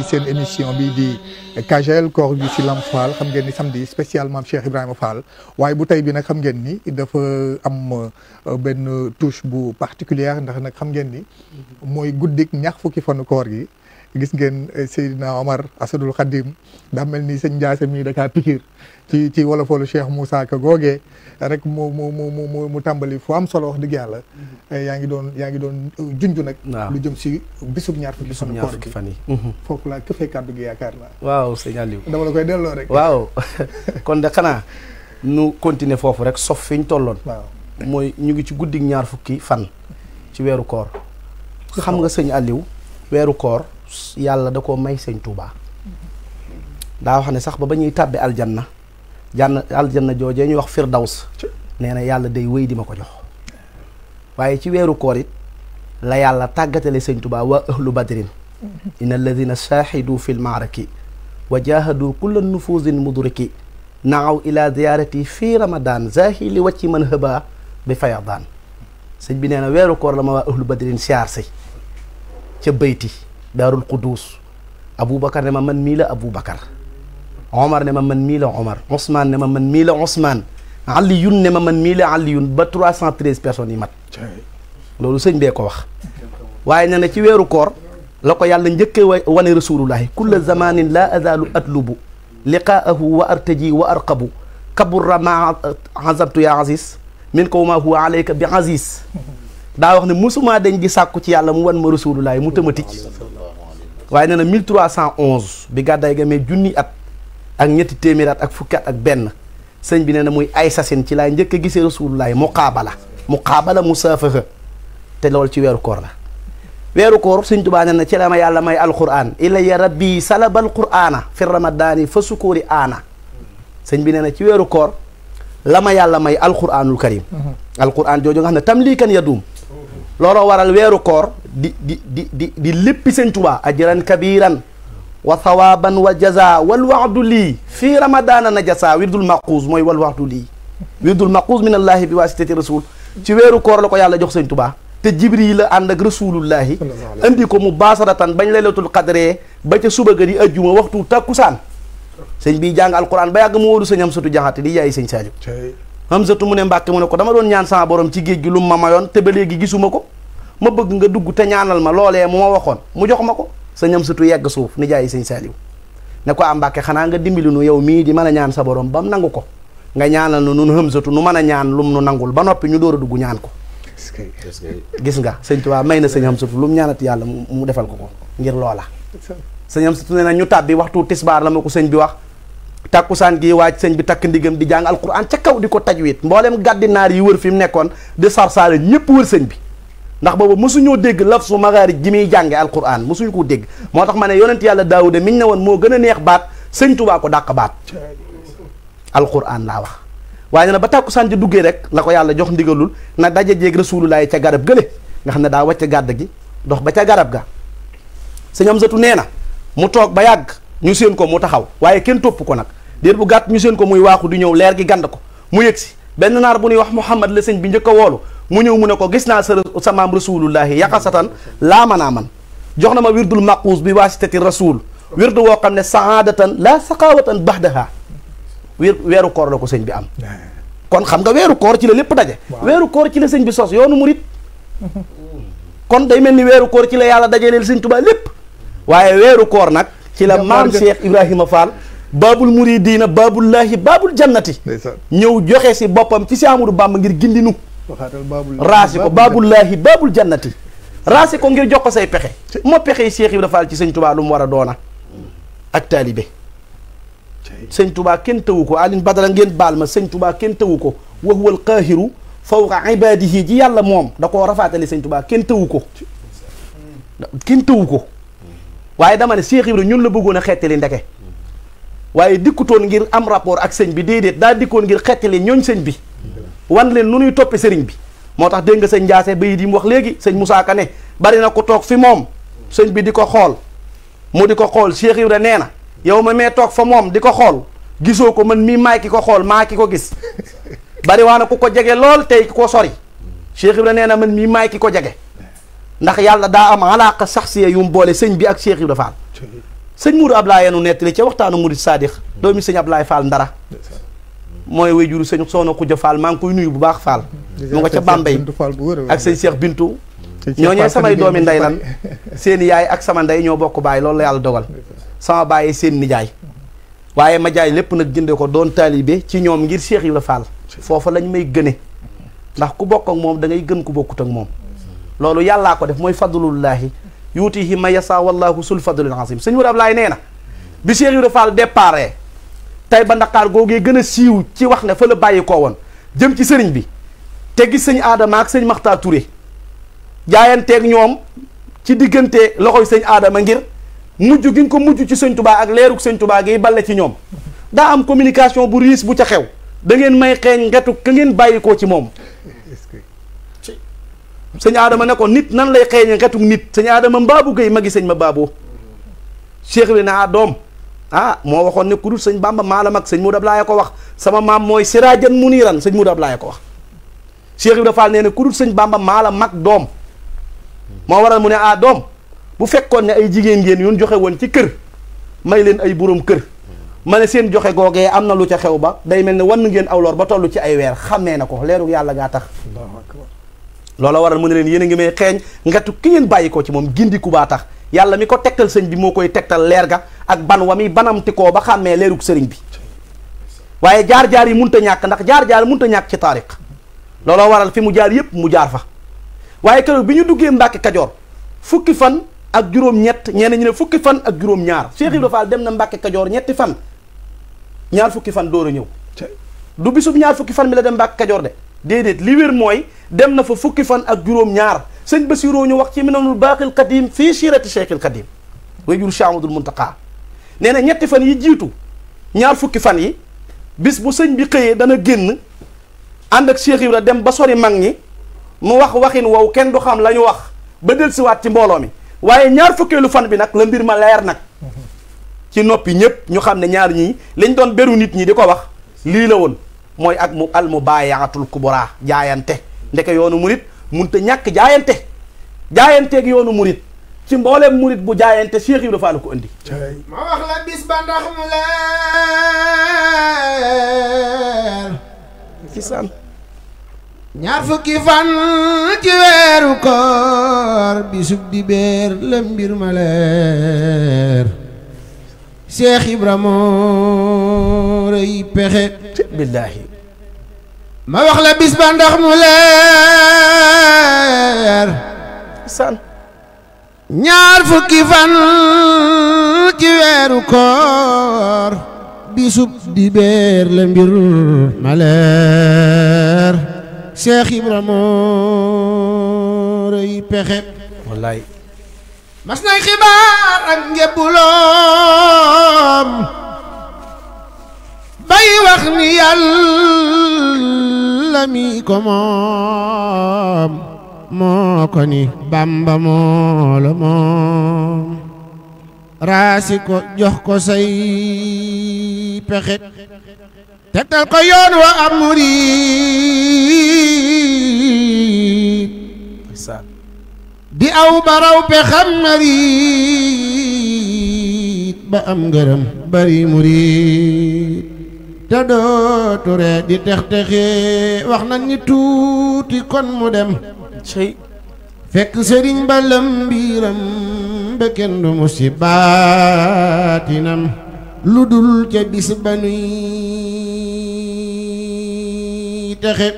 seen émission bi di Kajel koor gi ci Fall xam ngeen ni samedi spécial Mame Cheikh Ibrahima Fall waye bu tay bi nak xam ngeen ni dafa am ben touche bu particulière ndax nak xam ngeen ni moy goudik ñax fukki fon koor gi gis ngeen eh, Seydina Omar Asadul Khadim da melni ni sëñ Ndiassé da ka pikir ci ci wolofalu Cheikh Moussa Ka googee rek mu mu mu mu mu tambali fu am solo wax deug yalla yaangi mm-hmm. don eh, yaangi don ngi uh, nak lu jëm si bisub ñaar fu bisub ñaar fu fani fofu la laa këfee kàddu gi yaakaar naa. waaw seigne Aliou. dama la koy delo rek. waaw kon de xana nu continuer fofu rek sof fiñ ñu tolloon. waaw mooy ñu ngi ci guddik ñaar fukki fan ci wéru koor. xam nga seigne Aliou wéru koor. yàlla da koo may sëñ Touba daa wax ne sax ba ba ñuy tàbbi aljanna jànn aljanna joojee ñuy wax firdaws nee na yàlla dey wéy di ma ko jox waaye ci weeru koor it la yàlla tàggatale sëñ Touba waa ahlu badrin inna alladina shaahidu fi wa jahadu kulla nufusin mudriki naaw ila ziyaarati fii ramadan zahi li wàcci hëba bi fayadaan sëñ bi nee na weeru koor la ma waa ahlu badrin siyaar si ca bayti دار القدوس ابو بكر نما من ميلا ابو بكر عمر نما من ميلا عمر عثمان نما من ميلا عثمان علي نما من ميلا علي ب 313 بيرسون يمات لولو سيغ بي كو واخ واي نانا تي ويرو كور لاكو يالا نجهك واني رسول الله كل زمان لا ازال اطلب لقاءه وارتجي وارقب كبر ما عزبت يا عزيز منكم ما هو عليك بعزيز daa wax ne mosumaa deñ di sàkku ci yàlla mu wan ma rasulullah mu tëmatic waaye nee na 1311 bi gàddaay ga amee junni at ak ñetti téeméer ak fukki at ak benn sëñ bi nee na muy ay sasin ci laay njëkk a gise gisee rasulullah muqaabala mu musaafaha te loolu ci weeru koor la weeru koor sëñ tubaa nee na ci la ma yàlla may alquran ilayya rabbi salabal qur'ana fi ramadaani fa sukuuri aana sëñ bi nee na ci weeru koor la ma yàlla may alquranul karim alquran jooju nga xam ne tam lii kan ya duum looloo waral weeru koor di di di di di léppi sëñ Tuubaa ajran kabiran wa thawaaban wa jaza wal waxdu lii fii ramadaana na jasa wirdul maquus mooy wal waxdu lii wirdul maquus min allaahi bi waasitati rasul ci weeru koor la ko yàlla jox sëñ Tuubaa te jibril la ànd ak rasulullahi andi ko mu baasaratan bañ laylatul qadree ba ca suba ga di ajjuma waxtu takkusaan sëñ bii jàng alquran ba yàgg mu wóoru sëñ Amsatu Jaxate di yaay sëñ Saaliw Amsatu mu ne Mbàkke mu ne ko dama doon ñaan sama borom ci géej gi lu ma mayoon te ba léegi gisuma ko ma bëgg nga dugg te ñaanal ma loolee mu ma waxoon mu jox ma ko sëñ Amsatu yegg suuf ni jaayi sëñ Saaliw ne ko am ah, Mbàkke xanaa nga dimbili nu yow mii di man a ñaan sa borom ba mu nangu ko nga ñaanal nu nun Amsatu nu man a ñaan lum nu nangul ba noppi ñu door a dugg ñaan ko gis nga sëñ Tuubaa may na sëñ Amsatu lu mu ñaanati yàlla mu defal ko ko ngir loola sëñ am satu nee na ñu tàbbi waxtu tisbaar la ma ko sëñ bi wax tàkkusaan gi waaj sëñ bi takk ndigam di jàng alquran ca kaw di ko taj tajwid mbooleem gàddi naar yi wër fi mu nekkoon di sarsaale ñëpp wër sëñ bi ndax boobu mosuñoo dégg laf su magaari ji muy jànge alquran mosuñu ko dégg moo tax ma ne yonent yàlla de miñ ne woon moo gën a neex baat sëñ tubaa ko dàq baat alquran laa wax waaye nee na ba tàkkusaan ji duggee rek la ko yàlla jox ndigalul na daje jeeg rasulullaahi ca garab gële nga xam ne daa wàcc gàdd gi dox ba ca garab ga sëñ am nee na mu toog ba yàgg ñu seen ko mu taxaw waaye kenn topp ko nag déet bu gàtt ñu seen ko muy waaxu di ñëw leer gi gand ko mu yëg si benn naar bu ñuy wax Muhammad la sëñ bi njëkk a woolu mu ñëw mu ne ko gis naa sa sa maam rasulullahi yaqasatan laa manaa man jox na ma wirdul maquus bi waasitati rasul wirdu woo xam ne saadatan la saqawatan baxdaha wér weeru koor la ko sëñ bi am kon xam nga weeru koor ci la lépp daje weeru koor ci la sëñ bi sos yoonu murit kon day mel ni weeru koor ci la yàlla dajaleel sëñ Tuubaa lépp waaye weeru koor nag ci la maam Cheikh Ibrahima Fall baabul muridiina baabullaahi baabul jannati ñëw joxe si boppam ci si Amadou Bamba ngir gindinu raasi ko baabullaahi baabul jannati raasi ko ngir jox ko say pexe moo pexe Cheikh Ibrahima Fall ci sëñ Tubaa lu mu war a doona ak taalibe sëñ Tubaa kenn tëwu ko Alioune Badara ngeen baal ma sëñ Tubaa kenn tëwu ko wa huwa alqaahiru fawqa ibaadihi ji yàlla moom da koo rafaatale sëñ Tubaa kenn tëwu ko kenn tëwu ko waaye dama ne Cheikh ñun la bëggoon a xettali ndeke waaye dikkutoon ngir am rapport ak sëñ bi déedéet daa dikkoon ngir xettali ñooñ sëñ bi wan leen nu ñuy toppe sëriñ bi moo tax dégg nga sëñ Ndiassé bayit yi mu wax léegi sëñ Moussa Ka ne bari na ko toog fi moom sëñ bi di ko xool mu di ko xool Cheikh Ibra nee na yow ma mee toog fa moom di ko xool gisoo ko mën mii maay ki ko xool maa ki ko gis bari waa na ku ko jege lool tey ki ko sori Cheikh Ibra nee na mën mii maay ki ko jege ndax yàlla daa am alaaka saxsiya yu mu boole sëñ bi ak Cheikh Ibrahima Fall sëñ Mourou Ablaye nu nettali ca waxtaanu Mouride Sadix doomi sëñ laay Fall ndara mooy wéyjuru sëñ Soxna Koudia Fall maa ngi koy nuyu bu baax Fall mu nga ca Bambey ak sëñ Cheikh Bintu ñoo ñooy samay doomi ndey lan seen yaay ak sama ndey ñoo bokk baay loolu la yàlla dogal sama bàyyi seen nijaay waaye ma jaay lépp nag jënde ko doon taalibe ci ñoom ngir Cheikh Ibrahima Fall foofa lañ may gëne ndax ku bokk moom da ngay gën ku bokkut ak moom loolu yàllaa ko def mooy fadlullahi yuutihi ma yasa wallahu sul fadlul azim sëñ Mourou Ablaye nee na bi Cheikh Ibra Fall départ tey ba Ndakaar googee gën a siiw ci wax ne fa la bàyyi koo woon jëm ci sëriñ bi te gis sëñ aadama ak sëñ maxtaa Touré jaayanteeg ñoom ci diggante loxoy sëñ Adama ngir mujj gi nga ko mujj ci sëñ tubaa ak leerug sëñ Touba gi balle ci ñoom daa am communication bu riis bu ca xew da ngeen may xeeñ ngetu ka ngeen bàyyi koo ci moom. sëñ aadama ne ko nit nan lay xeeñe xetuk nit sëñ aadama mbaabu gay magi sëñ ma baaboo cheikh bi ne ah doom ah moo waxoon ne ku sëñ bamba maa mag sëñ mu dab laaya ko wax sama maam mooy siraajan muniiran sëñ mu dab laaya ko wax cheikh dafa nee ne ku dul sëñ bamba maa la mag doom moo waral mu ne ah doom bu fekkoon ne ay jigéen ngeen yoon joxe woon ci kër may leen ay boroom kër ma ne seen joxe googee am na lu ca xew ba day mel ne wan ngeen aw lool ba toll ci ay weer xamee na ko leeru yàlla gaa tax lola waral mo ne len yene ngi may xegn ngatu ki ngeen bayiko ko ci lerga gindiku baa tax yalla mi ko tektal señ bi mokoy tektal leer ga ak ban wami banam ba xamé leeruk señ bi waaye jaar-jaar yi munta ñak ndax jaar-jaar munta ñak ci tariq lola waral fi mu jaar yep mu jaar fa waaye kero bi ñu duggee Mbàkke Kajoor fukki fan ak juroom ñet ñene ñu ne fukki fan ak juroom ñaar Cheikh Ibrahima Fall dem na mbacké kadior ñetti fan ñaar fukki fan ñew du bisub ñaar fukki fan mi la dem mbacké kadior de dedet li wér mooy dem na fa fukki fan ak juróom-ñaar seigne basiro ñu wax ci minanul baqil qadim fi shirati shaykhil qadim way jur Cheikh Amadul Muntaqa nee ñetti fan yi jitu ñaar fukki fan yi bis bu seigne bi xeye dana génn ànd ak shaykh Ibra dem ba sori magni mu wax waxin waw ken du xam lañu wax ba del ci wat ci mbolo mi waye ñaar fukki lu fan bi nak le mbir ma leer nak ci nopi ñep ñu xam ne ñaar ñi liñ doon beru nit ñi diko wax li la won mooy ak mu al mubaayaatul kubra jaayante ndeke yoonu murit munta ñàkk jaayante jaayanteeg yoonu murit ci mboolem murit bu jaayante Cheikh Ibra Fall ko andi ma wax la bis ba ndax mu leer ci san ñaar fukki fan ci weeru koor bisub di beer la mbir ma leer Cheikh Ibra moo rëy pexe billaahi ma wax la bis ba ndax mu leer san ñaar fukki fan ci weeru koor bisub di beer la mbir ma leer Cheikh Ibrahima rëy pexe wallaay mas nay xibaar ak njëbbuloom bay wax ni yàlla mi ko mom moko ni bàmba mo lo moom raasi ko jox ko say pexet tetal ko yon wa amuri di aw baraw pexam xamari ba am ngërëm bari murid te dootu ree di tex texi wax nañ ni tuuti kon mu dem fekk sëriñ ba lëmbiiram ba kenn du mu si baatinam lu dul ca bis ba nuy texe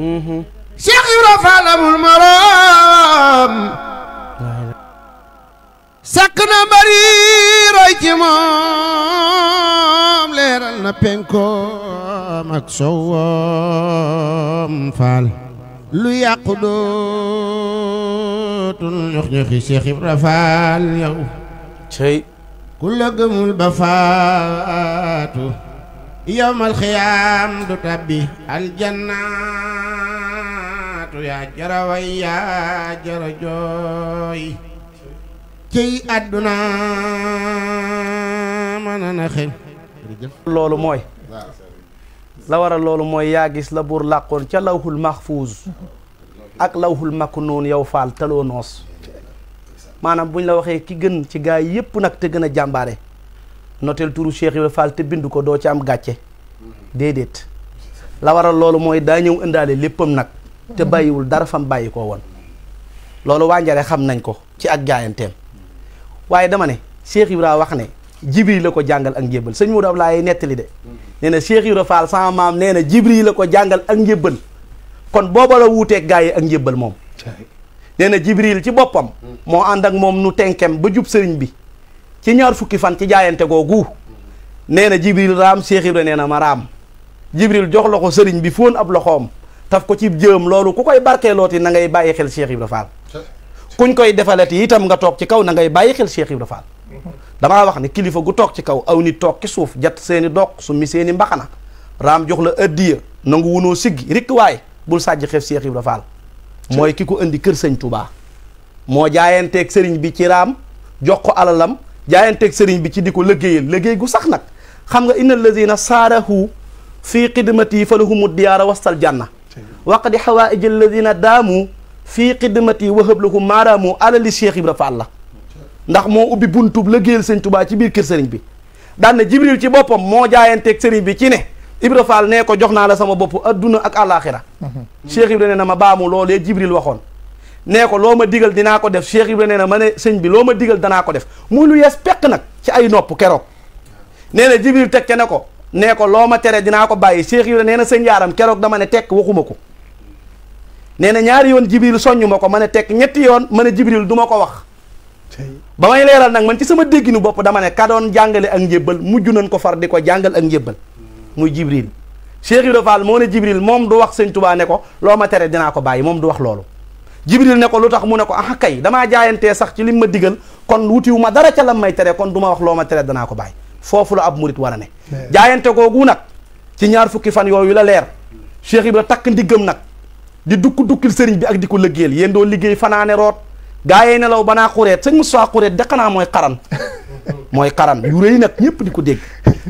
mm-hmm. Cheikh Ibra Fall amul moroom sàkk na bari ايتيمام ليرال نبينكو مكسوم فال لو يقدوت نخ نخ شيخ برفال يو شي كل قم البفات يوم الخيام دو تبي الجنة يا جروي يا جرجوي cey àdduna mën a loolu mooy la waral loolu mooy yaa gis la buur làqoon ca lawhul mahfuuz ak lawhul maknuun yow faal taloo noos maanaam buñ la waxee ki gën ci gaa yi yépp nag te gën a jàmbaare noteel turu Cheikh Ibra Fall te bind ko doo ci am gàcce déedéet la waral loolu mooy daa ñëw indaale léppam nag te bàyyiwul dara fam bàyyi ko woon loolu waa njare xam nañ ko ci ak jaayanteem waaye dama ne Cheikh Ibra wax ne Jibril la ko jàngal ak njébbal sëñ Modou Abdoulaye nettali de nee na Cheikh Ibra Fall sama maam nee na Jibril la ko jàngal ak njébbal kon booba la wuuteeg gaa yi ak njébbal moom nee na Jibril ci boppam moo ànd ak moom nu tenkem ba jub sëriñ bi ci ñaar fukki fan ci jaayante googu nee na Jibril raam Cheikh Ibra nee na ma raam Jibril jox loxo sëriñ bi foon ab loxoom taf ko ci jëm loolu ku koy barkeelooti na ngay bàyyi xel Cheikh Ibra kuñ koy defalati itam nga toog ci kaw na ngay bàyyi xel Cheikh Ibra Fall damaa wax ne kilifa gu toog ci kaw aw nit toog ci suuf jat seeni doq su mi seeni mbaxana raam jox la addiya nangu wunoo siggi rikk waay bul sàjj xef Cheikh Ibra Fall mooy ki ko indi kër sëñ Touba moo jaayanteeg sëriñ bi ci raam jox ko alalam jaayanteeg sëriñ bi ci di ko liggéeyal léggéey gu sax nag xam nga inna allazina saarahu fii xidmati falahumu diyaara wastal janna waqdi xawaaij alladina daamu fi qidmati waxëb la ko maaraamu alali Cheikh Ibra Fall la ndax moo ubbi buntub lëggéeyal seigne Touba ci bir keur seigne bi daan na Jibril ci bopam mo jaayante ak seigne bi ci ne Ibra Fall ne ko joxna la sama bop aduna ak alakhirah Cheikh Ibra nee na ma baamu lolé Jibril waxon ne ko loma ma digal dinaa ko def Cheikh Ibra nee na ma ne bi loma ma digal danaa ko def muy lu yes pek nak ci ay nopp kero nee na Jibril tek ne ko ne ko loma tere dina ko baye Cheikh Ibra nee na sëñ yaaram keroog dama ne tek waxumako nee ñaari yoon jibril soñu mako mané tek ne ñetti yoon mané jibril duma ko wax ba may leeral man ci sama degginu bop dama ne ka doon jàngale ak njébbal mujj nañ ko far di ko ak njébbal muy jibril Cheikh ibrahim Fall mo ne jibril mom du wax seigne touba ne ko lo ma téré dina ko bayyi mom du wax lolu jibril ne ko lutax mu ne ko ah kay Dama jaayantee sax ci lim ma digal kon wu ma dara ca lam may téré kon duma wax lo ma téré dina ko bayyi fofu lu ab murit wara a ne jaayante googu nag ci ñaar fukki fan yoyu la leer Cheikh ibrahim tak ndigam nak di dukk dukkil sëriñ bi ak di ko lëggeel yéen liggéey fanaane root gaa yee nelaw banaa xureet sëñ Moussa xureet da xanaa mooy xaran mooy xaran yu nag ñëpp di ko dégg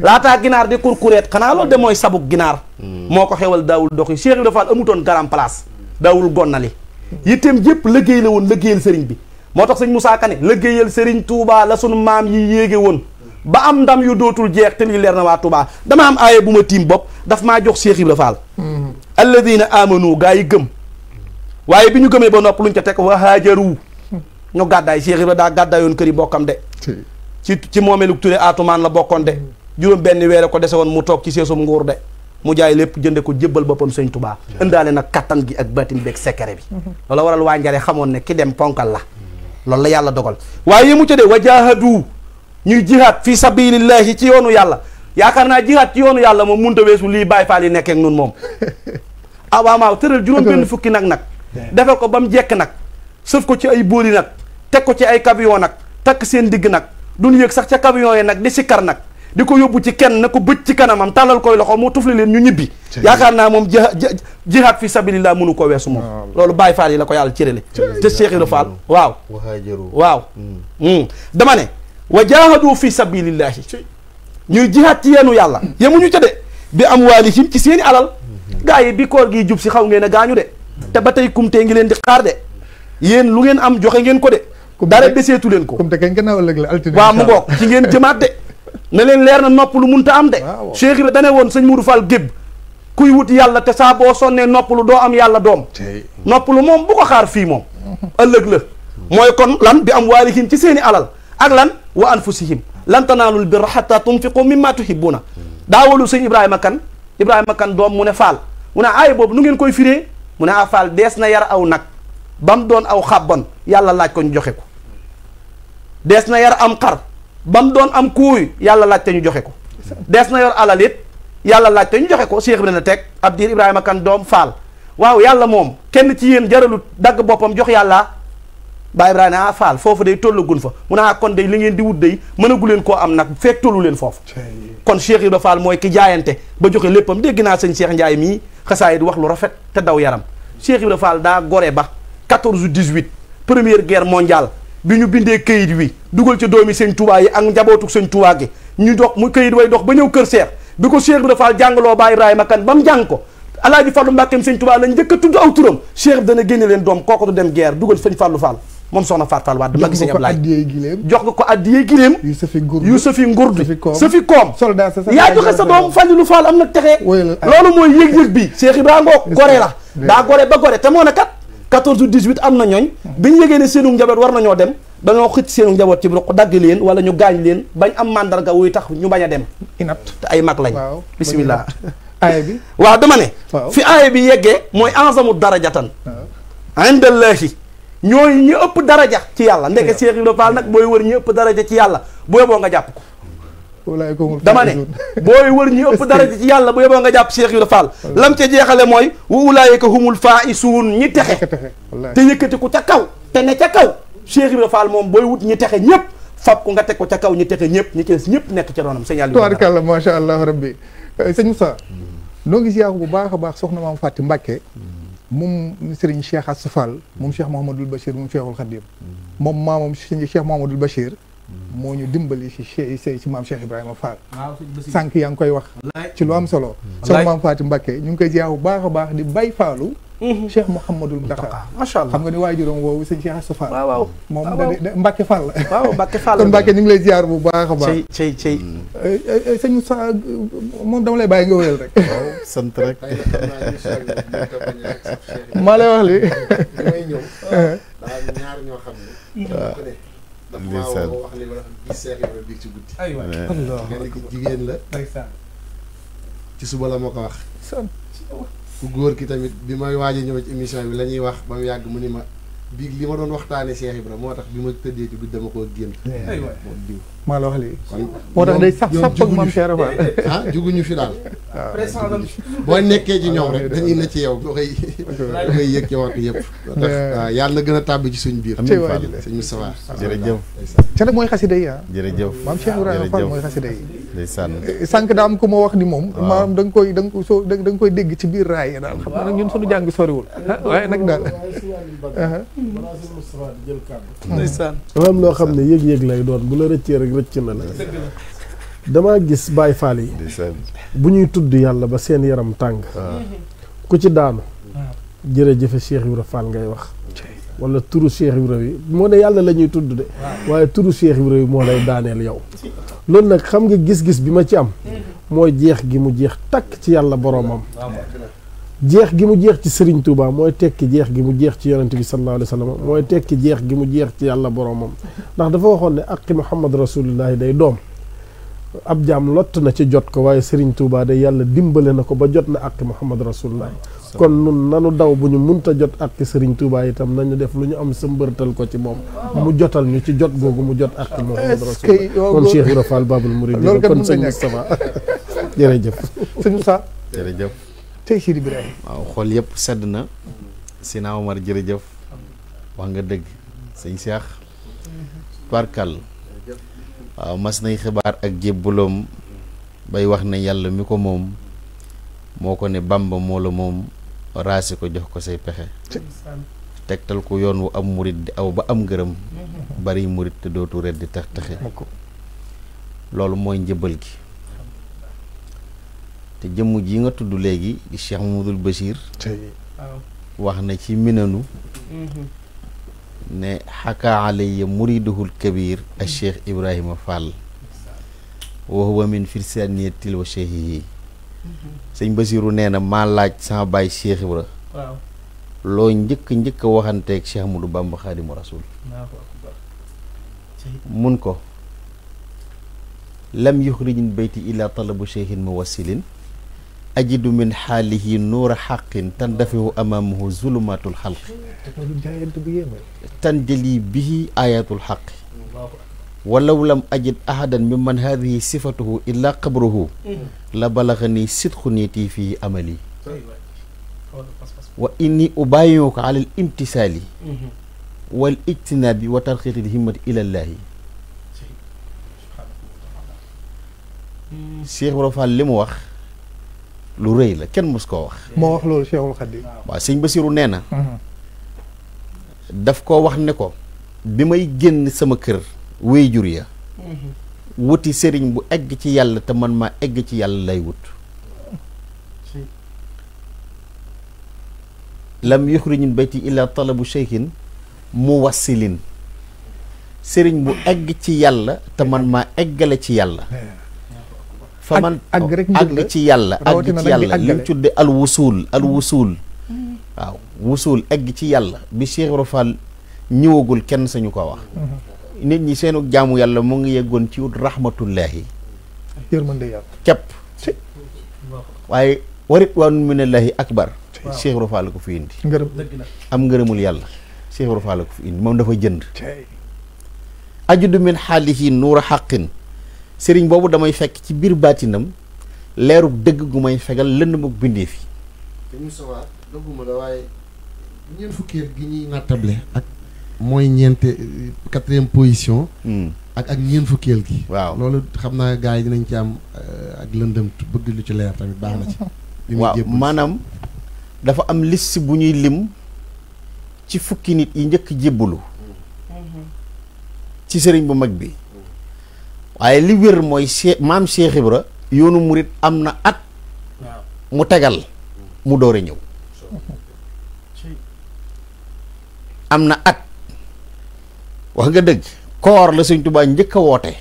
laataa ginaar di kurkureet xanaa loolu de mooy ginaar hmm. moo ko xewal daawul dox yi Cheikh Ibra Fall amutoon garam place daawul gonnali yitteem yëpp lëggéey la woon lëggéeyal sëriñ bi moo tax sëñ Moussa Kane lëggéeyal sëriñ Touba la sunu maam yi yéege woon ba am ndam yu dootul jeex te lii leer na waa Touba dama am aaye bu ma tiim bopp daf maa jox Cheikh Ibra Fall hmm. alladina amanu gaa yi gëm waaye bi ñu gëmee ba nopp luñ ca teg wa haajaru ñu gàddaay Cheikh Ibra daa gàddaayoon kër yi bokkam de ci ci moomeelu Touré Atoumane la bokkoon de juróom benn weere ko dese woon mu toog ci seesum nguur de mu jaay lépp jënde ko jébbal boppam sëñ tubaa ëndaale nag kattan gi ak baatin beeg secret bi loola waral waa njare xamoon ne ki dem ponkal la loolu la yàlla dogal waaye yi mu ca de wajaahadu ñuy jihaad fi sabilillahi yaakaar naa jihaat ci yoonu yàlla moom mënut a weesu lii Baay Faal yi nekkee ak noonu moom ah waaw waaw tëral juróom-benn fukki nag nag defal ko ba jekk nag sëf ko ci ay bóoli nag teg ko ci ay camion nag takk seen digg nag duñ yëg sax ca camion yi nag di sikkar nag di ko yóbbu ci kenn na ko bëj ci kanamam tàllal koy loxo mu tufli leen ñu ñibbi yaakaar naa moom ji jihaad fi sabilillah mënu ko weesu moom loolu Baay Faal yi la ko yàlla cërale te Cheikh Ibra Fall waaw waaw mm. Mm. dama ne wa jaahadu ñuy jihaat ci yeenu yàlla yemuñu ca de bi am waalihim ci seeni alal gaa yi bi koor gi jub si xaw ngeen a gaañu de te ba tey kumte ngi leen di xaar de yéen lu ngeen am joxe ngeen ko de dara deseetu leen ko kumte kañ gannaaw ëllëg la altine waaw mu ngoog ci ngeen jëmaat de na leen leer na nopp lu mun munta am de Cheikh Ibra dane woon sëñ Mourou Fall gébb kuy wut yàlla te saa boo sonnee noppalu doo am yàlla doom noppalu moom bu ko xaar fii moom ëllëg la mooy kon lan bi am waalihim ci seeni alal ak lan wa anfusihim lan tanaalul birra hatta tunfiqu mimma tuhibbuna daawalu sëñ Ibrahima kan Ibrahima kan doom mu ne faal mu ne aay boobu nu ngeen koy firee mu ne a faal dees na yar aw nag ba mu doon aw xàbban yàlla laaj ko ñu joxe ko dees na yar am xar ba mu doon am kuuy yàlla laaj te ñu joxe ko dees na yor alal it yàlla laaj te ñu joxe ko Cheikh bi na teg ab diir Ibrahima kan doom faal waaw yàlla moom kenn ci yéen jaralu dagg boppam jox yàlla Baye Ibrahima ah Fall foofu day tollagun fa mu naa ah, kon day li ngeen di wut day mënagu leen koo am nag fekk tollu leen foofu kon Cheikh Ibra Fall mooy ki jaayante ba joxe léppam dégg naa sëñ Cheikh Ndiaye mii xasaayit wax lu rafet te daw yaram Cheikh Ibra Fall daa gore ba 14 18 première guerre mondiale bi ñu bindee këyit wi dugal ci doomi sëñ Touba yi ak njabootu sëñ Touba gi ñu dox mu këyit way dox ba ñëw kër Cheikh bi ko Cheikh Ibra Fall jàngaloo Baye Ibrahima kan ba mu jàng ko Alaaji Fallu Mbàkkeem sëñ Touba lañ njëkk a tudd aw turam Cheikh dana génne leen doom kooku du dem guerre dugal sëñ Fallu Fall moom soxna Fatal Wade ma gis sëñ Ablaye jox nga ko addiyee gileem yu safi ngurd safi koom yaa joxe sa doom Fallilou Fall am na texe ah. loolu mooy yëg-yëg bi Cheikh Ibra ngoog gore la daa gore ba gore te moo ne kat 14 18 am na ñooñ bi ñu yëgee ne seenu njaboot war nañoo dem dañoo xëcc seenu njaboot ci ruq dagg leen wala ñu gaañ leen bañ am mandarga wuy tax ñu bañ a dem inat te ay mag lañ bismillah aaya bi waaw dama ne fi aaya bi yeggee mooy anzamu darajatan indallahi ñooy ñi ëpp daraja ci yàlla ndeke Cheikh Ibra Fall nag booy wër ñi ëpp daraja ci yàlla booy boo nga jàpp ko dama ne booy wër ñi ëpp daraja ci yàlla booy boo nga jàpp Cheikh Ibra Fall lam ca jeexale mooy wa ulaayika humul faa'isuun ñi texe te yëkkati ko ca kaw te ne ca kaw Cheikh Ibra moom booy wut ñi texe ñëpp fab ko nga teg ko ca kaw ñi texe ñëpp ñi ci des ñëpp nekk ca doonam señal tubaarkàlla macha allah rabbi eh, sëñ Moussa noo ngi ziyaar bu baax a baax soxna maam Faty Mbacké moom Serigne Cheikh Assoufal moom Cheikh Mouhamadul Bachir moom Cheikhul Khadim mm. moom maamam Cheikh Mouhamadul Bachir moo ñu dimbali si si si maam Cheikh Ibrahima Fall. sànq yaa ngi koy wax. ci lu am solo. wallaay maam Faati Mbakke ñu ngi koy jaaw bu baax a baax di bay faalu. Mm-hmm. Cheikh Mouhamadul Moutakha macha allah nga ni waajuram woowu sëñ Cheikh Assa waaw waaw moom da Mbakke Fall. waaw Mbakke Fall kon Mbakke ñu lay jaar bu baax a baax. cey cey cey. Mm. Eh, eh, sëñ Moussa moom dama lay bàyyi nga wéyal rek. sant rek. maa lay wax li. daf maa woo wax li ma la ci guddi. aywa alhamdulilah ki jigéen la. ci suba la ma ko wax. ku góor ki tamit bi may waaj a ñëw ci bi la ñuy wax ba mu yàgg mu ni ma biig li ma doon waxtaanee Cheikh Ibra moo tax bi ma tëddee ci guddi dama koo génn. aywa maa la wax lii. moo tax day sax sax foog maam Cheikh Rafa. ah juguñu fi daal. waaw boo nekkee ci ñoom rek dañuy na ci yow boo koy. boo koy yëg yow ak yëpp. waaw yàlla na gën ci suñ biir. amiin Fall sëñ Moustapha. Ah, jërëjëf. ca la mooy xasida yi ah. jërëjëf maam Cheikh Ibrahima Fall mooy xasida yi. ndeysaan eh, sànq daa am ko moo wax ni moom. waaw maanaam da nga koy da ko soo da nga koy dégg ci biir raay yi daal xam nga nag ñun suñu jàng soriwul. waaye nag daal. ndeysaan. am loo xam ne yëg-yëg lay doon bu la rëccee rek wëcc na la damaa gis Baay Faal yi bu ñuy tudd yàlla ba seen yaram tàng ah. ku ci daanu ah. jërëjëfe Cheikh Ibra Fall ngay wax wala turu Cheikh Ibra yi moo ne yàlla la ñuy tudd de ah. waaye turu Cheikh Ibra yi moo lay daaneel yow loolu nag xam nga gis-gis bi ma ci am mm-hmm. mooy jeex gi mu jeex takk ci yàlla boroomam jeex gi mu jeex ci Serigne Touba mooy tekki jeex gi mu jeex ci yonent bi sallallahu alayhi wa sallam mooy tekki jeex gi mu jeex ci yàlla boromam ndax dafa waxoon ne aqi Muhammad rasulullahi day doom ab jaam lott na ci jot ko waaye Serigne Touba day yàlla dimbale na ko ba jot na aqi Muhammad rasulullahi kon nun nanu daw bu ñu munta jot aqi Serigne Touba itam nañu def lu ñu am sëmbërtal ko ci moom mu jotal ñu ci jot googu mu jot aqi Muhammad rasulullahi kon Cheikh Ibra Fall Babul Mouridina kon sëñ Moustapha jërëjëf sëñ Moussa jërëjëf tey waaw xool yëpp sedd na Sina Omar jërëjëf wax nga dëgg sëñ Seex barkal waaw mas nay xibaar ak jébbaloom bay wax ne yàlla mi ko moom moo ko ne Bàmba moo la moom raasi ko jox ko say pexe tegtal ko yoon wu am murit di aw ba am ngërëm bari murit te dootu reddi tax taxe loolu mooy njëbal gi te jëmm ji nga tudd léegi Cheikh Mamadul Bachir wax na ci minanu mhm. ne xaka alayya muriduhul kabir ak mhm. Cheikh Ibrahima Fall wa huwa min firsaniyatil wa cheikhihi mhm. sëñ Basiru nee na maa laaj sama baay Cheikh Ibra loo njëkk njëkk a waxanteeg Cheikh Amadou Bamba Xaadimu Rasul mun ko lam yuxrijin bayti ila talabu cheikhin muwassilin أجد من حاله نور حق تندفع أمامه ظلمات الخلق تنجلي به آيات الحق ولو لم أجد أحدا ممن هذه صفته إلا قبره لبلغني صدق نيتي في أملي وإني أبايعك على الامتثال والاجتناب وترخيط الهمة إلى الله شيخ ورفع اللي lu réy la kenn mos koo wax. moo wax loolu Cheikhul sëñ Basiru nee na. Mhm. daf koo wax ne ko bi may génn sama kër wéyjur ya mhm. wuti sëriñ bu egg ci yàlla te man ma egg ci yàlla lay wut. lam yuxrij min bayti illa talabu cheikhin mu wassilin sëriñ bu egg ci yàlla te man ma eggale ci yàlla. fa man àgg rek àgg ci yàlla àgg ci yàlla li mu tudde al wusuul al wusuul mm-hmm. waaw wusuul ci yàlla bi Cheikh Ibra Fall ñëwagul kenn sañu ko wax mm-hmm. nit ñi seenu jaamu yàlla mu ngi yeggoon ci wut rahmatullahi yërmande yàlla kepp waaye warit waan minallahi akbar Cheikh Ibra Fall ko fi indi am ngërëmul yàlla Cheikh Ibra Fall ko fi indi moom dafa jënd ajudu min xaalihi nuura xaqin sëriñ boobu damay fekk ci biir baatinam leerug dëgg gu may fegal lënd mug bindee fi te Moustapha dëgguma la waaye ñeent fukki gi ñuy nattable ak mooy ñeente euh, quatrième position hmm. ak ak ñeent fukkeel gi waaw loolu xam naa gars yi dinañ ci am euh, ak lëndëm bëgg lu ci leer tamit baax na ci maanaam dafa am liste bu ñuy lim ci fukki nit yi njëkk jébbalu mm-hmm. ci sëriñ bu mag bi waaye li wér mooy Cheikh maam Cheikh Ibra yoonu murit am na at mu tegal mu door ñëw am na at wax nga dëgg koor la sëñ Tuubaa njëkk a woote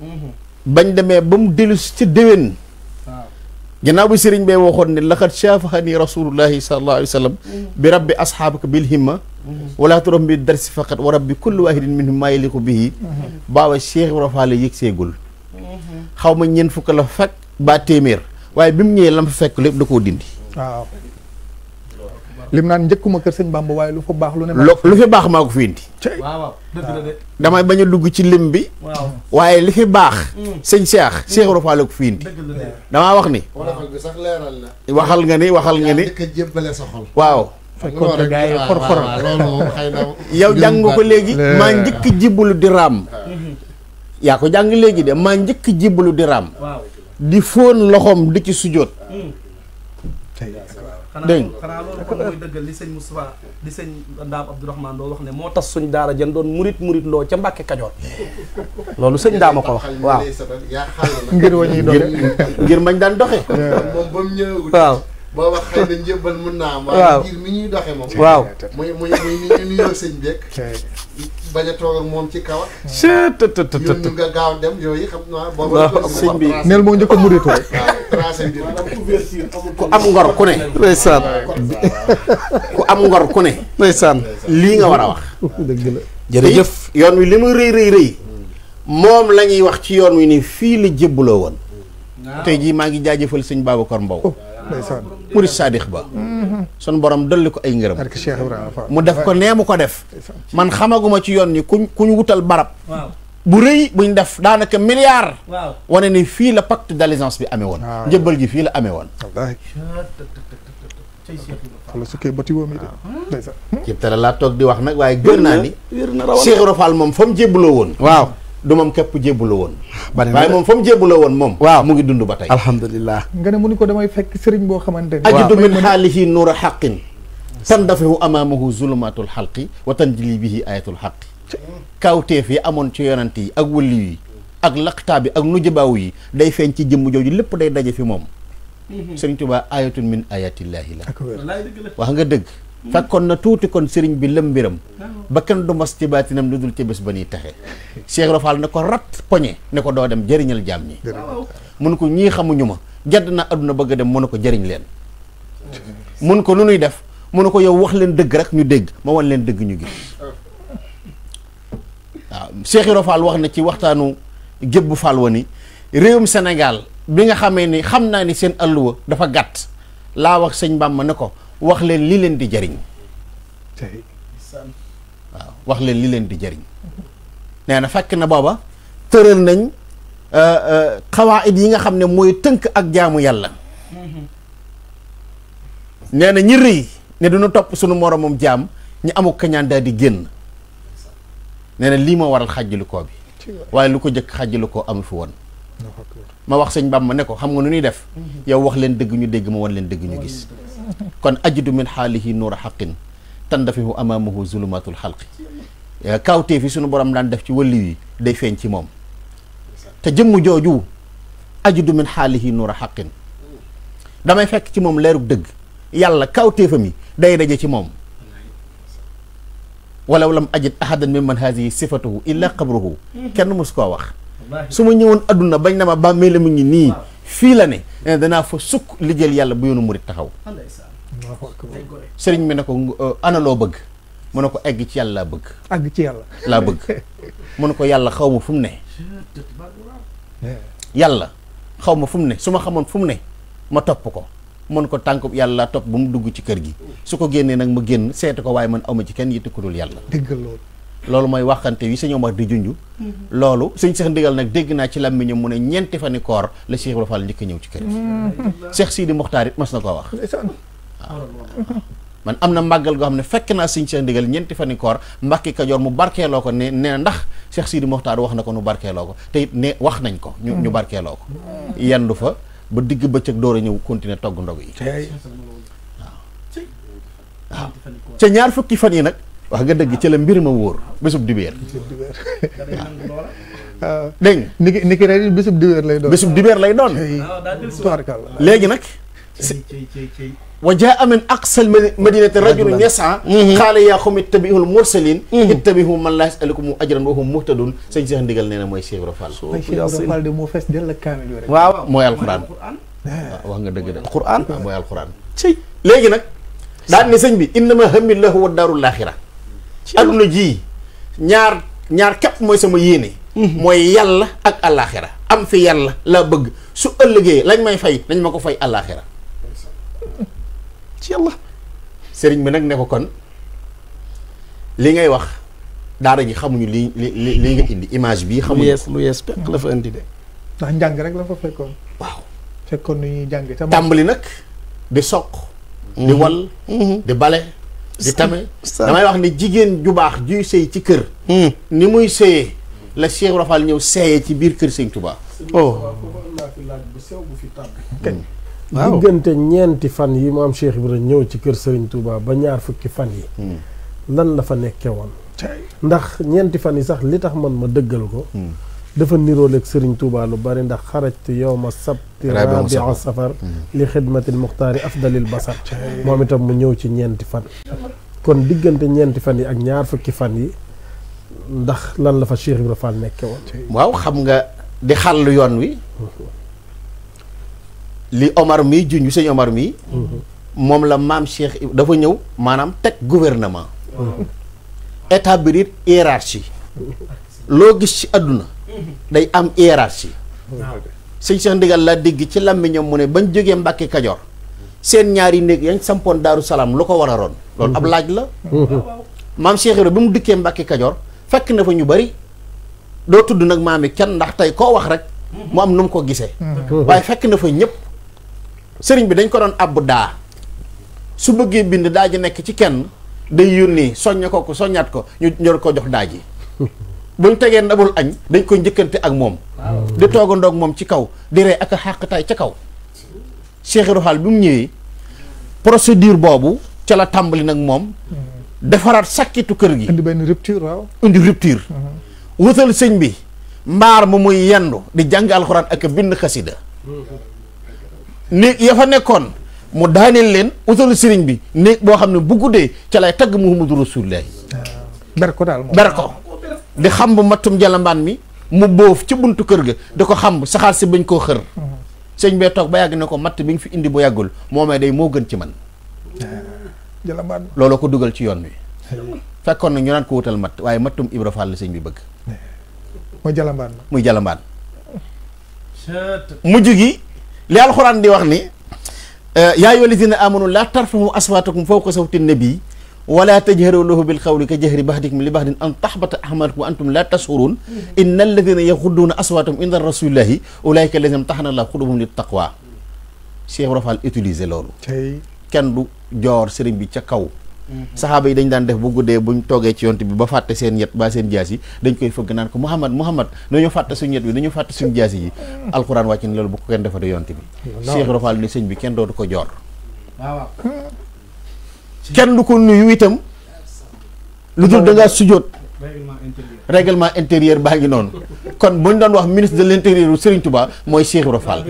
mhm. bañ demee ba mu dellusi ci déwén ginnaaw bi sëriñ bee waxoon ne laxat shaafaxani rasulullahi sallallahu alayhi wa sallam bi rabbi asxaabaka bil himma wala turam bi darsi faqat wa rabbi kulli waahidin minhum maa yaliqu bihi baawa Cheikh xaw ma ñeent fukk la fekk ba téeméer waaye bi mu ñëwee lam ma fa fekk da koo dindi waaw lim naan njëkkuma sëñ Bamba waaye lu baax lu ne lu fi baax maa ko fi indi waaw damay bañ a dugg ci lim bi waaye li fi baax mm. sëñ Cheikh Cheikh Ibra Fall ko fi indi damaa wax ni waxal nga ni waxal nga ni waaw fekkoon te gars yi xor-xor yow jàng nga ko léegi maa njëkk jibbalu di raam yaa ko jàng léegi de maa njëkk jibbalu di raam di fóon loxoom di ci sujjóot hmm. dégg moo tas suñ daara jën doon murit murit loo ca Mbàkke Kajoor loolu sëñ Ndaama ko wax waaw ngir wañuy doxe daan doxe waaw boo wax na mën naa am. waaw ñuy doxee moom. waaw muy muy muy ni ñu nuyoo sëñ ci kaw a. ñun ñu gaaw dem yooyu xam naa. neel moo njëkk mu muritu rek. ku am ngor ku ne. ndeysaan ku am ngor ku ne. ndeysaan lii nga war a wax. dëgg jërëjëf. yoon wi li mu rëy rëy rëy. moom la wax ci yoon wi nii fii la jébbaloo woon. tey jii maa ngi jaajëfal sëñ Babacar Mbow. Oh. ndeysaan murid saadix ba mhm. sun borom dolli ko ay ngërëm mu def ko nee mu ko def man xamaguma ci yoon ni ku kuñ wutal barab bu rëy buñ def daanaka milliard wane ni fii la pacte d'allégeance bi amee woon njëbbal gi fii la amee woon wala su kee bati woom laa toog di wax nag waaye gër naa ni Cheikh moom fa mu jébbaloo woon waaw du moom képp jébbalu woon. waaye moom fa mu jébbaloo woon moom. waaw mu ngi dund ba tey. alhamdulilah. nga ne mu ni ko damay fekk sëriñ boo xamante ne. ajidu min xaalihi nuura xaqin. tandafihu amaamahu zulumatul xalqi wa tanjili bihi ayatul xaqi. kawteef yi amoon ci yonant yi ak wëlli ak laqtaa bi ak nujabaaw yi day feeñ ci jëmm jooju lépp day daje fi moom. Mhm. sëriñ Tuubaa ayatu min ayatillahi la. wax nga dëgg. kon na tuuti kon sëriñ bi lëm mbiram ba kenn du mas ci baatinam lu dul ci ba nuy taxe Cheikh Rafal ne ko rat poñe ne ko doo dem jëriñal jaam ñi mun ko ñii xamuñu ma jàdd naa àdduna bëgg a dem mun ko jariñ leen mun ko nu nuy def mun ko yow wax leen dëgg rek ñu dégg ma wan leen dëgg ñu gis waaw Cheikh Rafal wax na ci waxtaanu gébbu Fall wa ni réewum senegal bi nga xamee ni xam naa ni seen alluwa dafa gàtt laa wax mbaam ma ne ko wax leen lii leen di jariñ waaw wax leen li leen di jariñ nee na fekk na booba tëral nañ euh, euh, xawaayit yi nga xam ne mooy tënk ak jaamu yàlla nee na ñi rëy ne du topp sunu moromam jaam ñu amuk kañaan daal di génn nee na lii ma waral xàjjlu koo bi waaye lu ko jëkk xàjjlu koo amu fi woon ma wax sëñ Bàmba ne ko xam nga nu ñuy def mhm. yow wax leen dëgg ñu dégg ma war leen dëgg ñu gis kon ajidu min xaalihi nuura xaqin tandafihu amaamahu zulumatul xalqi kawtee fi sunu borom daan def ci wëlliw yi day feeñ ci moom te jëmm jooju ajidu min xaalihi nuura xaqin damay fekk ci moom leerug dëgg yàlla kawteefam yi day daje ci moom walaw lam ajid ahadan mimman haasihi sifatuhu illa qabruhu kenn mos koo wax su ma ñëwoon adduna bañ na ma bàmmee la mu ngi nii fii la ne eh, danaa fa sukk liggéeyal yàlla bu yoonu murit taxaw sëriñ bi ne ko eh, ana loo bëgg mu ne ko egg ci yàlla laa bëgg egg ci yàlla laa bëgg mu ne ko yàlla xaw ma fu mu ne yàlla xaw ma fu mu ne su ma xamoon fu mu ne ma topp ko mën ko tànk yàlla laa topp ba mu dugg ci kër gi su ko génnee nag ma génn seetu ko waaye man awma ci kenn yitti ku dul yàlla dëgg loolu mooy waxante yi sëñ Omar di junj. loolu suñ Cheikh Ndigal nag dégg naa ci làmmiñam mu ne ñeenti fani koor la Cheikh Ibra Fall njëkk ñëw ci kër yi. Mm-hmm. Cheikh Sidi Mokhtar it mas na koo wax. am na màggal goo xam ne fekk naa sëñ Cheikh Ndigal ñeenti fani koor mu barkeeloo ko ne ne ndax Cheikh Sidi Mokhtar wax na ko nu barkeeloo ko tey it ne wax nañ ko. ñu ñu mm-hmm. barkeeloo ko. yendu fa ba digg bëccëg door a ñëw continuer togg ndog yi. waaw waaw ca ñaar fukki fan yi nag. wax nga dëgg ci la mbir ma wóor bésub dibeer waaw dégg nga ni ki ni ki ren bésub dibeer lay doon bésub dibeer lay doon ah, léegi nag wa jaa min aqsal madinati rajulun yasa mm-hmm. qaala yaa qawmi ittabi'ul mursalin mm-hmm. ittabi'u man laa yas'alukum ajran wa hum muhtadun sëñ Cheikh Ndigal nee na mooy Cheikh Ibra Fall moo fees dell ak kaamil rek waaw mooy alquran ah, wax nga dëgg de alquran mooy alquran léegi nag daan ni sëñ bi innama hamillahu wa daarul laaxira ci aduna ji ñaar ñaar kep moy sama yene moy mhm. yalla ak alakhirah am fi yalla la bëgg su ëllëgé lañ may fay dañ mako fay alakhirah ci yalla sëriñ bi nak ne ko kon li ngay wax daara ji xamuñu li li li nga indi image bi xamuñu yes lu yes pek la fa indi de ndax jang rek la fa fekkon waaw fekkon ñuy jang tambali nak di sok di wal mhm. di balé di tame damay wax ne jigéen ju baax juy sëy ci kër hmm. ni muy sëyee la Cheikh Rafal ñëw seeyee ci biir kër sëñ Touba oh waaw diggante ñeenti fan yi maam Cheikh Ibrahima ñëw ci kër sëriñ Touba ba ñaar fukki fan yi hmm. lan la fa nekkee woon ndax ñeenti fan yi sax li tax man ma dëggal ko hmm. dafa niróoleeg Serigne Touba lu bari ndax xarajtu yowma sabti rabia safar mm-hmm. li xidmatil muxtaari afdalil basar moom itam mu ñëw ci ñeenti fan kon diggante ñeenti fan yi ak ñaar fukki fan yi ndax lan la fa Cheikh Ibra Fall nekke woon waaw xam nga di xàll yoon wi li Omar mii junj sëñ Omar mii mm-hmm. moom la maam Cheikh dafa ñëw maanaam teg gouvernement mm-hmm. établir hiérarchie loo gis ci àdduna day am hiérarchie ah, sëñ Cheikh Ndigal laa dégg ci làmmiñam mu ne bañ jógee Mbàkke Kajoor seen ñaari néeg yañ sampoon Daaru Salaam lu ko war a loolu ab laaj la maam Cheikh Ibra bi mu dikkee Mbàkke Kajoor fekk na fa ñu bari doo tudd nag maami kenn ndax tey koo wax rek mu am nu mu ko gisee hmm. waaye fekk na fa ñëpp sëriñ bi dañ ko doon abbu daa su bëggee bind daa ji nekk ci kenn day yónnee soñña ko ko soññaat ko ñu ñor ko jox daa ji buñ tegee ndabul añ dañ koy njëkkante ak moom di toogandoog moom ci kaw di ree ak a xàqtaay ca kaw Seexiru Xaal bi mu ñëwee procédure boobu ca la tàmbali nag moom defaraat sakkitu kër gi indi benn rupture waaw indi rupture mhm. wutal sëñ bi mbaar mu muy yendu di jàng alxuraan ak bind xasida ni ya fa nekkoon mu daaneel leen wutal sëriñ bi néeg boo xam ne bu guddee ca lay tagg mu Rasulullaahi ber ko daal ber di xamb mattum jalambaan mi mu boof ci buntu kër ga di ko xamb saxaar si bañ koo xër sëñ bee toog ba yàgg ne ko matt bi nga fi indi bu yàggul moo may day moo gën ci man jalambaan looloo ko dugal ci yoon wi fekkoon na ñu naan ko wutal matt waaye mattum Ibra Fall la bi bëgg muy jalambaan muy jalambaan mujj gi li alxuraan di wax ni yaa ayyuhal lazina amanu laa tarfa'u aswaatakum fawqa sawti nabi wala tajharu lahu bil qawli ka jahri baxdikum li baxdin an taxbata ahmalukum wa antum la tashurun inna alladina yaxudduuna aswaatahum inda rasulillahi ulaika alladina imtaxana llahu qulubahum lit taqwa Cheikh Rafal utiliser loolu kenn du joor sëriñ bi ca kaw saxaaba yi dañ daan def bu guddee buñ toogee ci yont bi ba fàtte seen yet ba seen jaas yi dañ koy fëgg naan ko Muhammad Muhammad dañoo fàtte suñu yet bi dañoo fàtte suñu jaas yi alxuraan wàcc na loolu bu ko bi kenn dootu ko joor kenn du ko nuyu itam lu dul da ngaa sujjóot règlement intérieur baa ngi noonu kon bu ñu doon wax ministre de l' intérieur Serigne Touba mooy Cheikh Ibra Fall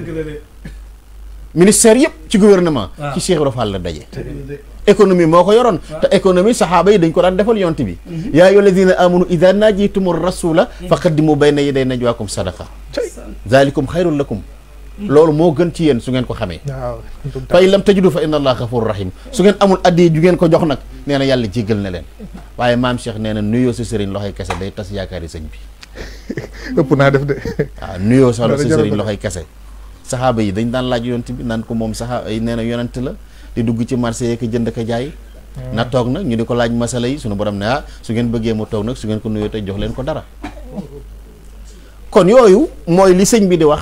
ministère yëpp ci gouvernement ci Cheikh Ibra Fall la daje économie moo ko yoroon te économie saxaaba yi dañ ko daan defal yonte bi yaa ayyuha alladina amanu ida naajitumur rasula faqaddimu bayna yaday najwaakum sadaqa zalikum xayrun lakum loolu moo gën ci yéen su ngeen ko xamee fay lam tajidu fa inna allah gafur rahim su ngeen amul addi du ngeen ko jox nag nee na yàlla jéggal na leen waaye maam Cheikh nee na nuyoo sa sëriñ loxoy kese day tas yaakaari sëñ bi ëpp naa def de nuyoo sa sëriñ loxoy kese saxaaba yi dañ daan laaj yonent bi naan ko moom saxaaba yi nee na yonent la di dugg ci marché yeeg jënd ko jaay hmm. na toog nag ñu di ko laaj masala yi suñu borom ne ah su ngeen bëggee mu toog nag su ngeen ko nuyoo te jox leen ko dara kon yooyu mooy li sëñ bi di wax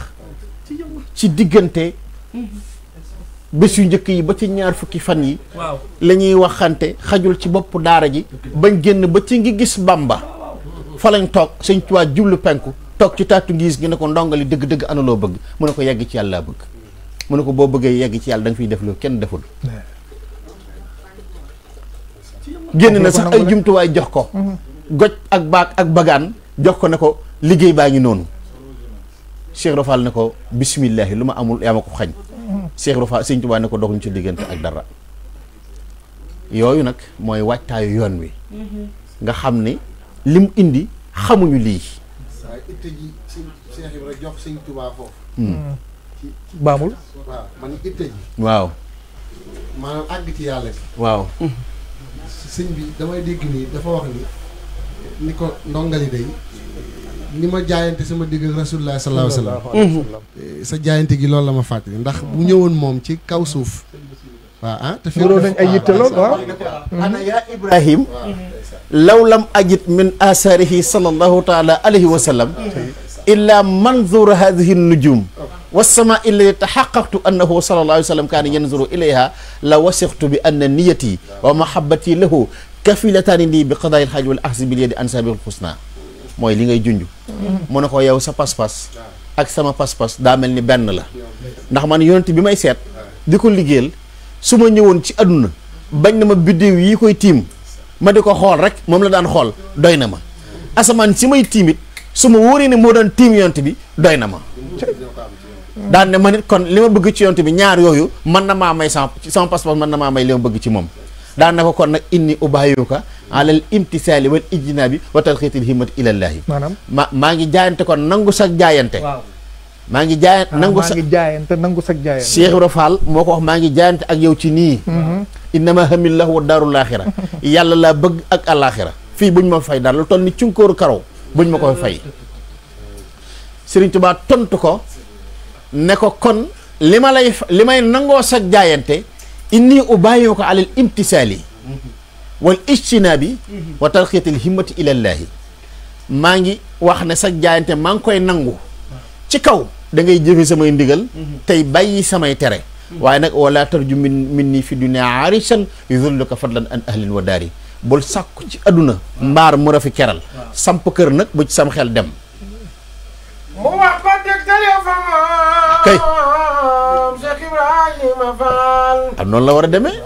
ci diggante bés yu njëkk yi ba ci ñaar fukki fan yi lañuy ñuy waxante xajul ci bopp daara ji ba génn ba ci ngi gis Bamba fa lañ toog sëñ Tuubaa jublu penku toog ci taatu ngiis gi ne ko ndongali dëgg-dëgg ana loo bëgg mu ne ko yegg ci yàlla bëgg mu ne ko boo bëggee yegg ci yàlla da nga fiy def loolu kenn deful génn na sax ay jumtuwaay jox ko mm-hmm. goj ak baag ak bagaan jox ko ne ko liggéey baa ngi noonu Cheikh Rofal ne ko bisimillahi lu ma amul yaa ma ko xañ Cheikh Rofal sëñ Tuubaa ne ko doxuñ ci diggante ak dara yooyu nag mooy waajtaayu yoon wi nga xam ni lim indi xamuñu lii hmm. baamul waaw man itte ji waaw maanaam bi waaw sëñ bi damay dégg nii dafa wax ni ni ko ndongali day nima jaayante sama digg ak rasulullah sallallahu alaihi wasallam sa jaayante gi loolu la ma fàttali ndax bu ñëwoon moom ci kaw suuf waaw ah te firoon nañ ay yitte lool waaw ana ya ibrahim law lam ajit min asarihi sallallahu taala alayhi wa sallam illa manzur hadihi nujum والسماء التي تحققت أنه صلى الله عليه وسلم كان ينظر إليها لوثقت بأن نيتي ومحبتي له كفيلتان لي بقضاء الحاج والأخذ باليد أنساب الحسنى mooy li ngay junj. mu ne ko yow sa pas-pas. ak sama pas-pas daa mel ni benn la. ndax man yonent bi may seet. di ko liggéeyal su ma ñëwoon ci àdduna. bañ na ma biddéew yi koy tiim. ma di ko xool rek moom la daan xool doy na ma. asamaan si may tiim su ma wóoree ne moo doon tiim yonent bi doy na ma. daan ne man it kon li ma bëgg ci yonent bi ñaar yooyu mën na maa may sama sama pas-pas mën na maa may li ma bëgg ci moom. daan na ko kon nag inni ubaayuka alal imtisaali wal ijtinaabi wa talxiitil himmati ilallaahi maanaam ma maa ngi jaayante kon nangu sag jaayante maa ngi jaayante ah, nangu sa jaayante nangu sag jaayante Cheikh Ibra Fall moo ko wax maa ngi jaayante ak yow ci nii mm-hmm. innama hamillahu wa daarul laaxira yàlla laa bëgg ak àllaaxira fii buñ ma fay daal lu toll ni cunkóoru karaw buñ ma ko fay Sëriñ Tuubaa tontu ko ne ko kon li ma lay li may nangoo sag jaayante إني أبايعك على الامتثال والاجتناب وتلقية الهمة إلى الله ماغي واخنا سا جانت مانكوي نانغو تي كاو داغي جيفي ساماي نديغال تاي باي ساماي تري واي نك ولا ترجم مني في دنيا عارشا يذلك فضلا ان اهل ودار بول ساكو تي ادونا آه. مبار مو رافي كيرال آه. سامب كير نك بو سام خيل دم هو قد تكلفه ak noonu la war a demee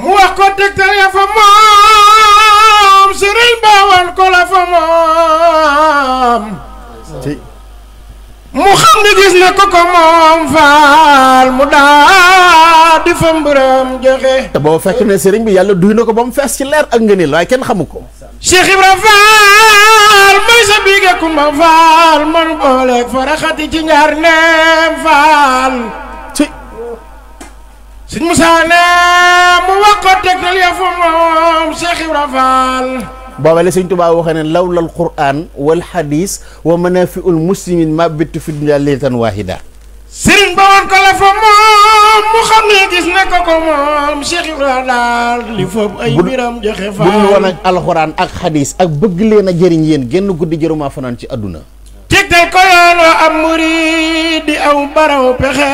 mu wax ko tegtal ya fa moom sëriñ ba wan ko la fa moom mu xam ni gis na ko ko moom faal mu daa di fa mbërëm joxe te boo fekk ne sëriñ bi yàlla duy na ko ba mu fees ci leer ak ngëneel waaye kenn xamu ko شيخ ابراهيم فار ما يسبيك كم فار من بولك فار خاتي تنجار سيد موسى نام وقت نليا فمام شيخ ابراهيم بابا لي سيدي بابا وخنا لولا القران والحديث ومنافع المسلمين ما بتفيد ليله واحده sëriñ ba ko la fa moom mu xam gis na ko moom Cheikh daal li foofu ay mbiram joxe fa bu ñu woon ak alxuraan ak xadiis ak bëgg leen a jëriñ yéen génn guddi jërumaa fanaan ci àdduna tegtal ko yoonu am murid di aw baraw pexe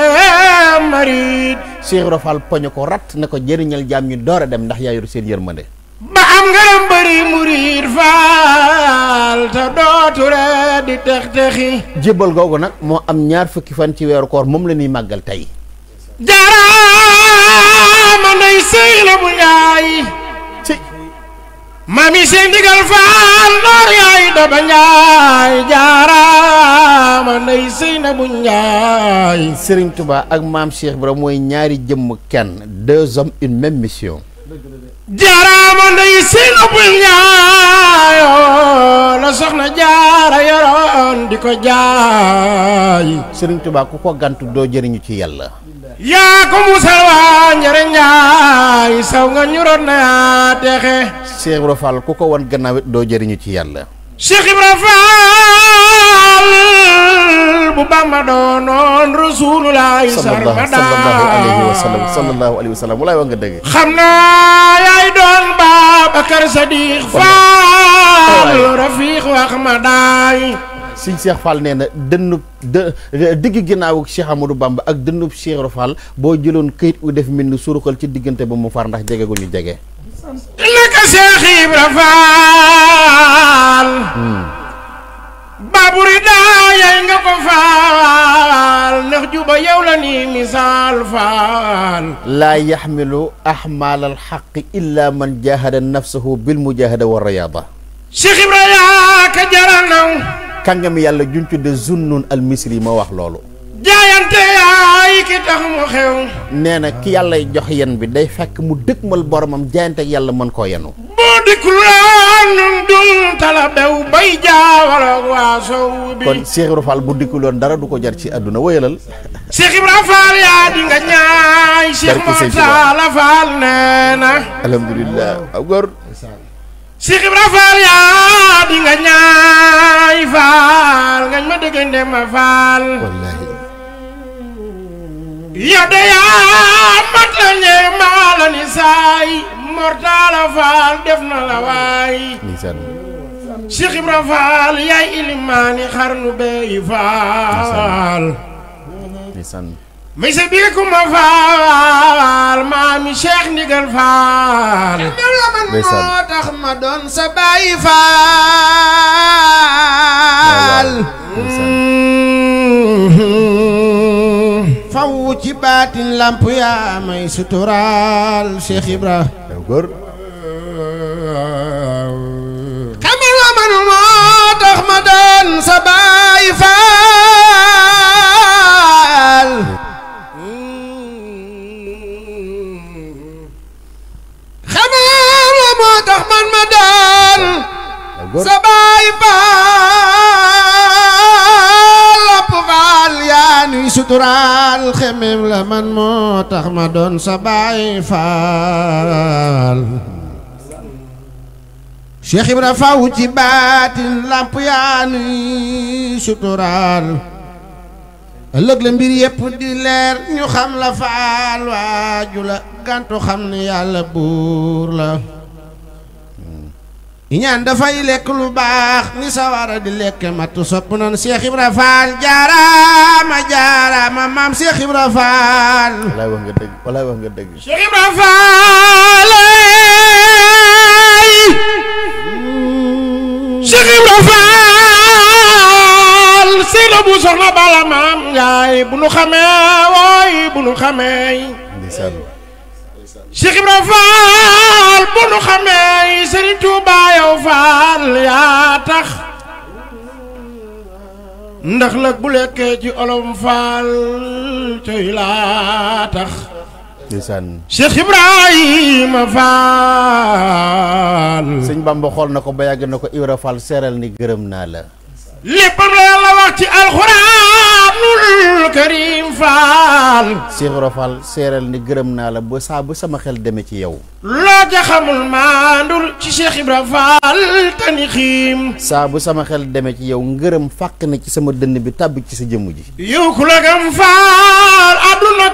marid Cheikh Ibrahima Fall ko rat ne ko jëriñal jaam ñu door dem ndax yaa yor seen yërmande ba am ngërëm bëri murid faal te dooture di tex texi jébbal googu nag moo am ñaar fukki fan ci weeru koor moom la ñuy màggal tey jaraama ndey sëy na bu njaay Serigne Touba ak maam Cheikh Ibra mooy ñaari jëmm kenn deux une même mission jaaraama ndey seen bu ñaayoo la soxna jaara yoroon di ko jaay sëriñ Tuubaa ku ko gantu doo jëriñu ci yàlla yaa ko musal waa njëriñ ñaay saw nga ñuroon na yaa teexe Cheikh Ibra Fall ku ko wan gannaaw doo jëriñu ci yàlla Cheikh Ibra Fall bu Bamba doonoon rasulullahi sallallahu alayhi walaay wax nga dëgg xam naa yaay doon Babacar Sadiq Fall Rafiq wax ma daay sëñ Cheikh Fall nee na dënnub de digg ginnaawu Cheikh Amadou Bamba ak dënnub Cheikh Fall boo jëloon kayit u def mbind surukal ci diggante ba mu far ndax jege gu ñu jege. naka Cheikh Ibra Fall. Hmm. baabur yi daa yay nga ko faal ndax juba yow la ni misaal faal laa yaxmilu axmaal alxaqi illa man jahada nafsahu bil mujahada wa riyaada Cheikh Ibrahima ka jaranaw kàngam yàlla junc de zunnun al ma wax loolu jaayante yaay ki tax mu xew nee na ki yàllay jox yen bi day fekk mu dëkkmal boromam jaayante ak yàlla mën koo yenu boo dikkul kon Cheikh Ibra bu dikkuloon dara du ko jar ci àdduna wóyalal. Cheikh Ibra yaa di ñaay. Cheikh Mourtala nee na. alhamdulilah ab góor. Cheikh Ibra yaa di ñaay Fall ngañ ma dëggante ma Fall. yadda yaa matal ñe maala ni saay mortala faal def na la waay Cheikh Ibra Faal yaay ilimaani xarnu beyi mi si bii ku ma faal maami Cheikh faal dew la man moo tax فاو جبات لامبيا ماي سترال شيخ إبراهيم غور كم من ما تحمدن سبايفا خبر ما تحمل مدن سبايفا di suturaal xemem la man moo syekh ma doon sa baay faal Cheikh Ibra faw ci baatin làmp yaa nuy suturaal ëllëg la mbir yépp di leer la gantu ni yàlla la ñaan dafay lekk lu baax ni sawara di lekk matu sopp noonu Cheikh Ibra Fall jaara ma maam Cheikh Ibra Fall walaay wax nga dëgg walaay wax nga dëgg Cheikh Ibra Fall Cheikh Ibra Fall si bu soxna bala maam yaay bu nu xamee wooy bu nu xamee ndeysaan Cheikh Ibra Faal bu nu xamee Serigne Touba yow Faal yaa tax ndax nag bu lekkee ci olom Faal coy laa tax. ndeysaan Cheikh Ibrahima Faal. sëñ Bamba xool na ko ba yàgg na ko Ibra Faal seeral ni gërëm naa la. lépp la yàlla wax ci alxuraanul karim faal sixro ni gërëm naa la ba saa ba sama xel deme ci yow loo ca xamul maandul ci Cheikh Ibra saa bu sama xel deme ci yow ngërëm fàq na ci sama dënn bi tàbb ci sa jëmm ji yow ku la gëm faal adduna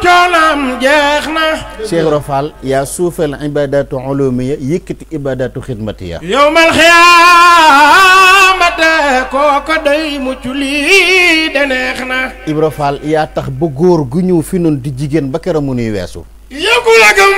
jeex na sixro yaa suufeel ibadatu ulumiya yëkkati ibadatu xidmatiya yowmal xiyaam mata kooko day mucc lii de neex na. Ibra Fall yaa tax ba góor gu ñëw fi di jigéen ba keroog mu nuy weesu. yëgu la gëm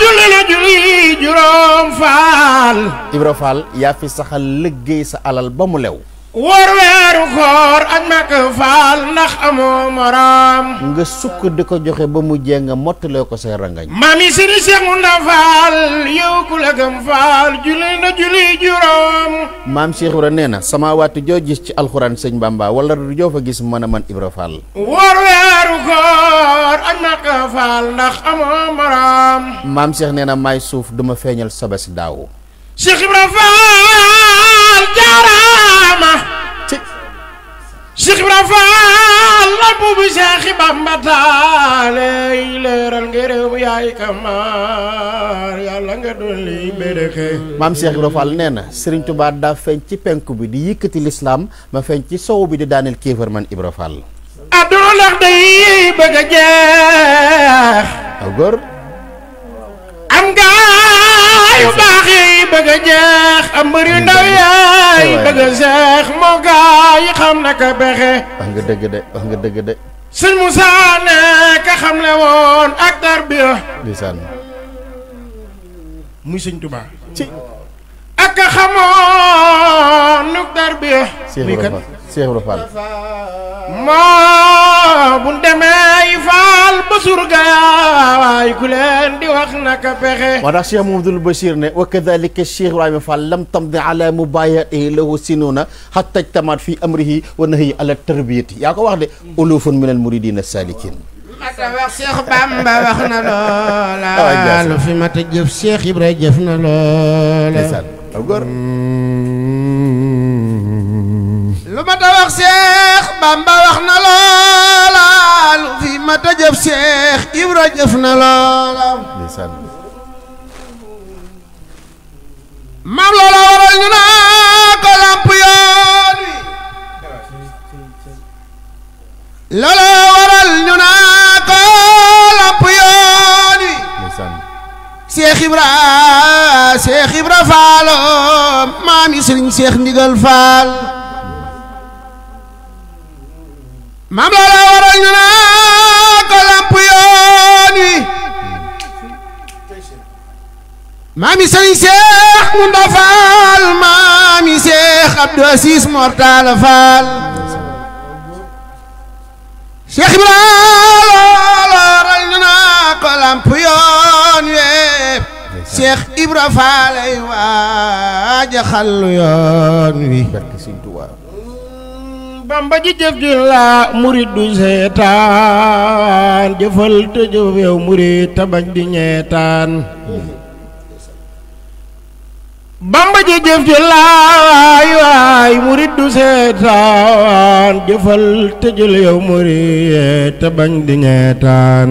julli la julli juróom Fall. Ibra Fall yaa fi saxal liggéey sa alal ba mu lew. wóor weeru koor ak Màkka Faal ndax amoo moroom nga sukk di ko joxe ba mu jee nga mottalee ko say rangañ mami sëriñ Seex Nda Faal yow ku la faal julli na julli juróom maam Cheikh Ibra nee na sama waatu joo gis ci alxuraan sëñ Bamba wala joo fa gis mën a man Ibra Faal wóor weeru koor ak Màkka Faal ndax amoo moroom maam Cheikh nee na maay suuf duma feeñal sobe si daaw Cheikh Ibra Faal jaara Ya ma Cheikh Ibra Fall la bubu Cheikh Bamba daale leeral nga réew yaay kamaar yàlla nga dolli bédeke maam Cheikh Ibra Fall nee na Serigne Touba daa feeñ ci penku bi di yëkkati lislaam ma feeñ ci sow bi di daaneel kéefar man Ibra Fall adduna ndax day bëgg jeex góor am nga yu baax yi bëgg a jeex am mbër ndaw yaay bëgg a moo gaa yi xam naka bexe wax nga dëgg de wax nga dëgg de sëñ Moussa ne ka xam ne ak tarbiya ndeysaan muy sëñ Tuubaa ak a xamoon nu tarbiya Seex Ibra Faal Seex Ibra Faal moo bu demee yi faal ba surgaay ku leen di wax naka pexe moo tax Cheikh Mamadul Bachir ne wa kadalika Cheikh Ibrahima Fall lam tamdi ala mubayatihi lahu sinuna hatta ijtamaat fi amrihi wa nahyi ala tarbiyati yaa ko wax de ulufun min al muridina salikin mata wax Cheikh Bamba wax na loola lu fi mata jëf Cheikh Ibra jëf na loola lu mata wax Cheikh Bamba wax na loola lu fi mata jëf Cheikh Ibra jëf na loola maam loola waral ñu naa ko lamp yoon wi looloo waral ñu naa ko lamp yoon wi Seex Ibra Seex Ibra Faal maam yi Sëriñ Seex Ndigal Faal maam looloo waral Seex Munda Faal maam yi Faal Cheikh Ibrahima looral ñu naa ko lamp yoon wi Cheikh Ibra Faalay waaja xallu yoon wi mm, Bamba ji jëf ji laa murit du seetaan jëfal te jëf yow tabañ di ñeetaan mm. bamba ji jëf ji laay waay murit seetaan jëfal te jël yow murit te bañ di ñeetaan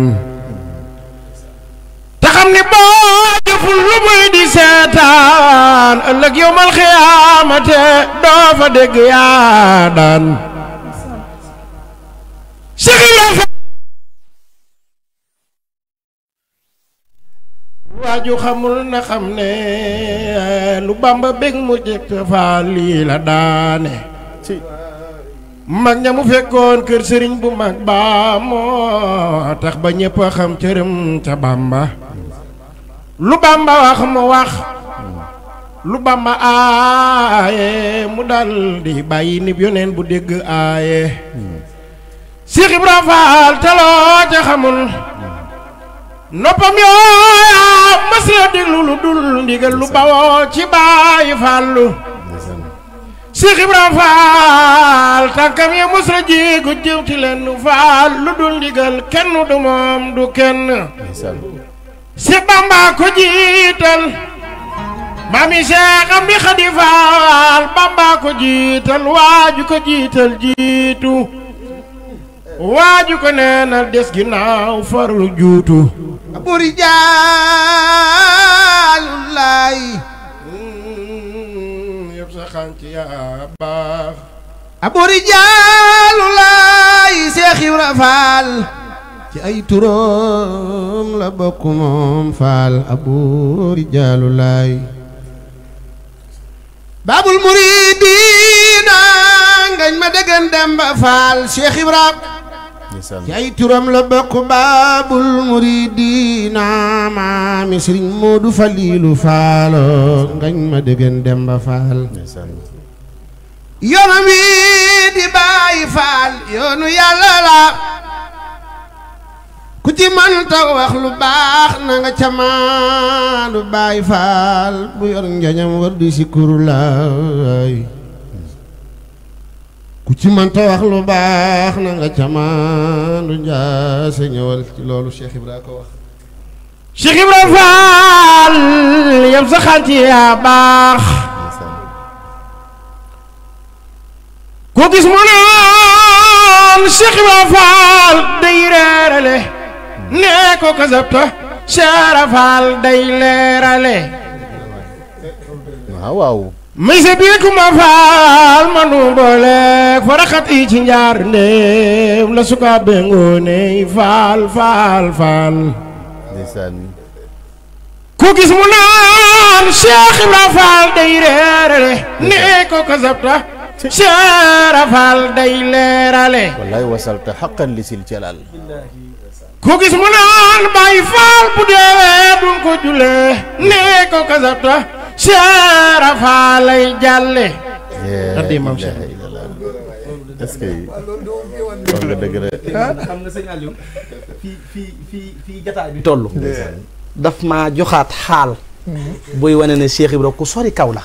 te xam ni boo jëful lu muy di seetaan ëllëg yowmal xiyaamate doo fa dégg yaa daan Waju xamul na xamne lu bamba bég mu jek fa li la daane mag ñamu fekkon keur kër bu mag ba mo tax ba ñepp xam cërëm ca bamba lu bamba wax mo wax lu bamba aaye mu dal di bàyyi nib yonen bu deg aaye Cheikh ibrahim Fall taloo ca xamul noppam yooya mas la déglu lu dul ndigal lu bawoo ci bàyyi fàllu Cheikh Ibra Fall tànkam ya mas la jéegu jëw ci lu dul ndigal kenn du moom du kenn Cheikh Bamba ko jiital mami Cheikh am di Xadi Fall Bamba ko jiital waaju ko jiital jiitu waaju ko neenal des ginnaaw farlu juutu abu rijaalullaahi mm, yëpp Seex Ibra Faal ci ay turam la bokk Faal abu rijaalullaahi baabul muriidiina ngañ ma dëggan Demba Faal Seex Ibra yaay turam la bokk baabul muridiina maami sëriñ Moodu Faliilu faalo ngañ ma déggan Demba Faal yoonu yàlla la ku ci mënta wax lu baax na nga ca maandu bàyyi faal bu yor njañam war di si kuru ku ci mënta wax lu baax na nga camaandu njaase ñëwal ci loolu Cheikh Ibra ko wax Cheikh Ibra Faal yam sa xanti yaa baax ku gis mu naan Cheikh Ibra Faal day reerale nee ko kasabta Cheikh Ibra Faal day leerale waaw waaw mise bii ku ma faal ma nu booleek faraxat yi ci njaar ndéem la suka bengooney faal faal faal ku gis mu naan Cheikh Ibra Faal day reerale nee ko kasabta Cheikh Faal day leerale wallaay mu naan Baay Faal bu deewee duñ ko julee nee ko kasabta Serafaa lay jàlle. addi bi toll. daf maa joxaat xaal. Mm-hmm. buy wane ne Cheikh Ibra ku sori kaw la.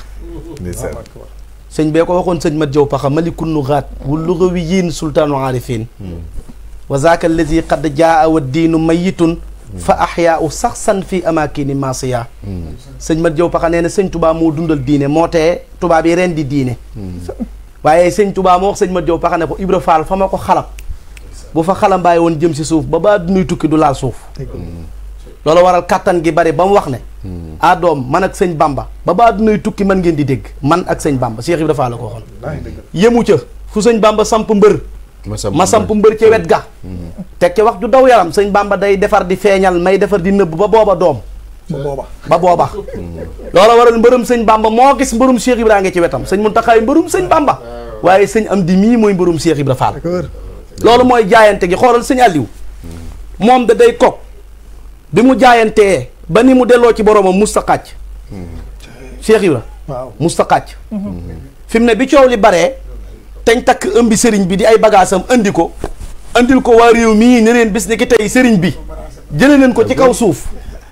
sëñ bee ko waxoon sëñ ma Jaw Paxa malikul nugaat wu lugawi yiin sultaanu aarifiin mm. wa zaaka allazi qad jaa wa diinu mayitun فاحيا وسخصا في اماكن ماسيا سيغ ما ديو باخا نينا سيغ توبا مو دوندال دين موتي توبا بي رين دي دين واي سيغ توبا مو سيغ ما ديو باخا نكو ابرو فال فما كو خلام بو فا خلام باي وون جيم سي سوف بابا دوني توكي دو لال سوف لولا وارال كاتان جي باري بام واخني ادوم مان اك سيغ بامبا بابا دوني توكي مان نين دي ديغ مان اك بامبا شيخ ابرو فال كو خون يمو تيا فو سيغ بامبا سامبو مبر ma samp mbër ca wet ga mm-hmm. teg ca wax ju daw yaram sëñ Bamba day defar di feeñal may defar di nëbb ba booba doom ba booba ba booba mm-hmm. loola waral mbërum sëñ Bamba moo gis mbërum Cheikh Ibra ngi ci wetam sëñ Muntaxa mbërum sëñ Bamba waaye sëñ am di mii mooy mbërum Cheikh Ibra Fall loolu mooy jaayante gi xoolal sëñ Aliou mm-hmm. moom da day koog bi mu jaayantee ba ni mu delloo ci boroomam musta xàcc Cheikh Ibra musta xàcc fi mu ne bi coow li baree teñ takk ëmbi sëriñ bi di ay bagaasam indi ko indil ko waa réew mii ne leen bis ni ki tey sëriñ bi jëlee leen ko ci kaw suuf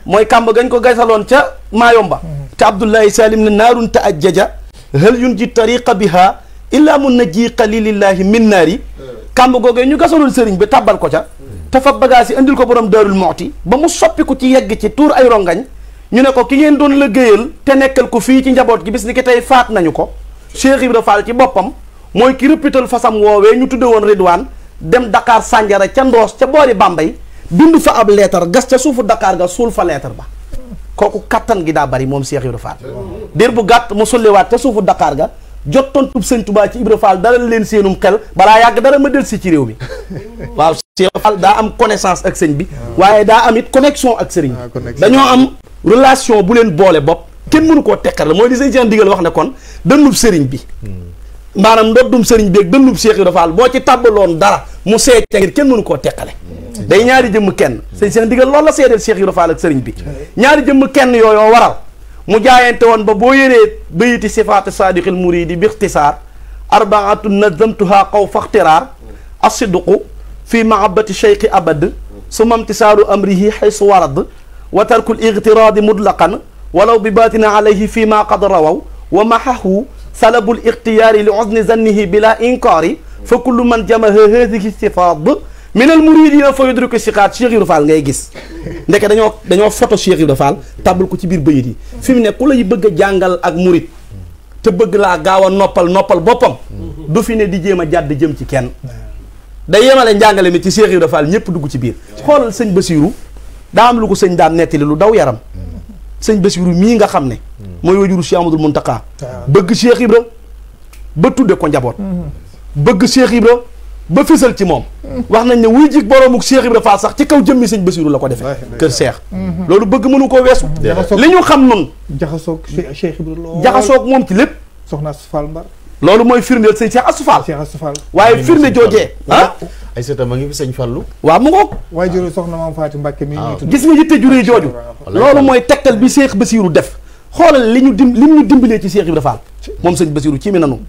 mooy kàmb gañ ko gasaloon ca Maayomba te Abdullahi Salim ne naarun ta ajjaja hal yun ji tariqa biha illaa mun na jii qalilillahi min naari kàmb googee ñu gasaloon sëriñ bi tàbbal ko ca te fa bagaas yi indil ko borom daarul mooti ba mu soppi ci yegg ci tuur ay rongañ ñu ne ko ki ngeen doon liggéeyal te nekkal ko fii ci njaboot gi bis ni ki tey faat nañu ko Cheikh Ibra ci boppam moy ki rëppital fasam wowe ñu tudde won redouane dem Dakar Sandiara ca ndos ca bori bambay bindu fa ab leetar gas ca suufu Dakar ga suul fa leetar ba koku katan gi da bari mom Cheikh Ibra Fall dir bu gat mu wat ca suufu Dakar ga jot tub seigne touba ci Ibra Fall dalal len seenum xel bala yag dara ma del ci ci rew mi wa Cheikh Fall da am connaissance ak seigne bi waye da am it connexion ak seigne ah, dañu am relation bu len bolé bop kenn mënu ko tekkal moy di seigne say wax ne kon dënnub seigne bi hmm. manam ndoddum serigne beug dundum cheikh rafal bo ci tabalon dara mu seet ngir kenn mënu ko teqale day ñaari jëmm kenn sëñ digal ndigal loolu la seedeel Seex Ibra Faal ak serigne bi ñaari jëm kenn yoyoo waral mu jaayante won ba boo yëree bayiti sifaati saadiqil muridi bi ikhtisar arbaatu nazamtuha qaw faxtiraar asidqu fi ma'abati shaykh abad suma imtisaalu amrihi xaysu warad wa tarkul igtiraadi mutlaqan walaw bi baatina alayhi fi ma qad wa mahahu سلب الاختيار لعزن زنه بلا إنكار فكل من جمع هذه الصفات من المريدين فيدرك الشقاق Cheikh Ibra ngay gis ndeke dañoo dañoo photo Cheikh Ibra Fall tàbbal ko ci biir bëyit yi fi ne ku lay bëgg jàngal ak murit te bëgg laa gaaw a noppal noppal boppam du fi ne di jéem a jàdd jëm ci kenn day yemale njàngale mi ci Cheikh Ibra ñëpp dugg ci biir xoolal sëñ Basiiru daa am lu ko sëñ daan nettali lu daw yaram sëñ Bassirou mii nga xam ne. Hmm. mooy wajuru Cheikh mu Mountakha. bëgg Cheikh Ibra ba tudde ko njaboot. Hmm. bëgg Cheikh Ibra ba fisal ci moom. Hmm. wax nañ ne wuy jig boroomu Cheikh Ibra Fall sax ci kaw jëmmi sëñ Bassirou la ko defee. kër seex loolu bëgg mënu koo weesu. li ñu xam noonu. jaxasoog Cheikh Ibra lool jaxasoog moom ci lépp. soxna Asou Fall loolu mooy firnde sëñ Cheikh Asou Fall. Cheikh Asou Fall waaye firnde joojee ah. ay ma ngi fi sëñ Fallou. waaw mu ngoog. waaye mi ngi tudd. gis nga yitte juree jooju. loolu mooy tegtal bi Cheikh Basirou def. xoolal li ñu dim li ñu dimbalee ci Cheikh Ibrahima Fall moom sëñ Basirou ci mi nanu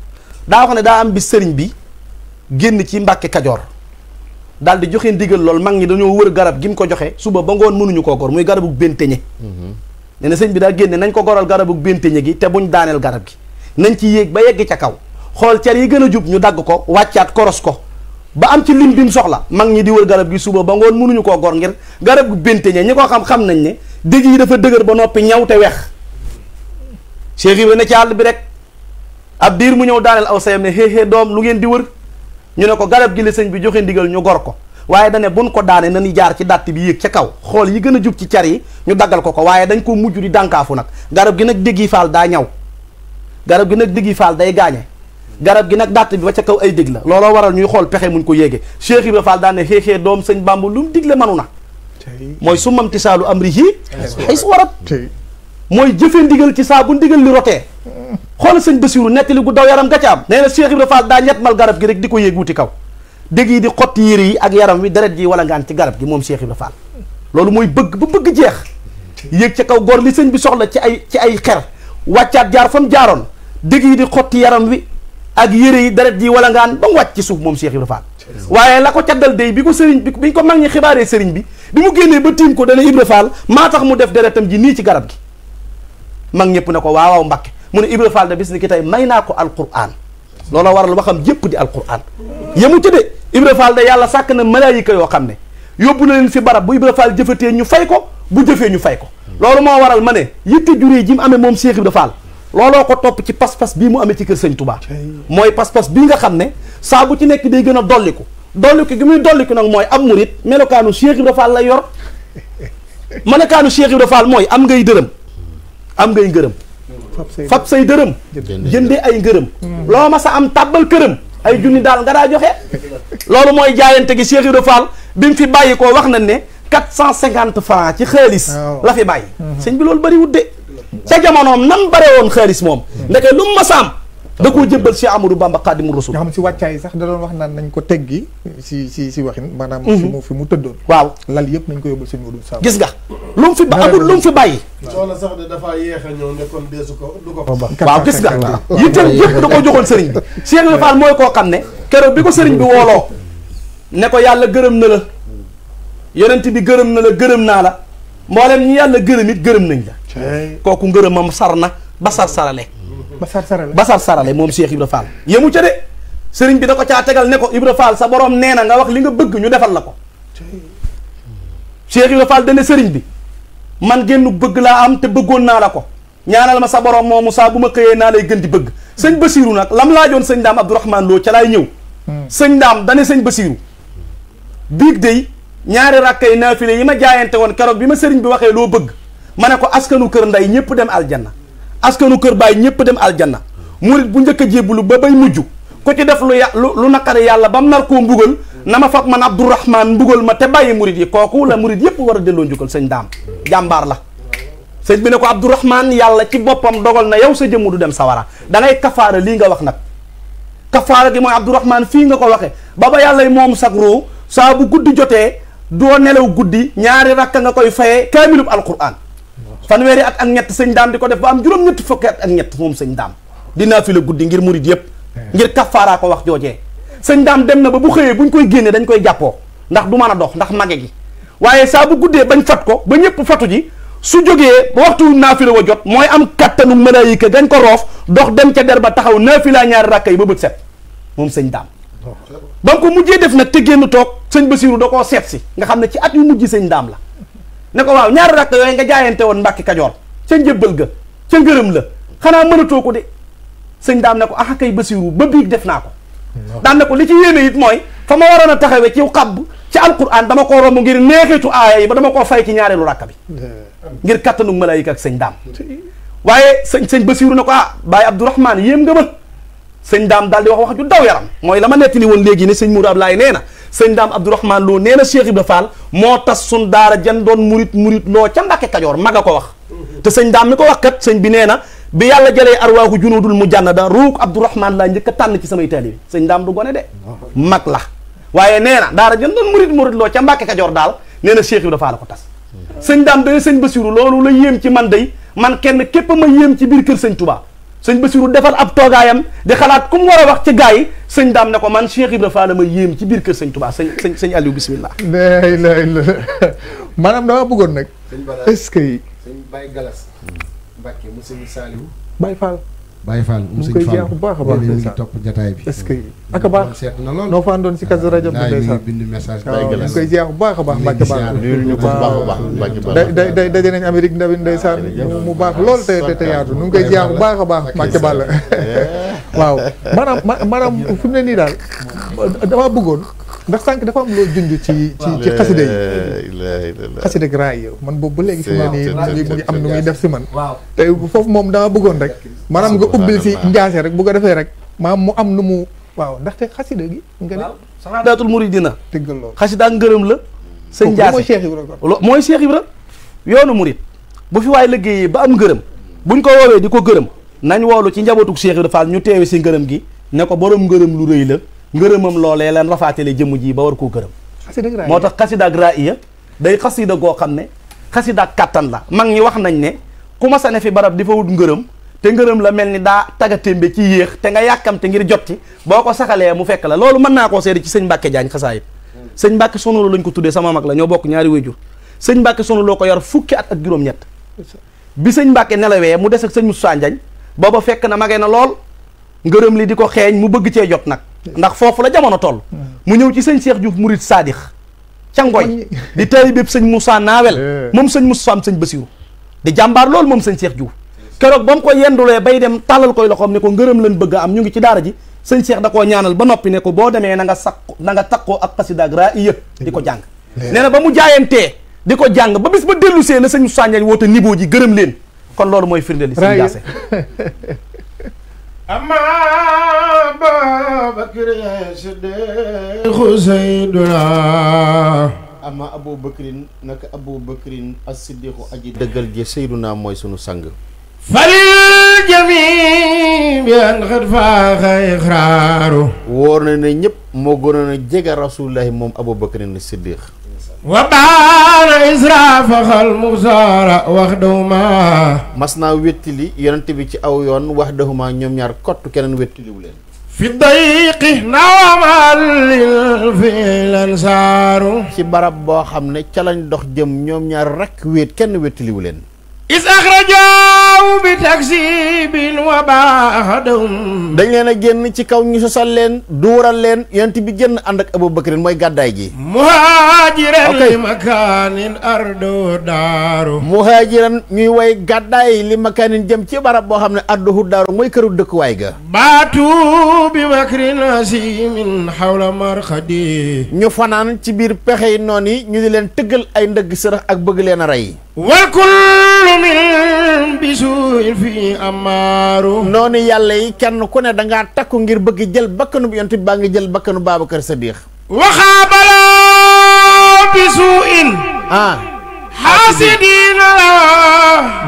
daa wax ne daa am bi sëriñ bi génn ci Mbacke Kajoor daal di joxe ndigal lool mag ñi dañoo wër garab gi mu ko joxe suba ba ngoon mënuñu koo gor muy garabu benteñe mhm. ne na sëñ bi daa génne nañ ko goral garabu benteñe gi te buñ daaneel garab gi nañ ci yéeg ba yegg ca kaw xool cer yi gën a jub ñu dagg ko wàccaat koros ko ba am ci lim bi mu soxla mag ñi di wër garab gi suba ba ngoon mënuñu koo gor ngir garab gu benteñe ñi ko xam xam nañ ne dëj yi dafa dëgër ba noppi ñaw te weex Cheikh Ibra ne ci àll bi rek ab diir mu ñëw daaneel aw sayam ne xéexée doom lu ngeen di wër ñu ne ko garab gi la sëñ bi joxe ndigal ñu gor ko waaye dane buñ ko daane nañu jaar ci dàtt bi yéeg ca kaw xool yi gën a jub ci car yi ñu daggal ko ko waaye dañ ko mujj di dànkaafu nag garab gi nag dég faal daa ñaw garab gi nag diggi faal day gaañe garab gi nak dàtt bi ba ca kaw ay dig la looloo waral ñuy xol pexe muñ ko yégué Cheikh ibrahim Fall xé xé dom sëñ bambu lu digle manuna moy sumam tisalu amrihi tisaalu warat moy jëfe ndigal ci sa bu ndigal li roté xol sëñ Basiru netti gu daw yaram ga ca am nee na Cheikh ibrahim Fall da ñet mal garab gi rek diko ko wuti kaw deg yi di xotti yiri ak yaram wi deret ji wala ngaan ci garab gi mom Cheikh ibrahim Fall lolu moy bëgg bu bëgg jeex yéeg ci kaw gor li sëñ bi soxla ci ay ci ay xer waccat jaar fam jaaron deg yi di xotti yaram wi ak yere yi deret ji wala ngaan ba wacc ci souf mom Cheikh waye la ko day bi ko serigne bi ko magni xibaare serigne bi bi mu génnee ba tim ko dana Ibra Fall ma tax mu def deretam ji ni ci garab gi mag ñep ne ko waawaaw Mbàkke mu ne Ibra Fall da bis ni ki tay mayna ko alquran lolo waral waxam jep di alquran yemu ci de Ibra Fall da yalla sak na malaayika yo xamne ne na len fi barab bu Ibra Fall jëfatee ñu fay ko bu jëfee ñu fay ko lolo mo waral mané yitté yitte ji mu amé mom Cheikh Fall looloo ko topp ci pas-pas bii mu amee ci kër sëñ Touba mooy pas-pas bii nga xam ne saabu ci nekk day gën a dolliku dolliku gi muy dolliku nag mooy am murit melokaanu Cheikh Ibra Fall lay yor melokaanu Cheikh Ibra Fall mooy am ngay dërëm am ngay ngërëm fab say dërëm jënde ay ngërëm hmm. loo ma sa am tàbbal këram ay junni daal nga daa joxe loolu mooy jaayante gi Cheikh Ibra Fall bi mu fi bàyyi ko wax nañ ne quatre cent cinquante francs ci xaalis la fi bàyyi hmm. sëñ bi loolu bëri de ca jamonoom nan bare woon xaalis moom ndeke lu mu masaam da koo jëbbal Cheikh Amadou Bamba Xaadimu Rasul nga xam si wàccaay sax da doon wax naan nañ ko teggi si si si waxin maanaam mhm. fi mu fi mu tëddoon waaw lal yëpp nañ ko yóbbal sëñ Modou Samb gis nga lu bàyyi soxna sax de dafa yéex a ñëw ne kon ko du ko waaw gis nga yitteem yëpp da koo joxoon sëriñ bi Cheikh Ibra mooy koo xam ne keroog bi ko sëriñ bi wooloo ne ko yàlla gërëm na la yonent bi gërëm na la gërëm naa la moo mboolem ñi yàlla gërëm it gërëm nañ la kooku ngërëmam sar na basar sarale basar sarale basar sarale moom Cheikh Ibra Fall yemu ca de sëriñ bi da ko caa tegal ne ko Ibra Fall sa boroom nee na nga wax li nga bëgg ñu defal la ko Cheikh Ibra Fall dane sëriñ bi man génn bëgg laa am te bëggoon naa la ko ñaanal ma sa borom moomu saa bu ma xëyee naa lay gën di bëgg sëñ Basiiru nag lam laajoon sëñ daam Abdourahmane Lo ca laay ñëw hmm. sëñ daam dane sëñ Basiiru biig day ñaari rakk yi naafile yi ma jaayante woon keroog bi ma sëriñ bi waxee loo bëgg ma ne ko askanu kër nday ñëpp dem aljanna askanu kër baay ñëpp dem aljanna murit bu njëkk a ba bay mujj ku ci def lu ya lu naqari yàlla bam nar koo mbugal na ma fab man abdourahman ma te bàyyi murit yi kooku la murit yëpp war a delloo njukkal sëñ jàmbaar la sëñ bi ne ko abdourahman yàlla ci boppam dogal na yow sa jëmm du dem sawara da ngay kafaara lii nga wax nag kafaara gi mooy abdourahman fii nga ko waxe ba ba yàlla moom sag roo saa bu guddi jotee doo nelaw guddi ñaari rakk nga koy fayee kaamilub alquran fanweeri at ak ñett sëñ daam di ko def ba am juróom-ñetti fukki at ak ñett moom sëñ daam dinaa fi la guddi ngir murid yëpp ngir kaffaaraa ko wax joojee sëñ daam dem na ba bu xëyee buñ koy génnee dañ koy jàppoo ndax du man a dox ndax mage gi waaye saa bu guddee bañ fat ko ba ñëpp fatu ji su jógee ba waxtu naafila wa jot mooy am kattanu malaayika dañ ko roof dox dem ca der ba taxaw naafilaa ñaari rakka yi ba bët set moom sañ daam ba mu ko mujjee def nag te génn toog sëñ Basiiru da koo seet si nga xam ne ci at yu mujj sëñ daam la ne ko waaw ñaari rakk yooyu nga jaayante woon Mbàkke Kajoor ca njëbbal ga ca ngërëm la xanaa mënatoo ko de sëñ daam ne ko a kay basiru ba biig def naa ko mm-hmm. daan ne ko li ci yéeme it mooy fa ma waroon a taxawee ci xabb ci alquran dama koo romb ngir tu aaya yi ba dama koo fay ci ñaareelu rakk bi ngir kattanu malaayika ak sëñ daam waaye sëñ sëñ basiru ne ko ah Baye Abdourahman yéem nga ma sëñ daam daal di wax wax ju daw yaram mooy la ma woon léegi ne sëñ Mourou Ablaye nee na sëñ daam Abdourahmane Lo nee na Cheikh Ibra Fall moo tas sun daara jan doon murit murit loo ca Mbàkke Kajoor mag a ko wax te sëñ daam mi ko wax kat sëñ bi nee na bi yàlla jëlee arwaaxu junuudul mu jànnada ruuk Abdourahmane laa njëkk tànn ci samay taalibe sëñ daam du gone de mag la waaye nee na daara jan doon murit murit loo ca Mbàkke Kajoor daal nee na Cheikh Ibra Fall la ko tas sëñ daam day sëñ Basiru loolu la yéem ci man day man kenn képp ma yéem ci biir kër sëñ sëñ Bassirou defal ab toogaayam di xalaat ku mu war a wax ci gars yi sëñ daam ne ko man Cheikh Ibra Fall ma yéem ci biir kër sëñ Touba sëñ sëñ sëñ Aliou bisimilah. la ilaha illa maanaam dama bëggoon nag. est-ce que. sëñ Baye Galas. mu sëñ Saliou. Baye Baye Fall mu ngi koy jeex bu baax a baax ñu ngi topp jataay bi est-ce que ak a baax seet na lool noo fa àndoon si kaso rajo bi ndeysaan bind message ñu ngi koy jeex bu baax a baax Mbacke baax day day daje nañ Amérique ndawin ndeysaan mu baax lool te te yaatu ñu ngi koy jeex baax a baax Mbacke Ball waaw maanaam maanaam fi mu ne nii daal dama bëggoon ndax sànq dafa am loo junj ci ci ci xasida yi xasida gi raay yow man boobu ba léegi fi ma mu ngi am nu muy def si man te foofu moom dama bëggoon rek maanaam nga ubbil si njaase rek bu ko defee rek ma mu am nu mu waaw ndaxte xasida gi nga ne saxaadaatul muridina dëggal loolu xasida ak ngërëm la sëñ njaase mooy Cheikh Ibra mooy Cheikh Ibra yoonu murid bu fi waay liggéeyee ba am ngërëm buñ ko woowee di ko gërëm nañ woolu ci njabootug Cheikh Ibra Fall ñu teewe si ngërëm gi ne ko borom ngërëm lu rëy la ngeureumam lolé leen rafaatale jëmm ji ba war koo gërëm motax qasida xasidaak day qasida go xamné ne katan la mag ñi wax nañ né ku ma fi barab di wut ngeureum té ngeureum la melni ni taga témbe ci yéx té nga té ngir jotti boko saxalé mu fekk la lolou mën na ko seede ci sëñ mbacké jañ xasaayit sëñ mbacké sonu lañ ko tuddé sama mag la ño bok ñaari wéjur sëñ mbacké sonu loko yor fukki at ak juroom ñett bi sëñ mbacké nelawé mu dess ak sëñ Moussa jañ bobo fekk na magé na lol ngeureum li diko ko mu bëgg ci jot nak ndax fofu la jamono toll mu ñew ci seigne Cheikh Diouf Mouride sadiq ca Ngoy di tari bépp sëñ Moussa nawel eh. mom seigne Moussa am seigne di jambar lol mumsen seigne Cheikh Diouf kérok bam ko yendulé bay dem talal koy loxom ne ko ngeureum lañ bëgg am ñu ngi ci daara ji seigne Cheikh da ko ñaanal ba nopi ne ko bo démé na nga sax na nga takko ak qasida ak raaya di ko jàng eh. na ba mu jaayenté di ko ba bis ba delusé na seigne Moussa Ndiaye wote niveau ji gërëm leen kon loolu moy firnde li sëñ أما بكر صديق سيدنا أما أبو بكر نك أبو بكر الصديق أجي دقل جي سيدنا موي سنو سانغ فللجميع بأن قد فاق إقراره وورنا نيب مو غنا جيغا رسول الله موم أبو بكر الصديق wabaana israfaxal muxaara wax mas naa wéttili yonent bi ci aw yoon wax dahuma ñoom ñaar kott keneen wéttiliwu leen fi dayqi nawamalil fi lan saaru ci barab boo xam ne ca lañ dox jëm ñoom ñaar rekk wéet kenn wéttiliwu leen aw wa baadum dañ leen a génn ci kaw ñu sosal leen du duural leen yonent bi génn ànd ak Abubakar mooy gàddaay gi muhaajiran li makaanin ardu daaru muhaajiran ñuy way gàddaay li makaanin jëm ci barab boo xam ne arduhu daaru mooy këru dëkkuwaay ga baatu bi makrin asimin xawla marxadi ñu fanaan ci biir pexe yi noon yi ñu di leen tëggal ay ndëgg sërëx ak bëgg leen a rey wa kullu min noonu yàlla yi kenn ku ne dangaa takku ngir bëgg jël bakkanu yonent bi baa ngi jël bakkanu Babacar Sadiq waxaabala bisuu in ah xaasidiina la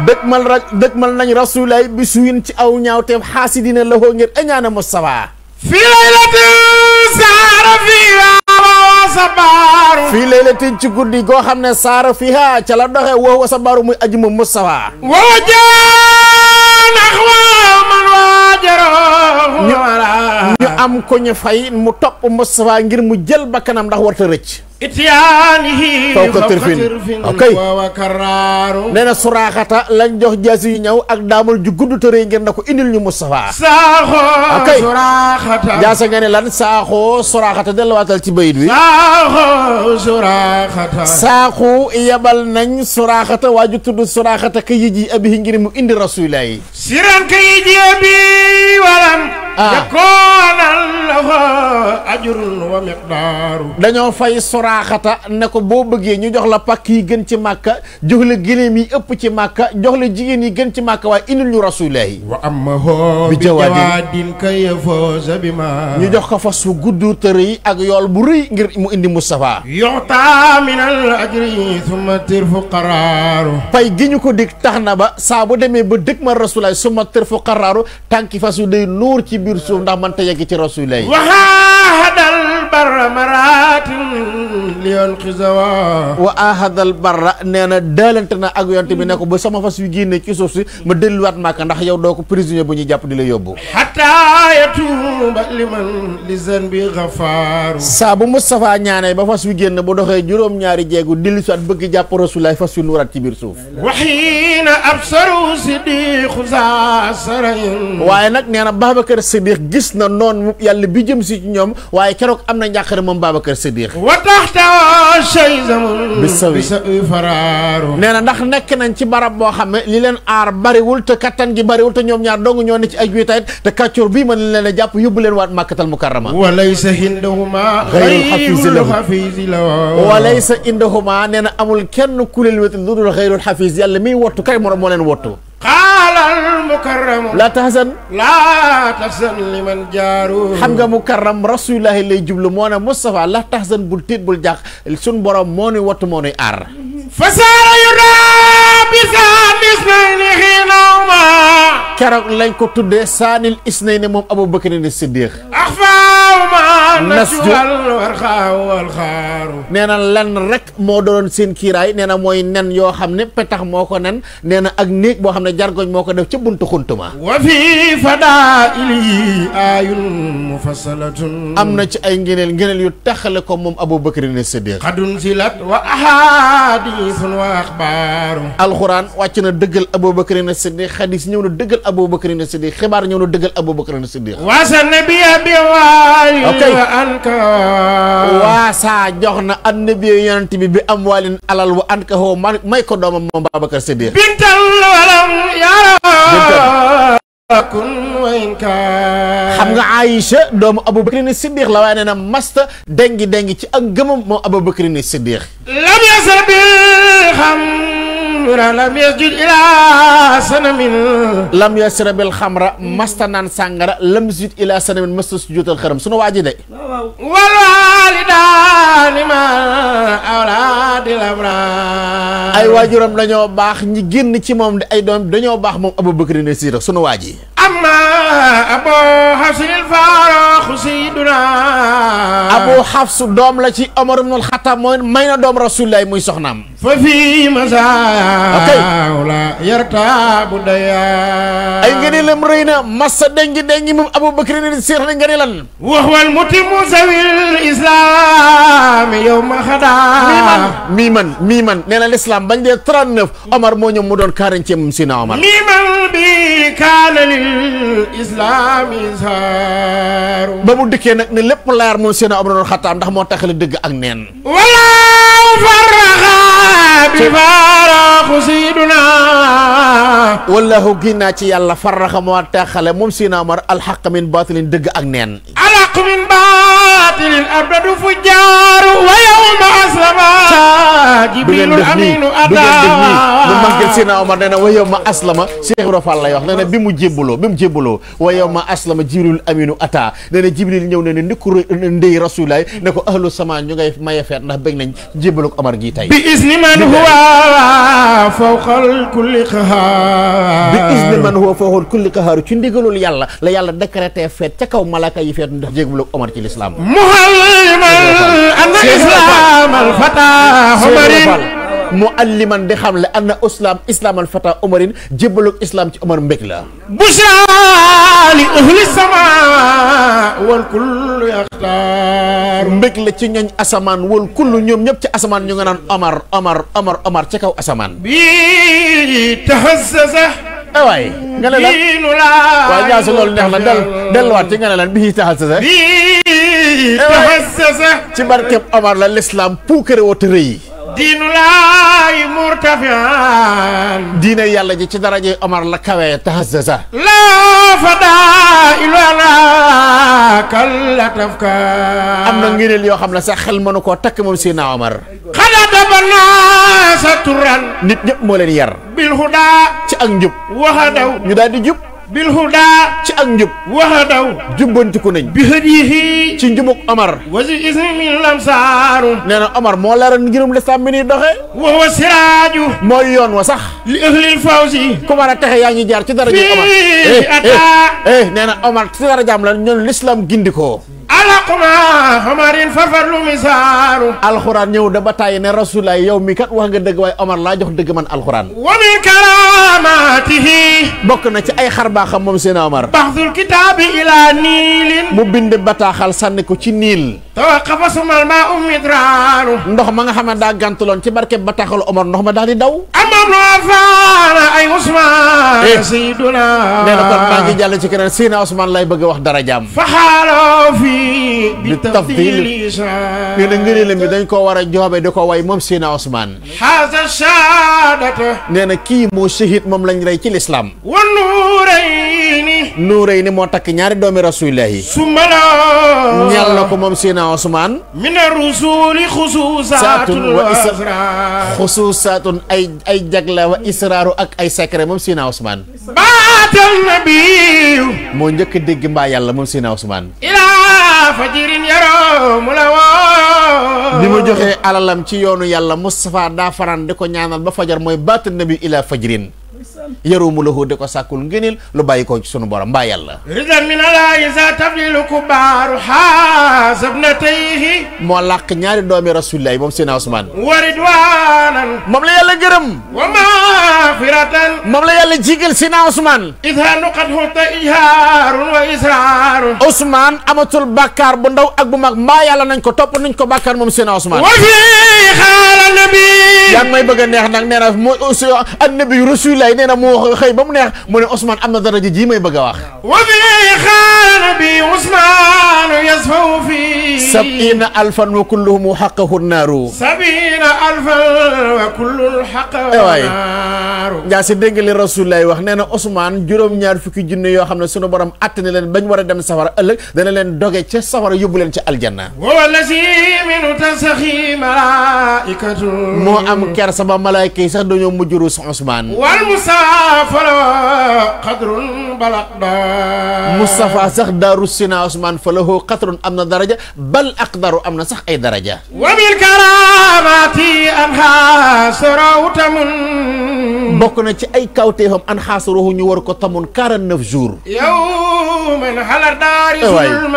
dëgmal ra dëgmal nañ rasulaay bisuu in ci aw ñaawteef xaasidiina la hoo ngir añaana Mustafaa sabaaru fii laylatin ci guddi goo xam ne saara fiha ca la doxe woo wa sabaaru muy aji moom Moustapha wajanax waa man waajaroo ñu am ko ñu fay mu topp Moustapha ngir mu jël bakkanam ndax warta rëcc ityaanihi fawqa tërfin okay nee na suraaxata lañ jox jaasi yu ñaw ak daamul ju gudd tëree ngir ko indil ñu Moustapha saaxoo okay jaasa nga ne lan saaxoo suraaxata delluwaatal ci bayit wi saaxoo suraaxata saaxu yabal nañ suraaxata waa ju tudd suraaxata ka yiji abihi ngir mu indi rasulilah yi siran ka yiji abi walam ah. yakoonal ajrun wa miqdaaru dañoo fay suraaxata baaxata ne ko boo bëggee ñu jox la pàkk yi gën ci màkka jox la gëléem yi ëpp ci màkka jox la jigéen yi gën ci màkka waaye indil ñu rasulaahi wa amma ho bi jawaadin kayfoosa bi ma ñu jox ko fas fu gudd tër yi ak yool bu rëy ngir mu indi Moustapha yoxta min al ajri summa tirfu qaraaru pay gi ñu ko dig tax na ba saa bu demee ba dëkk ma rasulaahi summa tirfu qaraaru tànki fas yu day nuur ci biir suuf ndax man ta yegg ci rasulaahi waxaadal barra maraatin liyoon xisawa wa ahadal barra nee na daalante na ak yonte bi ne ko ba sama fas yu génne ci suuf si ma delluwaat màkk ndax yow doo ko prisonnier bu ñuy jàpp di la yóbbu xataa yatuuba liman li zan bi xafaaru saa bu Moustapha ñaanee ba fas yu génn bu doxee juróom-ñaari jeegu dellu siwaat bëgg jàpp rasulaay fas yu nuuraat ci biir suuf waxiina absaru sidiqu sa sarayin waaye nag nee na Babacar Sidiq gis na noonu yàlla bi jëm si ci ñoom waaye keroog am na njàqare moom Babacar Siddiq wa taxta shayzam bi sawi faraaru nee na ndax nekk nañ ci barab boo xam ne li leen aar bariwul te kattan gi bariwul te ñoom ñaar dong ñoo ne ci ay juy tayit te kàccoor bii mën leen a jàpp yóbbu leen waat màkkatal mukarrama wa laysa indahuma xayrul xafiisi la wa laysa indahuma nee na amul kenn ku leen wétal lu dul xayrul xafiis yàlla miy wottu kay moo leen wottu xaalal mukarram laa tahzan laa tahzan liman jaaru xam nga mukarram rasulullahi lay jublu moo ne Moustapha laa tahzan bul tiit bul jàq sun borom moo nuy wattu moo nuy aar fasaara yu raabi saani isnayni xiinawma keroog lañ ko tuddee saanil isnayni moom Abubakar ni Siddiq nas ju nee na lenn rek moo doon seen kiiraay nee na mooy nen yoo xam ne petax moo ko nen nee na ak néeg boo xam ne jargoñ moo ko def ca buntu xuntuma wa fi fadaili ayun mufassalatun am na ci ay ngëneel ngëneel yu taxale ko moom Abubakar ne Siddiq xadun silat wa ahadithun wa axbaaru alxuraan wàcc na dëggal Abubakar ne Siddiq xadis ñëw na dëggal Abubakar ne Siddiq xibaar ñëw na dëggal Abubakar ne Siddiq wasa nabiya bi ok waasaa jox na annabi yonent bi bi am walin alal wa an ka xoo may ko doomam moom Babacar Siddiq bintal walam yara xam nga Aïcha doomu Aboubacar ni Siddiq la waaye nee na masta dengi dengi ci ak gëmam moom Aboubacar ni Siddiq lam yasal bi xam lam yasjud ilaa sanamin lam yasrabil xamra masta naan sàngara lam yasjud ilaa sanamin masta sujjóotal xërëm sunu de wal waalidaani ma awlaadil ay waajuram dañoo baax ñi génn ci moom di ay doom dañoo baax moom Abubakar ne siita sunu waa ji amma abu xafsin faaroxu sayyiduna abu xafsu doom la ci Omar ibnul Xattaab mooy may na doom rasulilaay muy soxnaam okay. la yarta bu daya ay ngeeneelam rëy na massa dengi dengi Abu Abubakar ni seex na nga ne lan wax wal mutimu zawil islam yawma khada miman, man mi man nee na l'islam bañ dee 39 Omar moo ñëw mu doon 40 sina Omar mi bi kaana lil islam izhar ba mu dikkee nag ne lépp leer moom sina Omar doon ndax moo taxale dëgg ak neen wala faraxa bi faaraaxu siiduna wallahu gin naa ci yàlla farraxa moo taxale moom Seydina Omar alxaq min baatilin dëgg ak neen alxaq min baatilin باطل أبرد فجار ويوم أسلما جبريل الأمين أدا mu màggal Seydina Omar nee na wa yow ma aslama Cheikh Ibra Fall lay wax nee na bi mu jébbaloo bi mu jébbaloo wa yow ma aslama jibril aminu ata nee na jibril ñëw ne ne ndikku ndey rasulaay ne ko ahlu sama ñu ngay maye feet ndax bëgg nañ jébbalu ko Omar gi tey bi isni man huwa fawqal kulli qahaar bi isni man huwa fawqal kulli qahaar ci ndigalul yàlla la yàlla décrété feet ca kaw malaaka yi feet ndax jébbalu Omar ci lislaam mualliman di xam le anna islam islam al fata omarin jébbalug islam ci omar mbég la busraali ahli sama wal kullu yaxtaar mbég la ci ñooñ asamaan wal kullu ñoom ñëpp ci asamaan ñu nga naan omar omar omar omar ca kaw asamaan bi tahazzaza awaay nga ne la waaye loolu neex na del delluwaat ci nga ne la bii taxasasa bii taxasasa ci barkeb Omar la l'islam puukare woote rëy diinu laay murtafian diine yàlla ji ci daraje Omar la kawe tahazzaza la fadaa ilala kalla tafka am na ngëneel yoo xam ne sax xel mënu koo takk moom Seydina Omar xadataba naasa turan nit ñëpp moo leen yar bil huda ci ak njub waxa daw ñu bil huda ci ak njub waxa daw jubbantiku nañ bi hadihi ci njubuk Omar wasi ismin lamsaaru nee na Omar moo leeral ngirum lislaam mi ni doxe wawa siraaju mooy yoon wa sax li ahlil fawsi ku mën a texe yaa ngi jaar ci daraja Omar eh eh, eh nee na Omar ci darajaam la ñun lislaam gindikoo alaquma Omarin fafarlu misaru alquran ñew da ba ne ya, rasulay yow ya, mi kat wax nga deug way Omar la jox deug man alquran wa min karamatihi bok na ci ay xarba xam mom sen Omar. bahzul Kitab ila nilin. mu bind xal san ko ci niil. tawaqafa sumal ma umidraru ndox ma nga xamanta gantulon ci barke xal Omar ndox ma dal di daw. amam lu afaana ay usman eh. sayyiduna ne na kon maa ngi ci kenen Sina usman lay bëgg wax dara jaam. faxaaloo fi bitafdili nee na ngëneelam bi dañ ko war di ko sina Osman. haza shahadata nee na kii moo shahid moom lañ rey ci lislaam wa sina Ousmane min rusuli khususatun wa israru ak ay secret sina Ousmane sina fajirin yaroo mu la woo bi mu joxee alalam ci yoonu yàlla Moustapha daa faran di ko ñaanal ba fajar mooy baata nabi ila fajirin yarumu lahu di ko sàkkul ngëneel lu bàyyi ko ci sunu borom mbaa yàlla ridan min alaayi sa taflilu kubaaru xaasabnatayhi moo làq ñaari doomi rasulillahi moom seen Usmaan wa ridwanan moom la yàlla gërëm wa maxfiratan mo la yàlla jigal seen Usmaan idha nuqat hutta ijhaarun wa israarun Usmaan amatul bàkkaar bu ndaw ak bu mag mbaa yàlla nañ ko topp nañ ko bàkkaar moom seen Usmaan wa fi xaala nabi yaa may bëgg a neex nag nee annabi rasulillahi nee nga moo xëy ba mu neex mu ne Ousmane am na dara ji jii may bëgg a wax. wa bi xaana bi Ousmane yasfaw fi. sab'ina alfan wa kulluhum xaqahu naaru. sab'ina alfan wa kulluhum xaqahu naaru. ngaa si dégg li Rasulullaay wax nee na Ousmane juróom-ñaar fukki junne yoo xam ne sunu borom àtt na leen bañ war a dem safara ëllëg dana leen doge ca safara yóbbu leen ca aljanna. moo am kersa ba malaayka yi sax dañoo mujj ruus Ousmane. wal musa. قدر بلق مصطفى صح دار السنا عثمان فله قدر أمنا درجة بل أقدر أمنا صح أي درجة وبالكرامات أنها سروت من تي أي كوتهم أنها ني وركو كتمون 49 جور يوم هل دار ظلم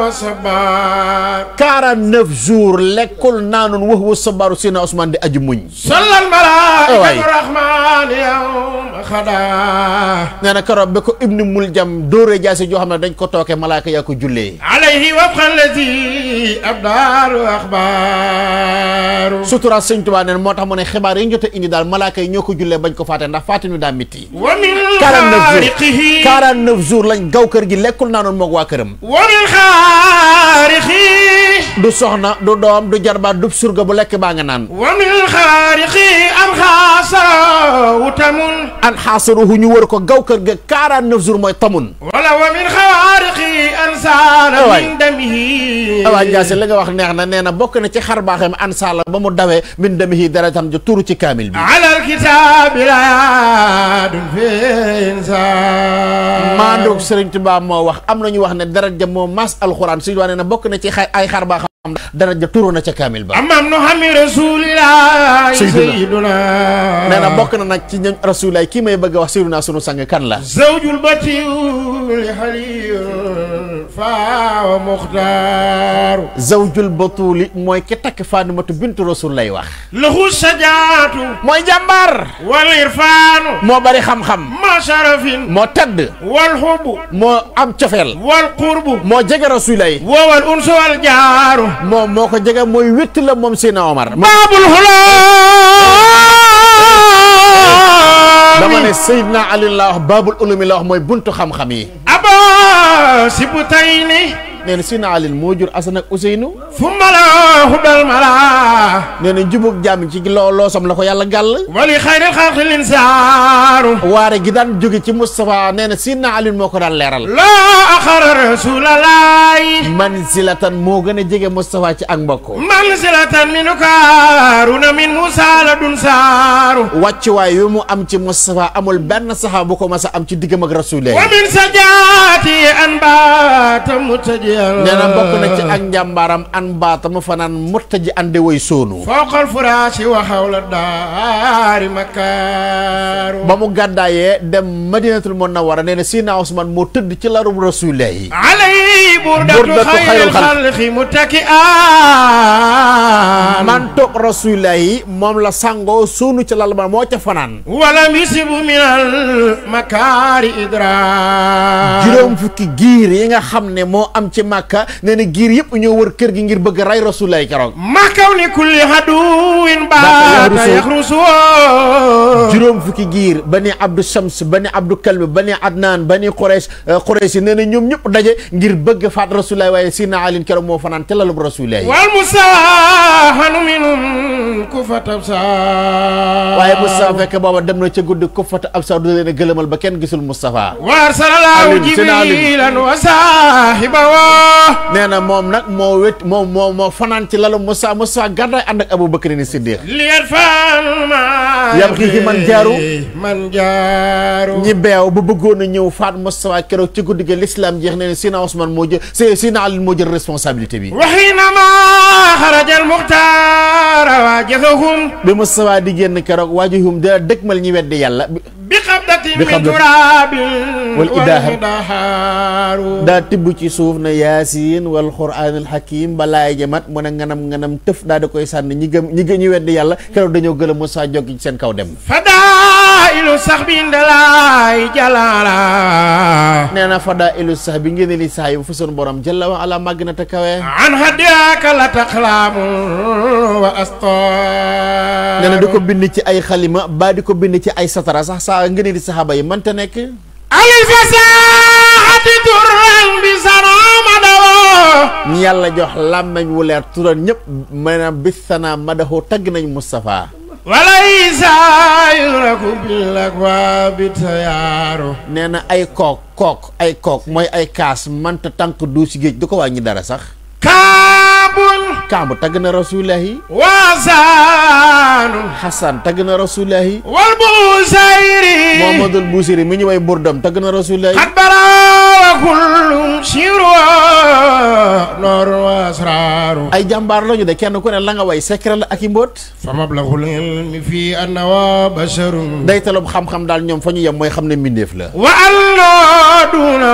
وصبار 49 جور لكل نان وهو صبار سنا عثمان دي أجمون صلى الله عليه الرحمن yawma xadaa nee na keroog ba ko ibnu muljam dóore jaasi joo xam ne dañ ko tooke malaaka yaa ko jullee alayhi wa xalati abdaaru axbaaru sutura sëñ Tuubaa neen moo tax mu ne xibaar yi ñu jot indi daal malaaka yi ñoo ko jullee bañ ko faate ndax faate ñu daa métti wa min xaariqihi 49 lañ gaw kër gi lekkul naanoon moog waa këram wa min xaariqi du soxna du doom du jarbaat du surga bu lekk baa nga naan wa min xaariqi am تمن انحاصره ني وور كو غاو كرغا 49 جور موي تمن ولا ومن خوارق انسان من دمه اوا جاس لاغا واخ نيهنا نينا بوك نا سي خرباخم انسان بامو داوي من دمه درتام جو تورو سي كامل بي على الكتاب لا في انسان ما دوك سيرن تبا مو واخ ام لا ني واخ ني درجه مو ماس القران سي وانا بوك نا سي اي خرباخ daraja tuuru na ca kaamil ba amam nu xami rasulilaay sayyiduna nee na bokk na nag ci ñoom rasulilaay kii may bëgg a wax sayyiduna sunu sang kan la zawjul faa wa muxtaaru zawjul batuuli mooy ki takk faanumatu bintu rasul lay wax lahu sajaatu mooy jàmbaar wal irfaanu moo bari xam-xam ma sharafin moo tedd wal xubbu moo am cofeel wal qurbu moo jege rasulay wal jaaru moom moo ko jege mooy wétti la moom Sina Omar baabul xulaami dama ne mooy buntu xam-xam yi سبتين nee na Sina Alin moo jur Asan ak Useynu fu mala xubal mala nee na jubug jàmm ci loo loosam la ko yàlla gàll wali xayril xalqi linsaaru waare gi daan jóge ci Moustapha nee na Sina Alin moo ko daan leeral loo axara rasulallaahi manzilatan moo gën a jege Moustapha ci ak mbokk manzilatan minu kaaruna min Muusaa la dun saaru wàccuwaay wi mu am ci Moustapha amul benn saxaa bu am ci diggam ak rasulilah nee na bokk na ci ak njàmbaaram an ma fanaan motta ji ande way soonu fooqal furaasi waxaw la daari makaaru ba mu gàddaayee dem madinatul munawwara nee na Sina Ousmane moo tëdd ci larub rasulillahi alay burdatu xayril xalqi mutaki aan man toog moom la sangoo soonu ci lal ba moo ca fanaan wala misibu minal makaari idra juróom fukki giir yi nga xam ne moo am ci ci màkka nee na giir yëpp ñoo wër kër gi ngir bëgg a rey rasulaay keroog makaw ni kulli haduwin baata yaxrusu juróom fukki giir bani abdou shams bani abdou kalb bani adnan bani quraysh euh, quraysh nee na ñoom ñëpp daje ngir bëgg faat rasulaay waaye sina alin keroog moo fanaan te lalub rasulaay wal musahanu minum kufata absa waaye Moustapha fekk booba dem na ca guddi a gëlëmal ba nee na moom nag moo wét moo moo moo fanaan ci lalu Moussa Moussa gàddaay ànd ak Aboubacar ni Siddiq liet falma yam xiixi man jaaru ñi beew bu bëggoon a ñëw faat Moussa keroog ci guddi gi jeex ne ne Sina Ousmane moo jël si Sina moo jël responsabilité bi waxinama xarajal muxtaar waajahum bi Moussa di génn keroog waajahum da dëgmal ñi weddi yàlla bi بقبضة من تراب والإداهار daa tibb ci suuf na yaasin wal quraanil hakiim balaay jamat mu ne nganam nganam tëf daa di koy sànni ñi gëm ñi gëm ñu weddi yàlla keroog dañoo gëlëm mu saa jog ci seen kaw dem. fadailu sahbi bi jalala jalaala nee na fadailu sax bi li saa fu sun borom jalla wa ala magna na kawe an hadiaka kala taxlaamu wa asto nee diko bind ci ay khalima ba diko bind ci ay satara sax sa ngeen li sahaba yi mënta nekk alifa saati turan bi ñi yàlla jox lamagn wu leer turan ñep manam bis sanaa madaxu nañ mustafa walaysa yurakum ak waa nee na ay kook kook ay kook mooy ay kaas manta tànk du si géej du ko wàññi dara sax. kaabul. kaabu tagg na rasulahi. waasaanu. xasan tagg na rasulahi. wal buusayri. Muhammadul Buusiri mi ñu way burdam tagg na rasulahi. xat bara. وكل سرا نور واسرار اي جمبار لا ني دي كين كو ne la nga way secret la ak i mbóot fa mablagul ilmi fi annawa bashar day talab xam-xam daal ñoom fa ñu yem mooy xam ne mbindeef la wa alla duna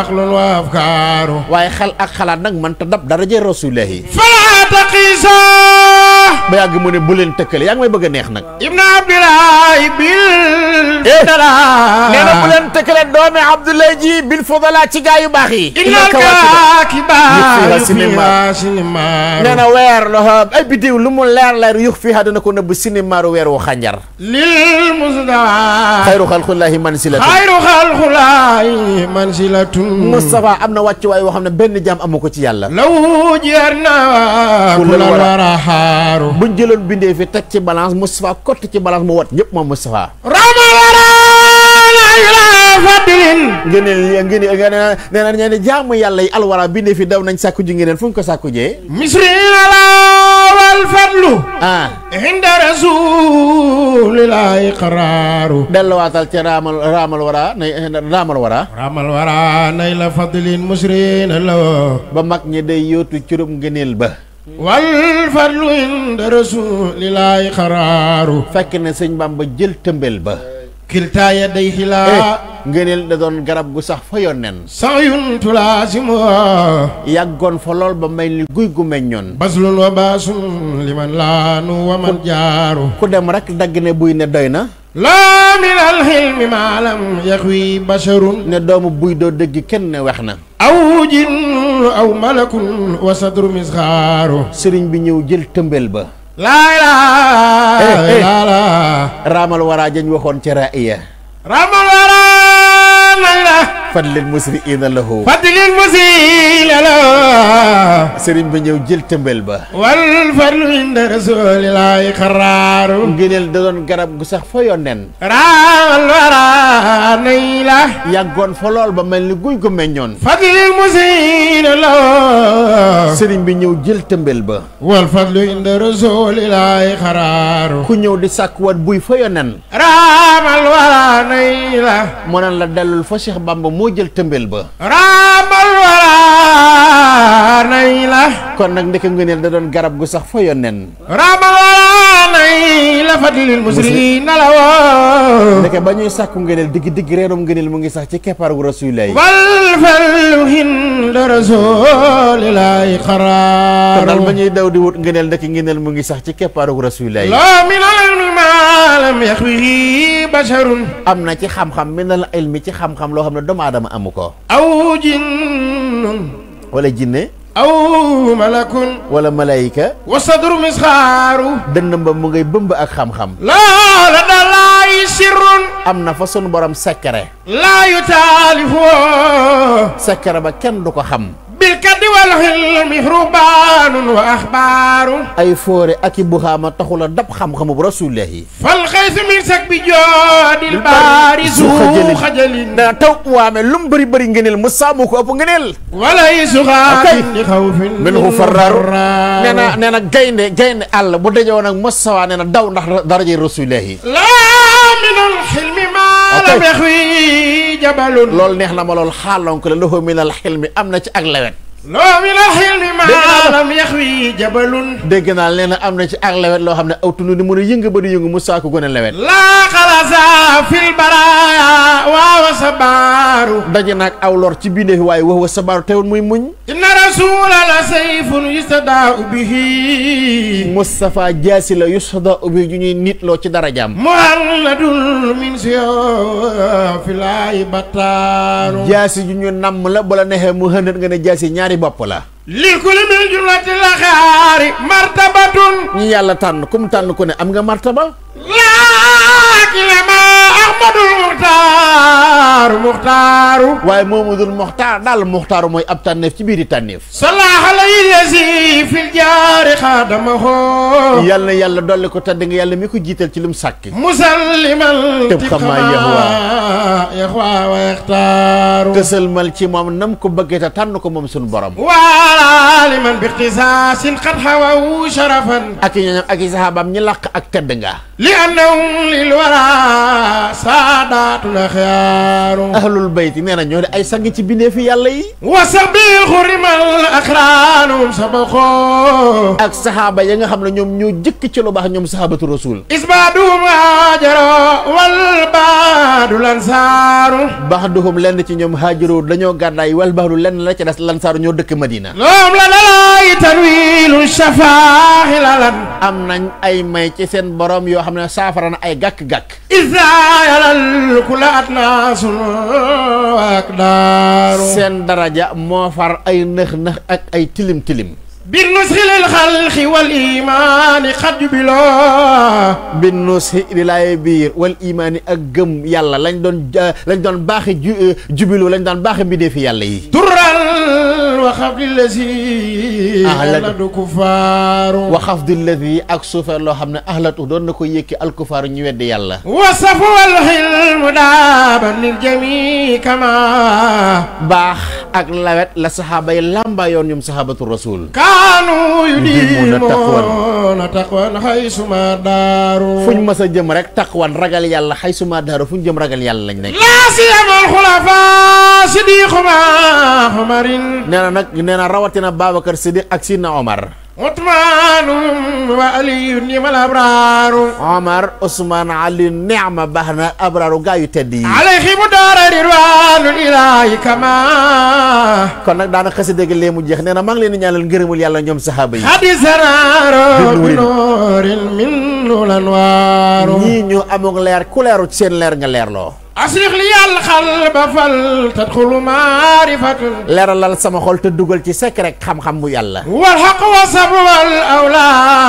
aqlun wa afkaaru waaye xel ak xalaat nag man ta dab daraje rasulillahi fala taqisa ba yàgg mu ne bu len tekkel yaa ngi may bëgg neex nak ibna abdullah bil fadala eh, nee na bu len tekkel doomi abdullah ji bil fadala ci gaay yu bax yi nee na lo hab ay bidiw lu mu leer leer yu fi hadana ko cinema sinimaaru wer wo xanjar lil musdaa khairu khalqillahi man xayru khairu khalqillahi man am na amna waccu way wo xamne ben jam amuko ci yalla law jeer kulal raha daaru buñ jëloon bindee fi teg ci balance Moustapha kott ci balance mu wat ñëpp moom Moustapha rama wara fadilin ngeen ngeen ngeen nee na ñee ne yàlla yi alwara bindee fi daw nañ sàkku ji ngeen fu ñu ko sàkku jee misrina la wal fadlu ah inda rasulillahi qaraaru delluwaatal ca raamal raamal wara nay raamal wara raamal wara nay la fadilin musrina ba mag ñi day yóotu curum ngëneel ba walfarlu inda rasulillahi xaraaru fekk na sëñ ba jël tëmbel ba kiltaaya day xilaa eh, ngëneel da doon garab gu sax fa yonen sax yuntulaa si yàggoon fa lool ba mel ni guy gu meññoon baslun wa baasun liman laanu waman jaaru ku dem rek dagg ne buy ne doy na laa min alxilmi maa lam yaxwi basharun ne doomu buy doo dëgg kenn wax na aw jinn aw malakun wa sadru misxaaru sëriñ bi ñëw jël tëmbel ba laay laay eh, eh. raamal waraa jañ waxoon ca raaya raamal waraa la fadlil musriina lahu fadlil musriina lahu sëriñ ba ñëw jël tëmbel ba wal fadlu inda rasulillahi xaraaru ngëneel da doon garab gu sax fa yonnen raawal wara nay la yàggoon fa lool ba mel ni guñ ko meññoon fadlil musriina lahu sëriñ bi ñëw jël tëmbel ba wal fadlu inda rasulillahi xaraaru ku ñëw di sàkkuwaat buy fa yonnen raamal wara nay la mu naan la dellul fa Cheikh Bamba mu moo jël tëmbel ba raamal la kon nag ndeke ngëneel da doon garab gu sax fa ba ñuy sàkku ngëneel digg digg reenum ngëneel mu ngi sax ci keppar gu rasulilaay wal fallu hind rasulilaay daw di wut ngëneel ndeke ngëneel mu ngi sax ci keppar yax wi basharun am na ci xam-xam minal ilmi ci xam-xam loo xam ne doomu aadama amu ko aw jinnun wala jinne aw malakun wala malayka wa sadru misxaaru dënnam ba mu ngay bëmb ak xam-xam loola da laay sirrun am na fa sun borom sekkare laayu taalifu sekkare ba kenn du ko xam العلم ربان وأخبار أي فور أكي بها ما تخول دب خم خم برسول الله فالخيث من سك بجود البارز خجل ناتو وامي لم بري بري نجنل مسامو كو أبو نجنل ولا يسوغا لخوف منه فرر نانا نانا جين جين أل بدي جوانا مسوا نانا داو نحر درجة رسول الله لا من الحلم ما لم يخوي جبل لول نحنا ما لول حالون كل له من الحلم أمنا أغلبت loo mi la xil ni yax wi jabalun dégg naa nee na am na ci ak lewet loo xam ne aw tund ni mën a yënga ba di yëngu mu saako gën a lewet laa xalasa fil baraya waawa sabaaru daje naag aw lor ci bindee fi waaye wax wa sabaaru teewul muy muñ inna rasula la sayfun yustadaa bihi Moustapha jaasi la yustadaa bihi ju ñuy nit loo ci dara jàmm la bala neexee mu xëndat nga ne jaasi ñaari la li kuli min jumlati la xaari martabatun ñi yàlla tànn kum tànn ku ne am nga martaba muxtaaru muxtaaru waaye Mamadul muxtaar daal muxtaaru mooy ab tànneef ci biiri tànneef yal na yàlla dolli ko tedd nga yàlla mi ko jiital ci lim sàkk musallimal tëb xamaa yaxwaa wa yaxtaaru tësalmal ci moom nam ko bëggee te tànn ko moom suñu borom waaliman bi ixtisaasin xat xawaw sharafan ak i ak i ñi làq ak tedd nga li annahum lil wara saadatul ahlul bayti nee na ñoo di ay sang ci bindee fi yàlla yi wasabil xurimal axraanum sabaqo ak saxaaba ya nga xam ne ñoo jëkk ci lu baax ñoom saxaabatu rasul isbaadum haajaro wal baadu lansaaru baxduhum lenn ci ñoom haajaro dañoo gàddaay wal baadu len la ci des lansaaru ñoo madina la lillaahi tanwiilu shafaahi lalan am nañ ay may ci seen borom yoo xam ne saafara na ay gàkk-gàkk isaayalal ku la atlaasul ak daaru seen daraja moo far ay nëx-nëx ak ay tilim-tilim بالنسخ للخلق والإيمان قد بلا بالنسخ للاي بير والإيمان أقم يلا لن دون لن دون باخي جبلو لن دون باخي بدي في يلا درا وخفض الذي أهلت كفار وخفض الذي أكسف الله من أهلت دون كو الكفار نيود يلا وصف الحلم دابا للجميع كما باخ أك لوet la يوم صحابة الرسول كما kaanu yu diimoona taqwan xaysuma daaru fuñ mës a jëm rek taqwan ragal yàlla xaysuma daaru fuñ jëm ragal yàlla lañ nekk laa siyamal xulafa sidiquma omarin nee na nag nee na rawatina Babacar Sidiq ak Sidna Omar عثمان وعلي نعم الأبرار عمر عثمان علي نعم بهنا أبرار غاي تدي عليهم دار رضوان الإلهي كما kon nag daanaka xasee dégg lee mu jeex nee na maa ngi leen di ñaanal ngërëmul yàlla ñoom saxaaba yi. hadi saraaro bi noorin min nuulan waaru ñii ñu amoon leer ku leeru seen leer nga leerloo. asrix li yàlla xal ba fal tadxulu maarifatan leeralal sama xol te dugal ci sekk rek xam-xam bu yàlla wal xaq wa sabu wal awla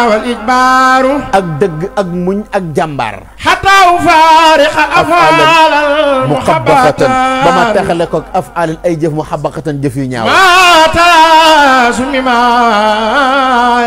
wal ijbaaru ak dëgg ak muñ ak jàmbaar xataaw faariqa afaalal muxabaqatan ba ma taxale ko afaalal ay jëf muxabaqatan jëf yu ñaaw maa talaasu mi ma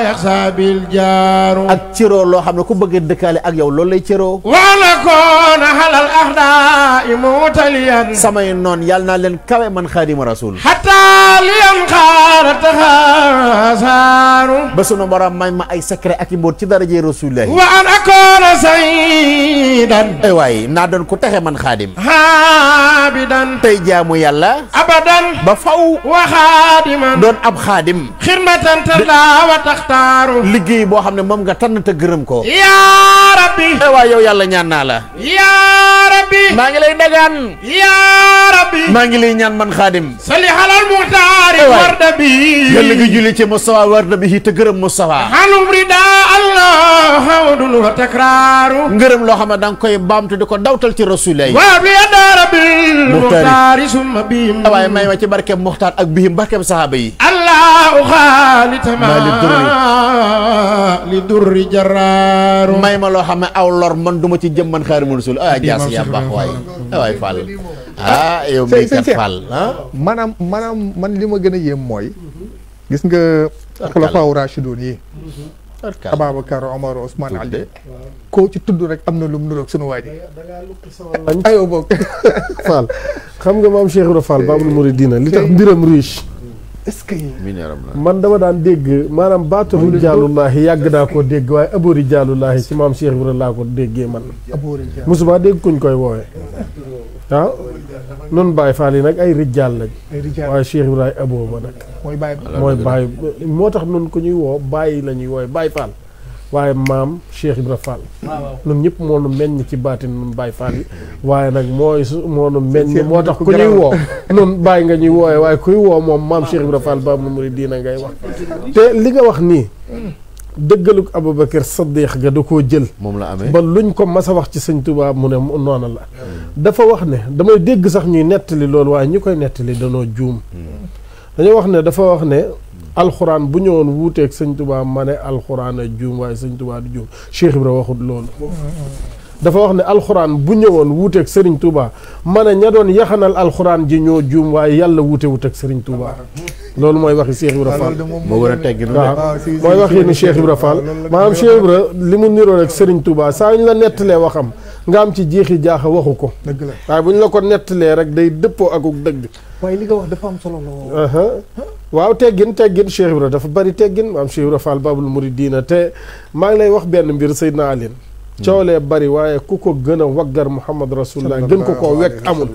yaxsa bil jaaru ak ciroo loo xam ne ku bëgg dëkkaale ak yow loolu lay ciroo wala koona xalal axdaa mutaliyan samay noon yàlla naa leen kawe man xaadima rasul xataa liyan xaarataxasaaru ba sunu borom may ma ay secret ak i mbóot ci darajee rasulullahi wa an akoona saydan ay naa doon ku texe man xaadim xaabidan tey jaamu yàlla abadan ba faw wa xaadiman doon ab xaadim xidmatan talla wa taxtaaru liggéey boo xam ne moom nga tànn te gërëm ko yaa rabbi ay waay yàlla ñaan naa la yaa rabbi ngi lay ya rabbi maa ngi lay ñaan man khadim salli halal muhtar warda bi yàlla nga julli ci mustafa warda bi te gërëm mustafa hanum rida allah wadul wa takraru ngërëm lo xama dang koy bamtu diko dawtal ci rasulay wa bi ya rabbi muhtar summa bi waaye may ma ci barke muhtar ak bihim barke sahaba yi allah xaalitama li durri jarar may ma lo xama aw lor man duma ci jëm man xaari mun sul ah, jass ya bax way waay Fall ah yow mii ah? maanaam maanaam man li ma gën a yéem mooy. Mhm. gis nga. xulafaaw raashidoon yi. Mhm. Ababacar Omar Ousmane Ali. koo ci tudd rek am na lu mu nuroog sunu waa ji. aywa boog. Fall xam nga maam Cheikh Ibra Fall Babul Mouridina li tax mbiram riche. est-ce que man dama daan dégg maanaam baatu rijaalullaahi yàgg naa ko dégg waaye abu rijaalullaahi ci maam Cheikh Ibrahima laa ko déggee man mosuma dégg kuñ koy woowee ah noonu Baye Fall yi nag ay rijaal lañ waaye Cheikh Ibrahima aboo ba nag mooy Baye moo tax noonu ku ñuy woo Baye la ñuy woowe Baye Fall waaye maam Cheikh Ibra Fall. ñun ñëpp moo nu meññ ci baatin ñun Baye Fall yi. waaye nag mooy su moo meññ moo tax ku ñuy woo. ñun bàyyi nga ñuy woowee waaye kuy woo moom maam Cheikh Ibra Fall ba mu muri diina ngay wax. te li nga wax nii. dëggaluk Aboubacar Saddiq ga da koo jël. moom la amee ba luñ ko mas a wax ci sëñ Tuubaa mu ne noona la. dafa wax ne damay dégg sax ñuy nettali loolu waaye ñu koy nettali danoo juum. Hmm. dañoo wax ne dafa wax ne. alxuraan bu ñëwoon wuuteeg sëñ tubaa ma ne alxuraan a juum waaye sëñ tubaa du juum Cheikh Ibra waxut loolu dafa wax ne alxuraan bu ñëwoon wuuteeg sëriñ tubaa ma ne ña doon yaxanal alxuraan ji ñoo juum waaye yàlla wute wuuteeg sëriñ tubaa loolu mooy waxi Cheikh Ibra Fall moo gën a teggi waaw mooy waxi ni Cheikh Ibra Fall maanaam Cheikh Ibra li mu niroo rek sëriñ tubaa saa ñu la nettalee waxam nga am ci jeexi jaaxa waxu ko waaye bu ñu la ko nettalee rek day dëppoo akuk dëgg waaye li nga wax dafa am solo lool. waaw teggin teggin Cheikh Ibra dafa bari teggin maam Cheikh Ibra Fall Babul Muridiina te maa ngi lay wax benn mbir Seydina Alioune. coolee bari waaye ku ko gën a waggar muhammad rasulullah gën ko koo wekk amul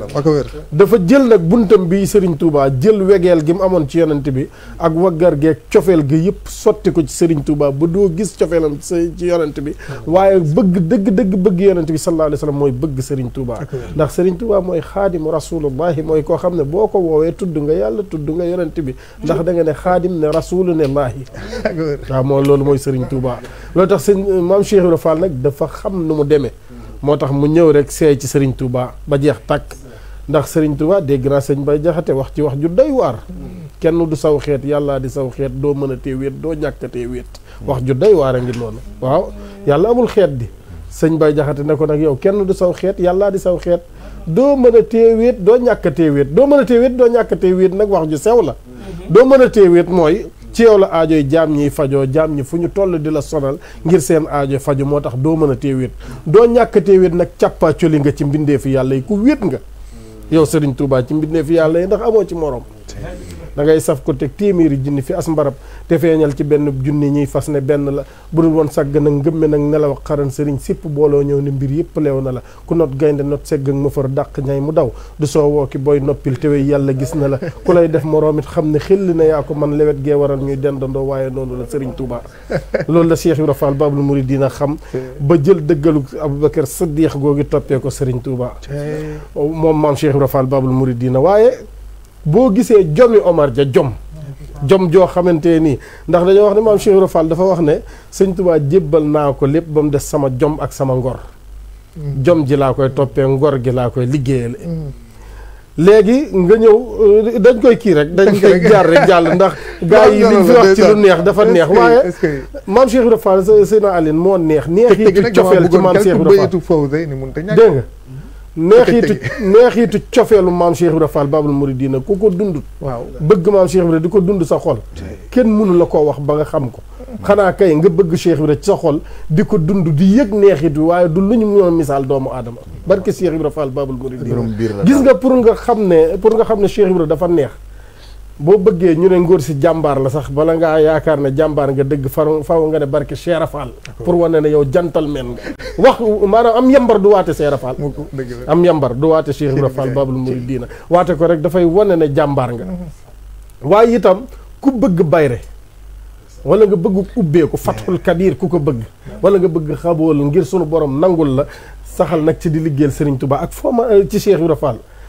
dafa jël nag buntam bii sëriñ Touba jël wegeel gi mu amoon ci yonent bi ak waggar geek cofeel gi yëpp sotti ko ci sëriñ Touba ba doo gis cofeelam ci yonent bi waaye bëgg dëgg dëgg bëgg yonent bi sallallahu alayhi wa sallam mooy bëgg sëriñ Touba ndax sëriñ Touba mooy xaadimu rasulullahi mooy koo xam ne boo ko woowee tudd nga yàlla tudd nga yonent bi ndax da nga ne xaadim ne rasulu ne laahi waaw moo loolu mooy sëriñ loolu tax sëñ euh, maam Cheikh Ibrahima nag dafa xam nu mu demee. moo tax mu ñëw rek seey ci Serigne Touba ba jeex tàkk. ndax Serigne Touba dégg naa sëñ Bay Jaxate wax ci wax ju doy waar. kenn du saw xeet yàllaa di saw xeet doo mën a tee doo ñàkk a wax ju doy waar a ngi noonu. waaw yàlla amul xeet di. sëñ Bay Jaxate ne ko nag yow kenn du saw xeet yàllaa di saw xeet doo mën a tee wéet doo ñàkk a wéet doo mën a tee wéet doo ñàkk a wéet nag wax ju sew la. doo mën a tee wéet mooy. ci yow la aajo yi jaam ñiy fajoo jaam ñi fu ñu toll di la sonal ngir seen aajo faju moo tax doo mën a téewéet doo ñàkk a téewéet nag càppaa coli nga ci mbindeefi yàlla yi ku wéet nga yow Serigne Touba ci mbindeefi yàlla yi ndax amoo ci morom da ngay saf ko teg téeméeri junni fi as mbarab te feeñal ci benn junni ñuy fas ne benn la bu dul woon sàgg nag ngëmme nag nelaw ak xaran sëriñ sipp booloo ñëw ne mbir yëpp leew na la ku not gaynde not segg ak mëfar dàq ñay mu daw du soo woo booy noppil te wey yàlla gis na la ku lay def moroom it xam ne xill na yaa ko man lewet gee waral ñuy dendandoo waaye noonu la sëriñ Touba loolu la Cheikh Ibra lu Babul Muridina xam ba jël dëggalu Aboubacar Siddiq googi toppee ko sëriñ Touba moom maam Cheikh Ibra Fall Babul Muridina waaye boo gisee jomi Omar ja jom jom joo xamante nii ndax dañoo wax ne maam Cheikh Ibra dafa wax ne sëñ Tuubaa jébbal naa ko lépp ba mu des sama jom ak sama ngor jom ji laa koy toppee ngor gi laa nga ñëw euh, dañ koy kii rek dañ koy jaar rek jàll ndax gars yi liñ fi wax ci lu neex dafa neex waaye maam Cheikh Ibra Fall Seydina Aline moo neex neex yi ci cofeel ci maam Cheikh Ibra Fall dégg nga neexitu neexitu cofeelu maam Cheikh Ibra Fall Babul Mouridina ku ko dund. waaw bëgg maam Cheikh Ibra di ko dund sa xol. kenn mënu la koo wax ba nga xam ko. xanaa kay nga bëgg Cheikh Ibra ci sa xol di ko dund di yëg neexitu waaye du lu ñu mënoon misaal doomu aadama barke Cheikh Ibra Fall Babul Mouridina. gis nga pour nga xam ne pour nga xam ne Cheikh Ibra dafa neex. boo bëggee ñu ne ngóor si jàmbaar la sax bala ngaa yaakaar ne jàmbaar nga dëgg faru faw nga ne barke Cheikh pour wane ne yow gentleman nga wax maanaam am yambar du waate Cheikh am yambar du waate Cheikh Ibra Fall Babul Mouridina waate ko rek dafay wane ne jàmbaar nga mhm. waaye itam ku bëgg bayre wala nga bëgg ubbeeku fatxul kadir ku ko bëgg wala nga bëgg xabool ngir sunu borom nangul la saxal nag ci di liggéeyal Serigne Touba ak foo ma ci Cheikh Ibra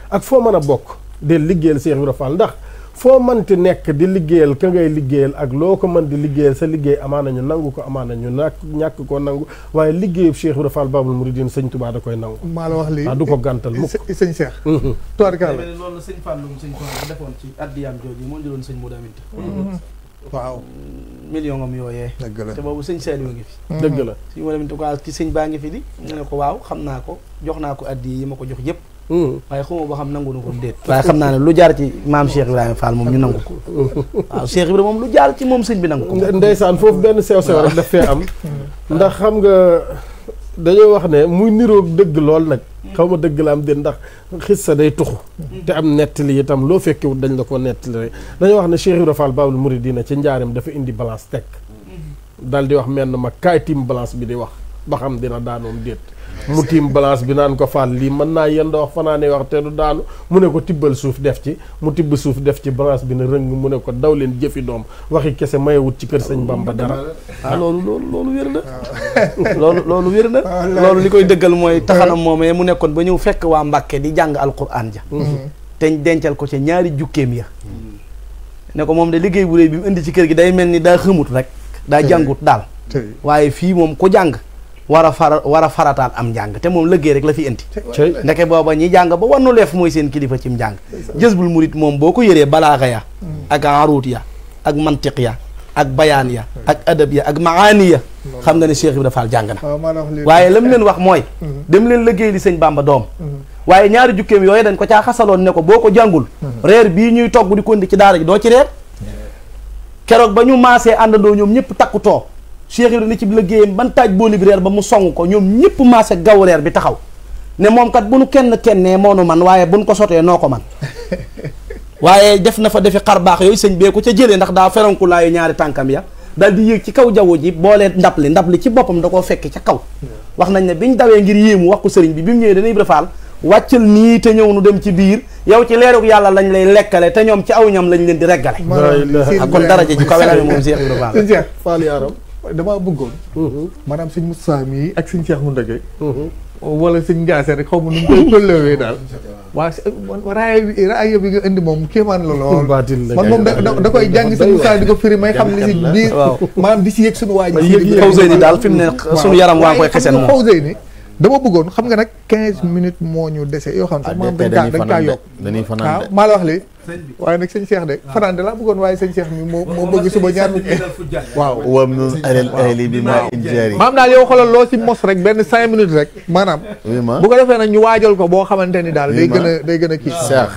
ak foo mën a bokk del liggéeyal Cheikh Ibra ndax foo man mënti nekk di liggéeyal ka ngay liggéeyal ak loo ko man di liggéeyal sa liggéey amaana ñu nangu ko amaana ñu ñàkk ñàkk ko nangu waaye liggéeyu Cheikh Ibra Fall Babul Mouridine sëñ Tuubaa da koy nangu. maa la wax lii ah du ko gàntal mukk sëñ Cheikh. Mm-hmm. tubaarkalla loolu sëñ Fallu sëñ Fallu defoon ci addiyaam jooju moo jëloon sëñ Modou Aminta mm-hmm. waaw mm, million am yooyee dëgg la te boobu sëñ Saliou ngi fi mm-hmm. la sëñ Modou Aminta ko ci sëñ baa ngi fi di mu ne ko waaw xam naa ko jox naa ko addi yi ma ko jox yëpp Hmm. waaye xawma ba xam nangu na ko déet waaye xam naa ne lu jaar ci maam Cheikh Ibrahima Fall moom ñu nangu ko hmm. waaw Cheikh Ibrahima moom lu jaar ci moom sëñ bi nangu ko ndeysaan foofu benn sew sew rek fee am hmm. ndax xam nga dañoo wax ne muy niroog dëgg lool nag xaw ma dëgg la am déet ndax sa day tuxu te am nettali itam loo fekkewut dañ la ko nettali rek dañoo wax ne Cheikh Ibrahima Fall Baabul diina ci njaaram dafa indi balance teg dal di wax menn ma kaay tim balance bi di wax ba xam dina daanoom déet mu tim balance bi nan ko fal li man na yendo wax fanaane wax te du daanu mu ne ko tibbal suuf def ci mu tibb suuf def ci balance bi ne reng mu ne ko daw len jëfi dom waxi lalu mayewut ci lalu seigne Bamba dara ah lolou lolou loolu wér na loolu lolou wér na ah, loolu li koy dëggal eh. taxanam moomee ya mu nekkon ba ñew fekk wa Mbàkke di jang alquran ja mm-hmm. Mm-hmm. te dencal ko ci ñaari jukkeem ya mm-hmm. ne ko mom de liggey bu réy bi mu indi ci keur gi day melni da xamut rek da jangut dal waye fi mom ko jang war a fara war farataal am njàng te moom liggéey rek la fi indi ndeke booba ñi jàng ba wannu leef mooy seen kilifa cim njàng jësbul murit moom boo ko yëree balaaxa ya mm. ak aruut ya ak mantiq ya ak bayaan ya mm. ak adab ya ak maani ya xam nga ne Cheikh Ibra Fall jàng na waaye lam leen wax mooy mm-hmm. dem leen liggéey li sëñ Bamba doom mm-hmm. waaye ñaari jukkeem yooyu dañ ko caa xasaloon ne ko boo ko jàngul mm-hmm. reer bii ñuy togg di kondi ci daara ji doo ci reer keroog ba ñu maasee àndandoo ñoom ñëpp takku Cheikh Ibrahima ni ci liggéeyam ban taaj bo bi ba mu song ko ñom ñepp maase gaw reer bi taxaw ne mom kat bu nu kenn kennee moonu man waye bu nu ko sotee noko man waye def na fa defi xarbaax yoy yooyu beeku bee ko ca jëlee ndax da feranku lay ñaari tankam ya dal di yéeg ci kaw jawu ji boolee ndab li ndab li ci bopam da ko fekk ca kaw wax nañ ne biñ ngir wax ko bi waccel ni te ñew nu dem ci biir yow ci yalla lañ lay lekkale te ñom ci aw ñam lañ leen di regalé kon ji la mom Cheikh damaa bëggoon. Mhm. maanaam sëñ Moussa mii ak sëñ Cheikh mu ndege. Mhm. wala sëñ Ndiassé rek xaw ma nu mu koy tolloowee daal. waaw raaya bi raaya bi nga indi moom kéemaan la lool. man moom da da koy jàng sëñ Moussa di ko firi may xam li si biir. maanaam di si yëg suñu waa ji. yëg Fawzeyni daal fi mu ne suñu yaram waa koy xeseen moom Fawzeyni dama bëggoon xam nga nag 15 minutes moo ñu dese yoo xam ne. ah dañ kaa yokk dañuy fanaan de ah, maa la wax li waaye nag sëñ seex de fanaan de laa bëggoon waaye sëñ Cheikh mi moo moo bëgg suba ñaar waaw wam nun alal ahli bi ma injaari maam daal yow xoolal loo si mos rek benn cinq minutes rek maanaam bu ko defee nag ñu waajal ko boo xamante ni daal day gën a day gën a kii Cheikh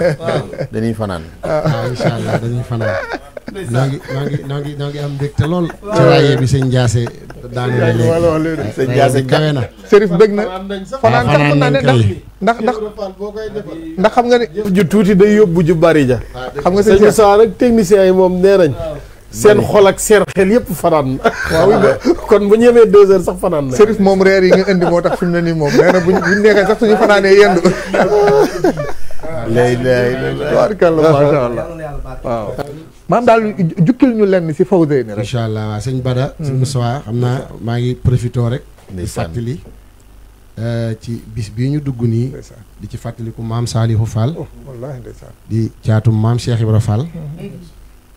dañuy fanaan ah. waaw incha allah dañuy fanaan noo ngi noo ngi noo ngi noo ngi am mbégte lool ci waaye bi sëñ Ndiassé daane na léegi sëñ Ndiassé kawe na Serif bëgg na fanaan kan mën naa ne ndax ndax ndax xam nga ne. ju tuuti day yóbbu ju bari ja. Ah, xam nga seen saa nag techniciens yi moom nee nañ. Ah. seen xol ak seen xel yëpp fanaan na. kon bu ñu yemee deux heures sax fanaan na. service moom reer yi nga indi moo tax nii moom nee ñu nekkee sax suñu fanaanee yendu. lay lay tubaarkàlla macha allah waaw. maam daal jukkil ñu lenn si Fawzeyni rek. incha allah waa sëñ Bada. sëñ Moussa xam naa maa ngi profité rek. di fàttali. Eh, ci bis bi ñu dugg nii. di ci fàttaliku maam Salihu Fall. Oh, di caatu maam Cheikh Ibra Fall. Eh,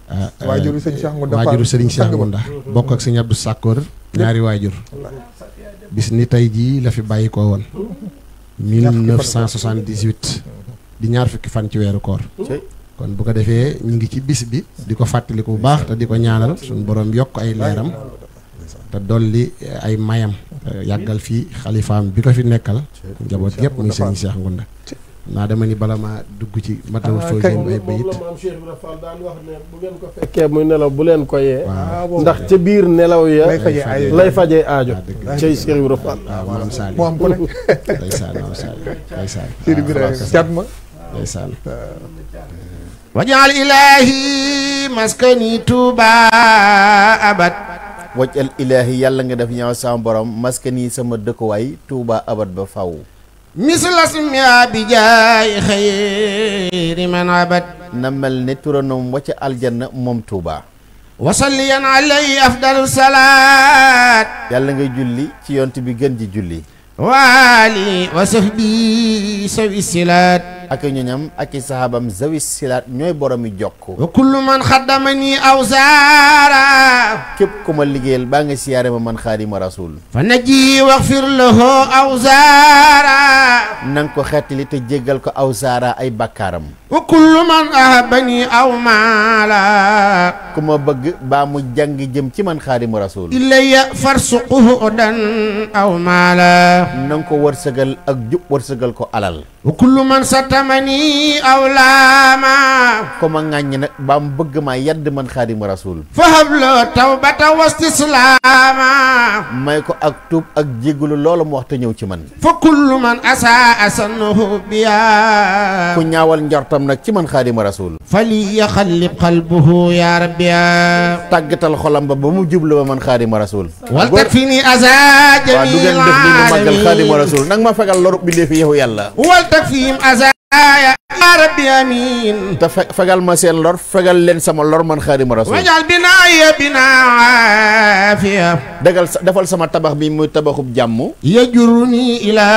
eh, waajuru sëñ Cheikh Ngounda Fall waajuru sëñ Cheikh Ngounda bokk ak sëñ Abdou Sakor ñaari waajur. bis ni tey jii la fi bàyyi woon. 1978. di ñaar fukki fan ci weeru koor. kon bu ko defee ñu ngi ci bis bi. di ko fàttaliku bu baax te di ko ñaanal suñu borom yokk ay leeram te dolli eh, ay mayam eh, yagal fi xalifaam bi ko fi nekkal njaboot yep muy seigne Cheikh ngunda na dama ni balama dugg ci mataw ah, so seen ay bayit Cheikh wax ne bu ko muy nelaw bu ko ah, ndax ci bir nelaw ya lay faje aajo ah, cey Cheikh Ibra Fall waaw maam Sali mu am ko nekk ndeysaan maam Sali ndeysaan Cheikh Ibra cat ma ndeysaan wajal ilahi maskani tuba abad wajal ilaahi yàlla nga def ñaaw sama borom maska nii sama dëkkuwaay tuuba abad ba faw mislasmia bi jaay xayri man abad na mel ni turanoom wacca aljanna moom tuuba wasalliyan alay afdalu salaat yàlla nga julli ci yont bi gën ji julli waali wa sahbi sawi silaat ak ñoñam ak i sahabam zawi silaat ñooy borom i jokk wa kullu man xaddamani aw zaara képp ku ma liggéeyal baa nga siyaare ma man xaadima rasul fa naji waxfir lahu aw zaara na nga ko xettali te jéggal ko aw zaara ay bakkaaram wa kullu man ahabani aw maala ku ma bëgg baa mu jàng jëm ci man xaadimu rasul ilayya farsuquhu dan aw maala na ko wërsëgal ak jub wërsëgal ko alal wa kullu man satamani aw laama ku ma ŋàññ nag baa mu bëgg maa yadd man xaadimu rasul fa hablo tawbata wastislaama may ko ak tuub ak jéggalu loolu mu wax te ñëw ci man fa kullu man asaa asannuhu biya ku xelam nak ci man khadim rasul fali yaxallib qalbuhu ya rabbi ya tàggatal xolam ba ba mu jublu ba man khadim rasul wal takfini aza jamil wa dugal def ni magal khadim rasul nak ma fagal lorub bi dee fi yow yàlla wal takfim aza aaya yaa rabbi amin te fe fegal ma seen lor fegal leen sama lor man xaadimu rasul wajal bina ya bina aafiya dagal defal sama tabax bi muy tabaxub jàmm yajuruni ila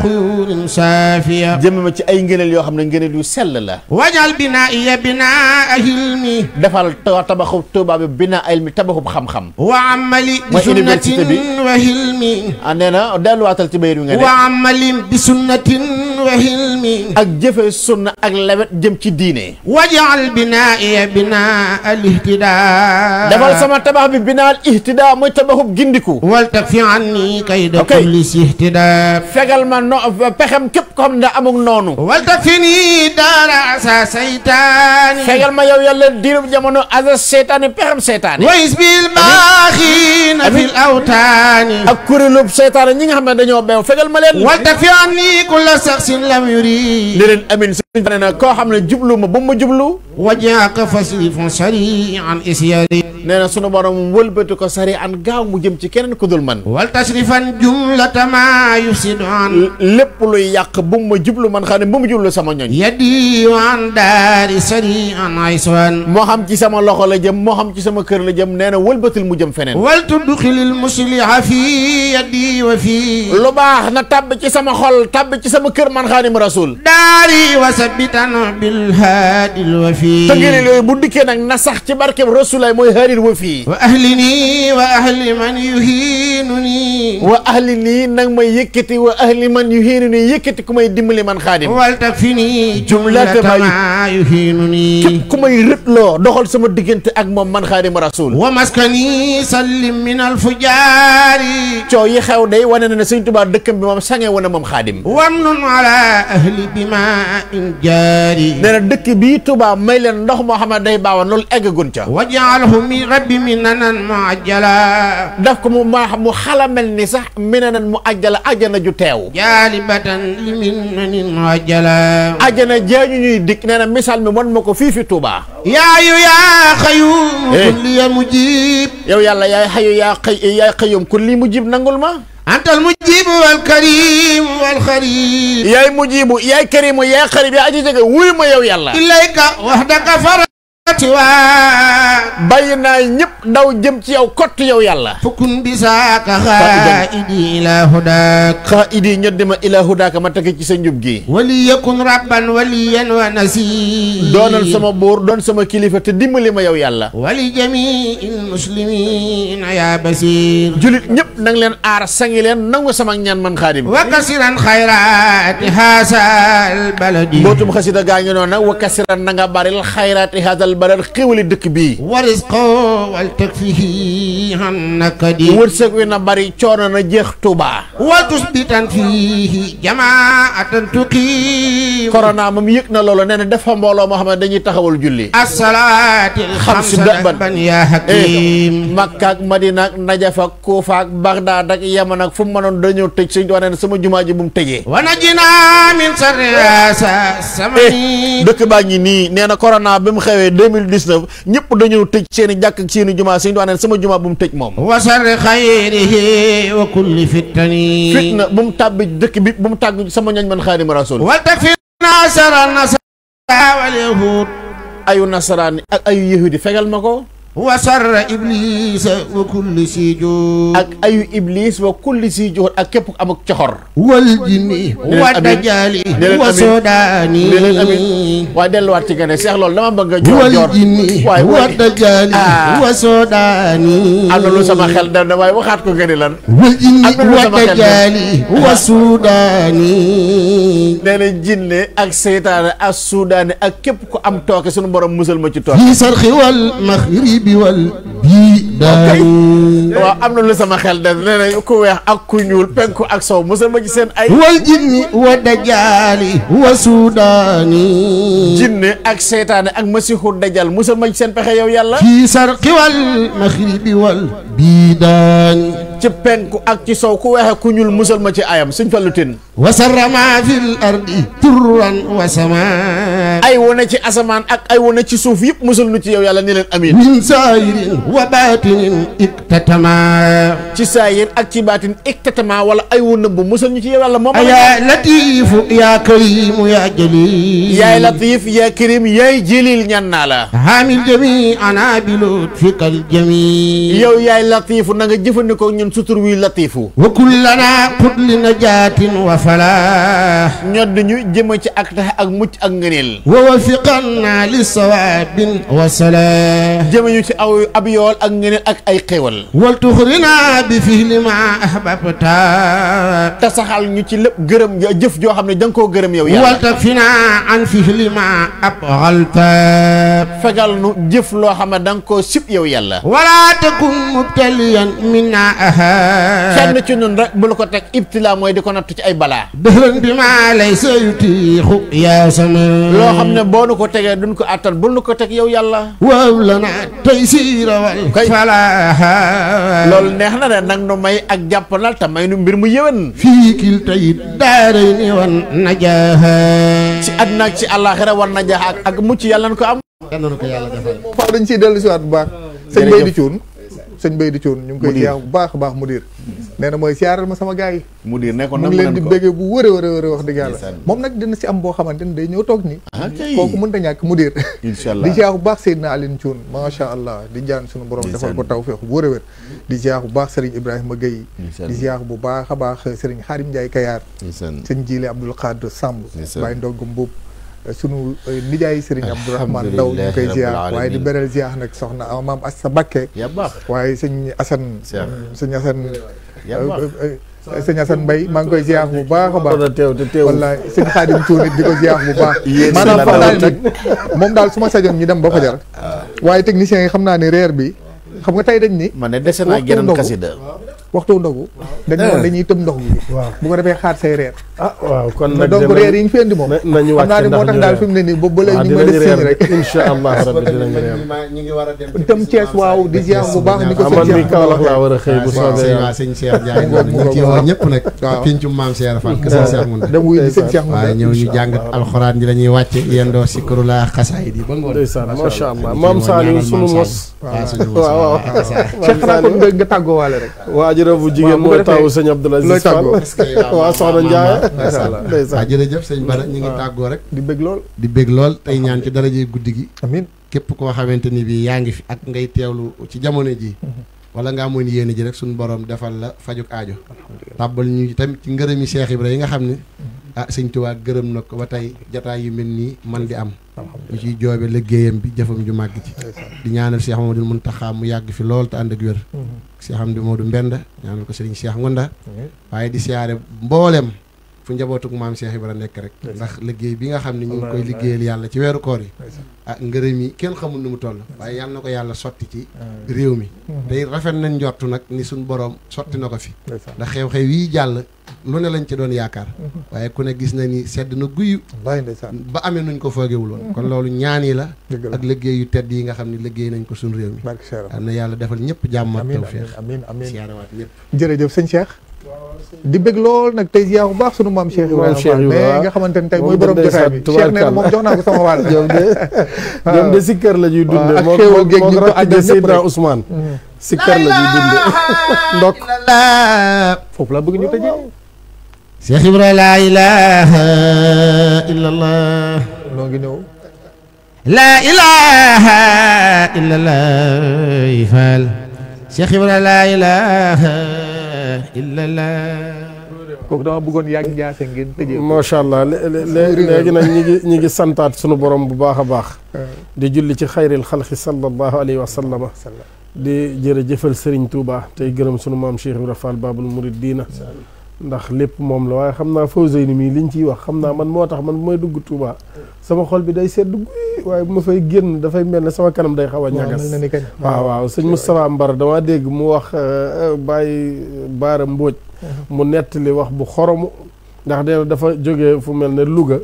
xuyurin saafiya jëme ma ci ay ngëneel yoo xam ne ngëneel yu sell la wajal bina ya bina ahilmi defal tabaxub tuuba bi bina ahilmi tabaxub xam-xam wa amali bi sunnatin wa hilmi ah, nee na delluwaatal ci bayir wi nga ne wa amali bi sunnatin wa hilmi ak jëfe sunna ak lewet jëm ci diine wajal binaa'iya binaa al ihtidaa defal sama tabax bi binaa al ihtidaa mooy tabaxub gindiku waltakfi anni kayda kulli si ihtidaa fegal ma no pexem képp ko xam ne amuk noonu waltakfini daara sa seytaani fegal ma yow yàlla diirub jamono asa seytaani pexem seytaani wa isbil baaxiina fil awtaani ak kuréelub seytaani ñi nga xam ne dañoo beew fegal ma leen waltakfi anni kulla saxsin lam yuri leen amin sëriñ fa ne na koo xam ne jublu ma bu ma jublu wajaaka fasifon sari an isyari nee na sunu borom wëlbati ko sari an gaaw mu jëm ci keneen ku dul man wal tasrifan jumlatama yufsidu an lépp luy yàq bu ma jublu man xam ne bu ma jublu sama ñoñ yadi an daari sari an ayswan moo xam ci sama loxo la jëm moo xam ci sama kër la jëm nee na wëlbatil mu jëm feneen wal tudxilil musliha fi yadi wa fi lu baax na tàbb ci sama xol tàbb ci sama kër man xaadim rasul daa naari wa sabitan bil haadil wafi tëngeeleel yooyu bu dikkee nag na sax ci barkeb rasulaay mooy haadil wafi wa ahli nii wa ahli man yuhiinu nii wa ahli nii nag may yëkkati wa ahli man yuhiinu nii yëkkati ku may dimbali man xaadim wal tag fi nii jumlata ma yuhiinu nii képp ku may rëtloo doxal sama diggante ak moom man xaadim rasul wa maskani sallim min al fujaari coow yi xew day wane na ne sëñ Tuubaa dëkkam bi moom sange wane moom xaadim wam nun ala ahli bima جاري نرى دك بيتو با ميل ندخ محمد داي باو نول اغ غونتا وجعلهم ربي منن معجلا دافكم ما مو خلا ملني صح منن معجلا اجنا جو تيو جالبتا منن معجلا اجنا جاني ني ديك نانا مثال مي مون مكو فيفي توبا يا يو يا خيوم كل يا يلا يا حي يا قي يا قيوم كل مجيب نغول ما أنت المجيب والكريم والخريب يا مجيب يا كريم يا خريب يا عجيزك ولما يا الله إليك وحدك فرج bàyyi naa ñëpp daw jëm ci yow kott yow yàlla fukun bi saaka xaa idi ila hudaak xaa idi ñoddi ma ila hudaaka ma takk ci sa njub gi wali yakun rabban waliyan wa nasi doonal sama bor doon sama kilifa te dimbali ma yow yàlla wali jamiil muslimin ya basir julit ñëpp nang leen aar sangi leen nangu sama ñaan man xaadim wa kasiran xayraati haasal baladi mbootum xasida gaa ngi noona wa kasiran nga baril xayraati haasal baral xéwali dëkk bii waris ko wal teg fii annaka di wërsëg wi na bari coono na jeex Touba watus bitan fii jamaatan tuqi corona moom yëg na loolu nee na def fa mbooloo moo xam ne dañuy taxawal julli asalaati xam si ban yaa hakim eh, Makka ak Madina ak Najaf ak Kuufa ak Bagdaad ak Yaman ak fu mu mënoon dañoo tëj sëñ wane ne sama jumaa ji bu mu tëjee wana jinaa min sarasa eh, sama dëkk baa nii nee na bi mu xewee 2019 ñëpp dañoo tëj seen i jàkk ak seen i jumaa sëñ Tuubaa sama jumaa bu mu tëj moom wasar xayrihi wa kulli fitani fitna bu mu tàbbi dëkk bi bu mu tàgg sama ñañ man xaadimu rasul ayu nasaraani ak ayu yahudi fegal ma ko wasarra iblis wa kulli si joor ak ayu iblis wa kulli si joor ak képp ku am ak coxor wal wa dajaali wa sodaani waaye ci nga seex loolu dama bëgg a joor joor wal wa dajaali ah. wa sodaani am na lu lan wa dajaali ak seytaane ak sudaani ak képp ku am tooke sunu borom musal ma ci tooke yi sarxi wal maxri bi wal bii daal waaw am na lu sama xel def nee nañ ku weex ak ku ñuul penku ak sow mosal ma ci seen ay wal jinni wa dajaali wa suudaani jinne ak seytaane ak masiixu dajal mosal ma ci seen pexe yow yàlla fii sarqi wal maxribi wal bii daani ci penku ak ci sow ku weexe ma ci ayam suñ fallu tin wasarama fil ardi turran wa samaa ay wone asamaan ak ay wone ci suuf yëpp musal nu ci yow yàlla ni leen amin min saayirin wa baatinin iktatama ci saayir ak ci baatin iktatama wala ay wu nëbb musal ñu ci yow yàlla moom yaa latiifu yaa karimu yaa jalil ñan naa la hamil jami ana bi lutfikal jami yow yaay latiifu na nga jëfandikoo ñun seen sutur wi latifu wa kullana xut li najaatin wa falah ñod ñu jëm ci ak tax ak mucc ak ngeenel wa wafiqanna li sawaabin wa salah jëm ñu ci aw ab yool ak ngeenel ak ay xewal wal tukhrina bi fihli ma ahbabta ta saxal ñu ci lépp gërëm jëf jo xamne dang ko gëreem yow yàlla wal tafina an fihli ma abghalta fagal nu jëf lo xamne dang ko sip yow yàlla wala takum mubtaliyan minna kenn ci teg ibtilaa mooy di ko ci ay balaa dëxlan bi maa lay sayutiixu xam ne boo nu tegee duñ ko àttan bul nu ko teg yow yàlla waaw la na tey siirawal neex na de nag nu may ak jàppandal te may nu mbir mu yëwén fii kil tayit daaray ni wan najaaha ci àddina ak ci àllaaxira wan najaaha ak mucc yàlla na ko am yàlla na dañ ciy dellu si waat bu baax sëñ di Cuun sëñ Bay di coon ñu ngi koy jaam bu baax a baax mudir nee na mooy siyaaral ma sama gars yi mudir nekkoon mu ngi leen di béggee bu wëree wëree wëree wax dëgg yàlla moom nag dina si am boo xamante ne day ñëw toog ni ah, kooku mën ta ñàkk mudir incha allah di ziar bu baax Seydina Aline Thioune macha allah di jaan suñu borom defal ko taw feex bu wëree wër di ziar bu baax Serigne Ibrahima Gueye di ziar bu baax a baax Serigne Xaarim Ndiaye Kayaar sëñ Jile Abdoul Khadre Samb Baye Ndogg Mbuub sunu euh, nijaay Serigne Abdourahmane Ndaw ñu koy ziar waaye di beral ziar nag soxna euh, maam Assa Bakke waaye sëñ Assane euh, sëñ Assane sëñ Assane Mbaye maa ngi koy ziar bu baax a baax wallaay sëñ Xaadim Tuunit di ko ziar bu baax maanaam fa daal nag moom daal su ma sajoon ñu dem ba fajar ah. waaye technicien yi xam naa ne reer bi xam nga tey dañ ni ma ne dese naa geneen waxtu ndogu. dañu eh. dañuy tëm ndox mi. waaw bu ko defee xaar say reer. ah waaw reer yi ñu fi moom. nañu wàcc ndax moo tax daal fi ne nii ba ba léegi ah, ñu ngi def siin a dem. tëm Thiès waaw di bu baax. ñu ko ah, sëñ Cheikh Kaolack laa war a xëy bu soobee yàlla. waaw sëñ Cheikh Ndiaye ñu ci waaw ah. pincum maam Cheikh Fall kër Cheikh Mounda. dem wuy di sëñ Cheikh Mounda waaye ñëw ñu jàngat alxuraan ji la ñuy wàcce yendoo sikru laa xasaay di ba ngoon. macha allah maam Saliou sunu mos. waaw waaw Cheikh xanaa kon nga tàggoo waale rek waajuram bu jigéen mooy taawu sëñ Abdoul Aziz Fall waaw soxna Ndiaye waaw jërëjëf sëñ Bara ñu ngi tàggoo rek di bég lool di bég lool tey ñaan ci daraje guddi gi amiin képp koo xamante ni bii yaa ngi fi ak ngay teewlu ci jamono ji mhm. wala nga amoon yéene ji rek suñu borom defal la fajuk aajo tàbbal ñu tamit ci ngërëmi Cheikh Ibra yi nga xam ne mhm. ah sëñ Tuubaa gërëm na ko ba tey jataay yu mel nii man di am mu ciy joobe liggéeyam bi jëfam ju màgg ci di ñaanal Cheikh Mamadou Mountakha mu yàgg fi lool te ànd ak wér mhm. Cheikh Amadou Mbend ñaanal ko Serigne Cheikh Ngonda waaye di siyaare mbooleem fu njabootuk maam Cheikh Ibra nekk rek ndax liggéey bi nga xam ne ñu ngi koy liggéeyal yàlla ci weeru koor yi ah ngërëm yi kenn xamul nu mu toll waaye yàlla na ko sotti ci réew mi mhm. tey rafet nañ njortu nag ni suñ boroom sotti na ko fi ndax xew-xew yii jàll lu ne lañ ci doon yaakaar mhm. waaye ku ne gis na ni sedd na guyu ba amee nuñ ko foogewuloon kon mhm. loolu ñaan yi la ak liggéey yu tedd yi nga xam ne liggéey nañ ko suñ réew mi am na yàlla defal ñëpp jàmm ak tawfeex siyaarawaat ñëpp jërëjëf di bëgg lol nak tay jii bax sunu mam Cheikh Ibrahima mais nga xamantene tay moy borom jotaay bi Cheikh neena mom joxna ko sama wal jom de jom ah. de sikker la ñuy dundee. mo ko gëj ñu ko àjjee Seydina Ousmane. Mm. sikker la ñuy dundee ndok. foofu la bëgg ñu tejé Cheikh ibrahim la ilaha illallah. lo ngi ñew la ilaha illallah. Cheikh ibrahim la ilaha. kooku dama bëggoon yàgg njaase macha allah léegi nag ñi ngi ñi ngi santaat sunu borom bu baax a baax. Ah. di julli ci xayril xalqi sallallahu alayhi wa sallama. di jërëjëfal Serigne Touba tey gërëm sunu maam Cheikh Ibra Fall Babul Murid diina. ndax lépp moom la waaye xam naa Fawzeyni mii li ñu ciy wax xam naa man moo tax man bu may dugg Touba sama xol bi day sedd dugg waaye bu ma fay génn dafay mel ne sama kanam day xaw a ñagas waaw waaw sëñ Moustapha mbara damaa dégg mu wax euh, euh, bàyyi baara mbóoj uh-huh. mu nettali wax bu xoromu ndax deen dafa jóge fu mel ne Louga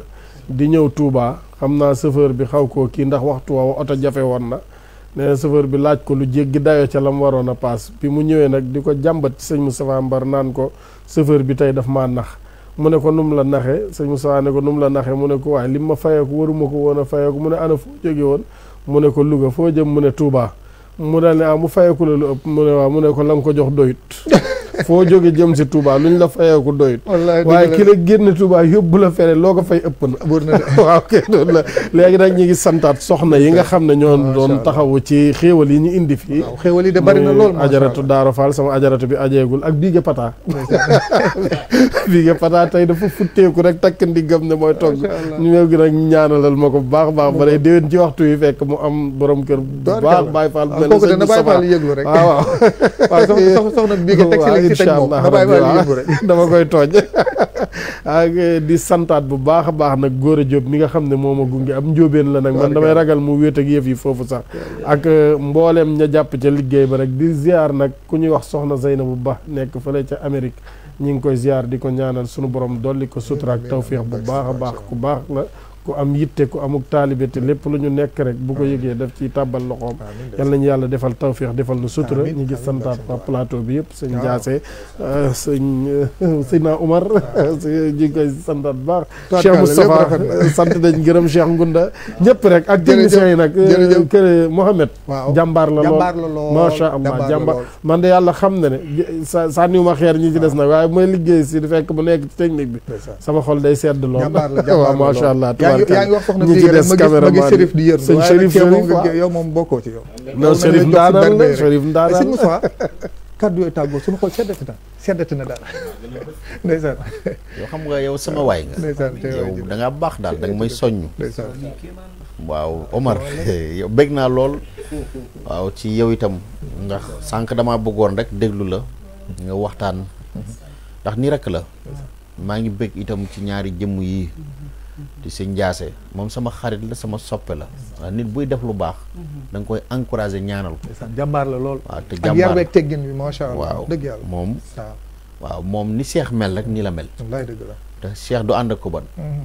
di ñëw tuubaa xam naa chauffeur bi xaw koo kii ndax waxtu waaw oto jafe woon na nee na bi laaj ko lu jéggi dayoo ca la mu waroon a paas bi mu ñëwee nag di ko jàmbat ci sëñ Moustapha Mbar naan ko chauffeur bi tey daf maa nax mu ne ko num la naxee sëñ Moustapha ne ko num la naxee mu ne ko waaye li ma fayeeku waruma ko woon a fayeeku mu ne ana fu jóge woon mu ne ko Louga foo jëm mu ne Touba mu daal ne ah mu fayeeku la lu ëpp mu ne waaw mu ne ko la ko jox doyut foo jóge jëm si Touba luñ la fayeeku doyut waaye ki la génn Touba yóbbu la fere loo ko fay ëpp na waaw kay doon la léegi nag ñu ngi santaat soxna yi nga xam ne ñoo doon taxawu ci xéewal yi ñu indi fii xéewal yi de bari na lool ajaratu Daaro Fall sama ajaratu bi ajeegul ak biige pata biige pata tey dafa futteeku rek takk ndiggam ne mooy togg ñu meew gi nag ñaanalal ma ko bu baax baax bare déwén ci waxtu yi fekk mu am borom kër baax Baay kooku de na bàyyi faal yëglu rek dama koy tooñ ak eh, di santaat bu baax a baax nag góor a Jóob mi nga xam ne moom a am njóobeen la nag man damay ragal mu wéet ak yëf yi foofu sax ak eh, mbooleem ña jàpp ca liggéey ba rek di ziar nag ku ñuy wax soxna bu Ba nekk fële ca Amérique ñi ngi koy ziar di ko ñaanal sunu borom dolli ko sutura ak tawféex bu baax a baax ku baax la ku am yitte ku amuk taalibe te lépp lu ñu nekk rek bu ko yëgee daf ciy tàbbal loxoom yal nañu yàlla defal tawféex defal nu sutura ñu ngi santaat waa plateau bi yëpp sëñ Jaase euh, sëñ euh, Sina Umar ñu ngi koy santaat baax Cheikh Moustapha euh, sant dañ gërëm Cheikh Ngunda ñëpp rek ak techniciens yi nag kër Mohamed jàmbaar la lool macha allah jàmbaar man de yàlla xam na ne sa sànniwuma xeer ñi ci des nag waaye mooy liggéey si fekk mu nekk ci technique bi sama xol day sedd lool waaw macha allah yaa ngi wax soxna Bii Gere di yër sëñ Chérif yow moom bokkoo ci yow non Chérif ndaanaan la Chérif ndaanaan sëñ Moussa kaddu yooyu tàggoo suñu xool seddati na seddati na daal ndeysaan yow xam nga yow sama waay nga ndeysaan Omar yow bég naa lool waaw ci yow itam ndax sànq damaa bëggoon rek déglu la nga waxtaan ndax ni rek la maa ngi bég itam ci ñaari jëmm yi di sëñ Ndiassé moom sama xarit la sama soppe la waaw nit buy def lu baax da nga koy encouragé ñaanal ko jàmbaar la lool waaw te jàmbaar yar beeg teggin bi macha allah waaw dëgg yàlla moom waaw moom ni Cheikh mel rek ni la mel la te Cheikh du ànd ak ko bon mhm.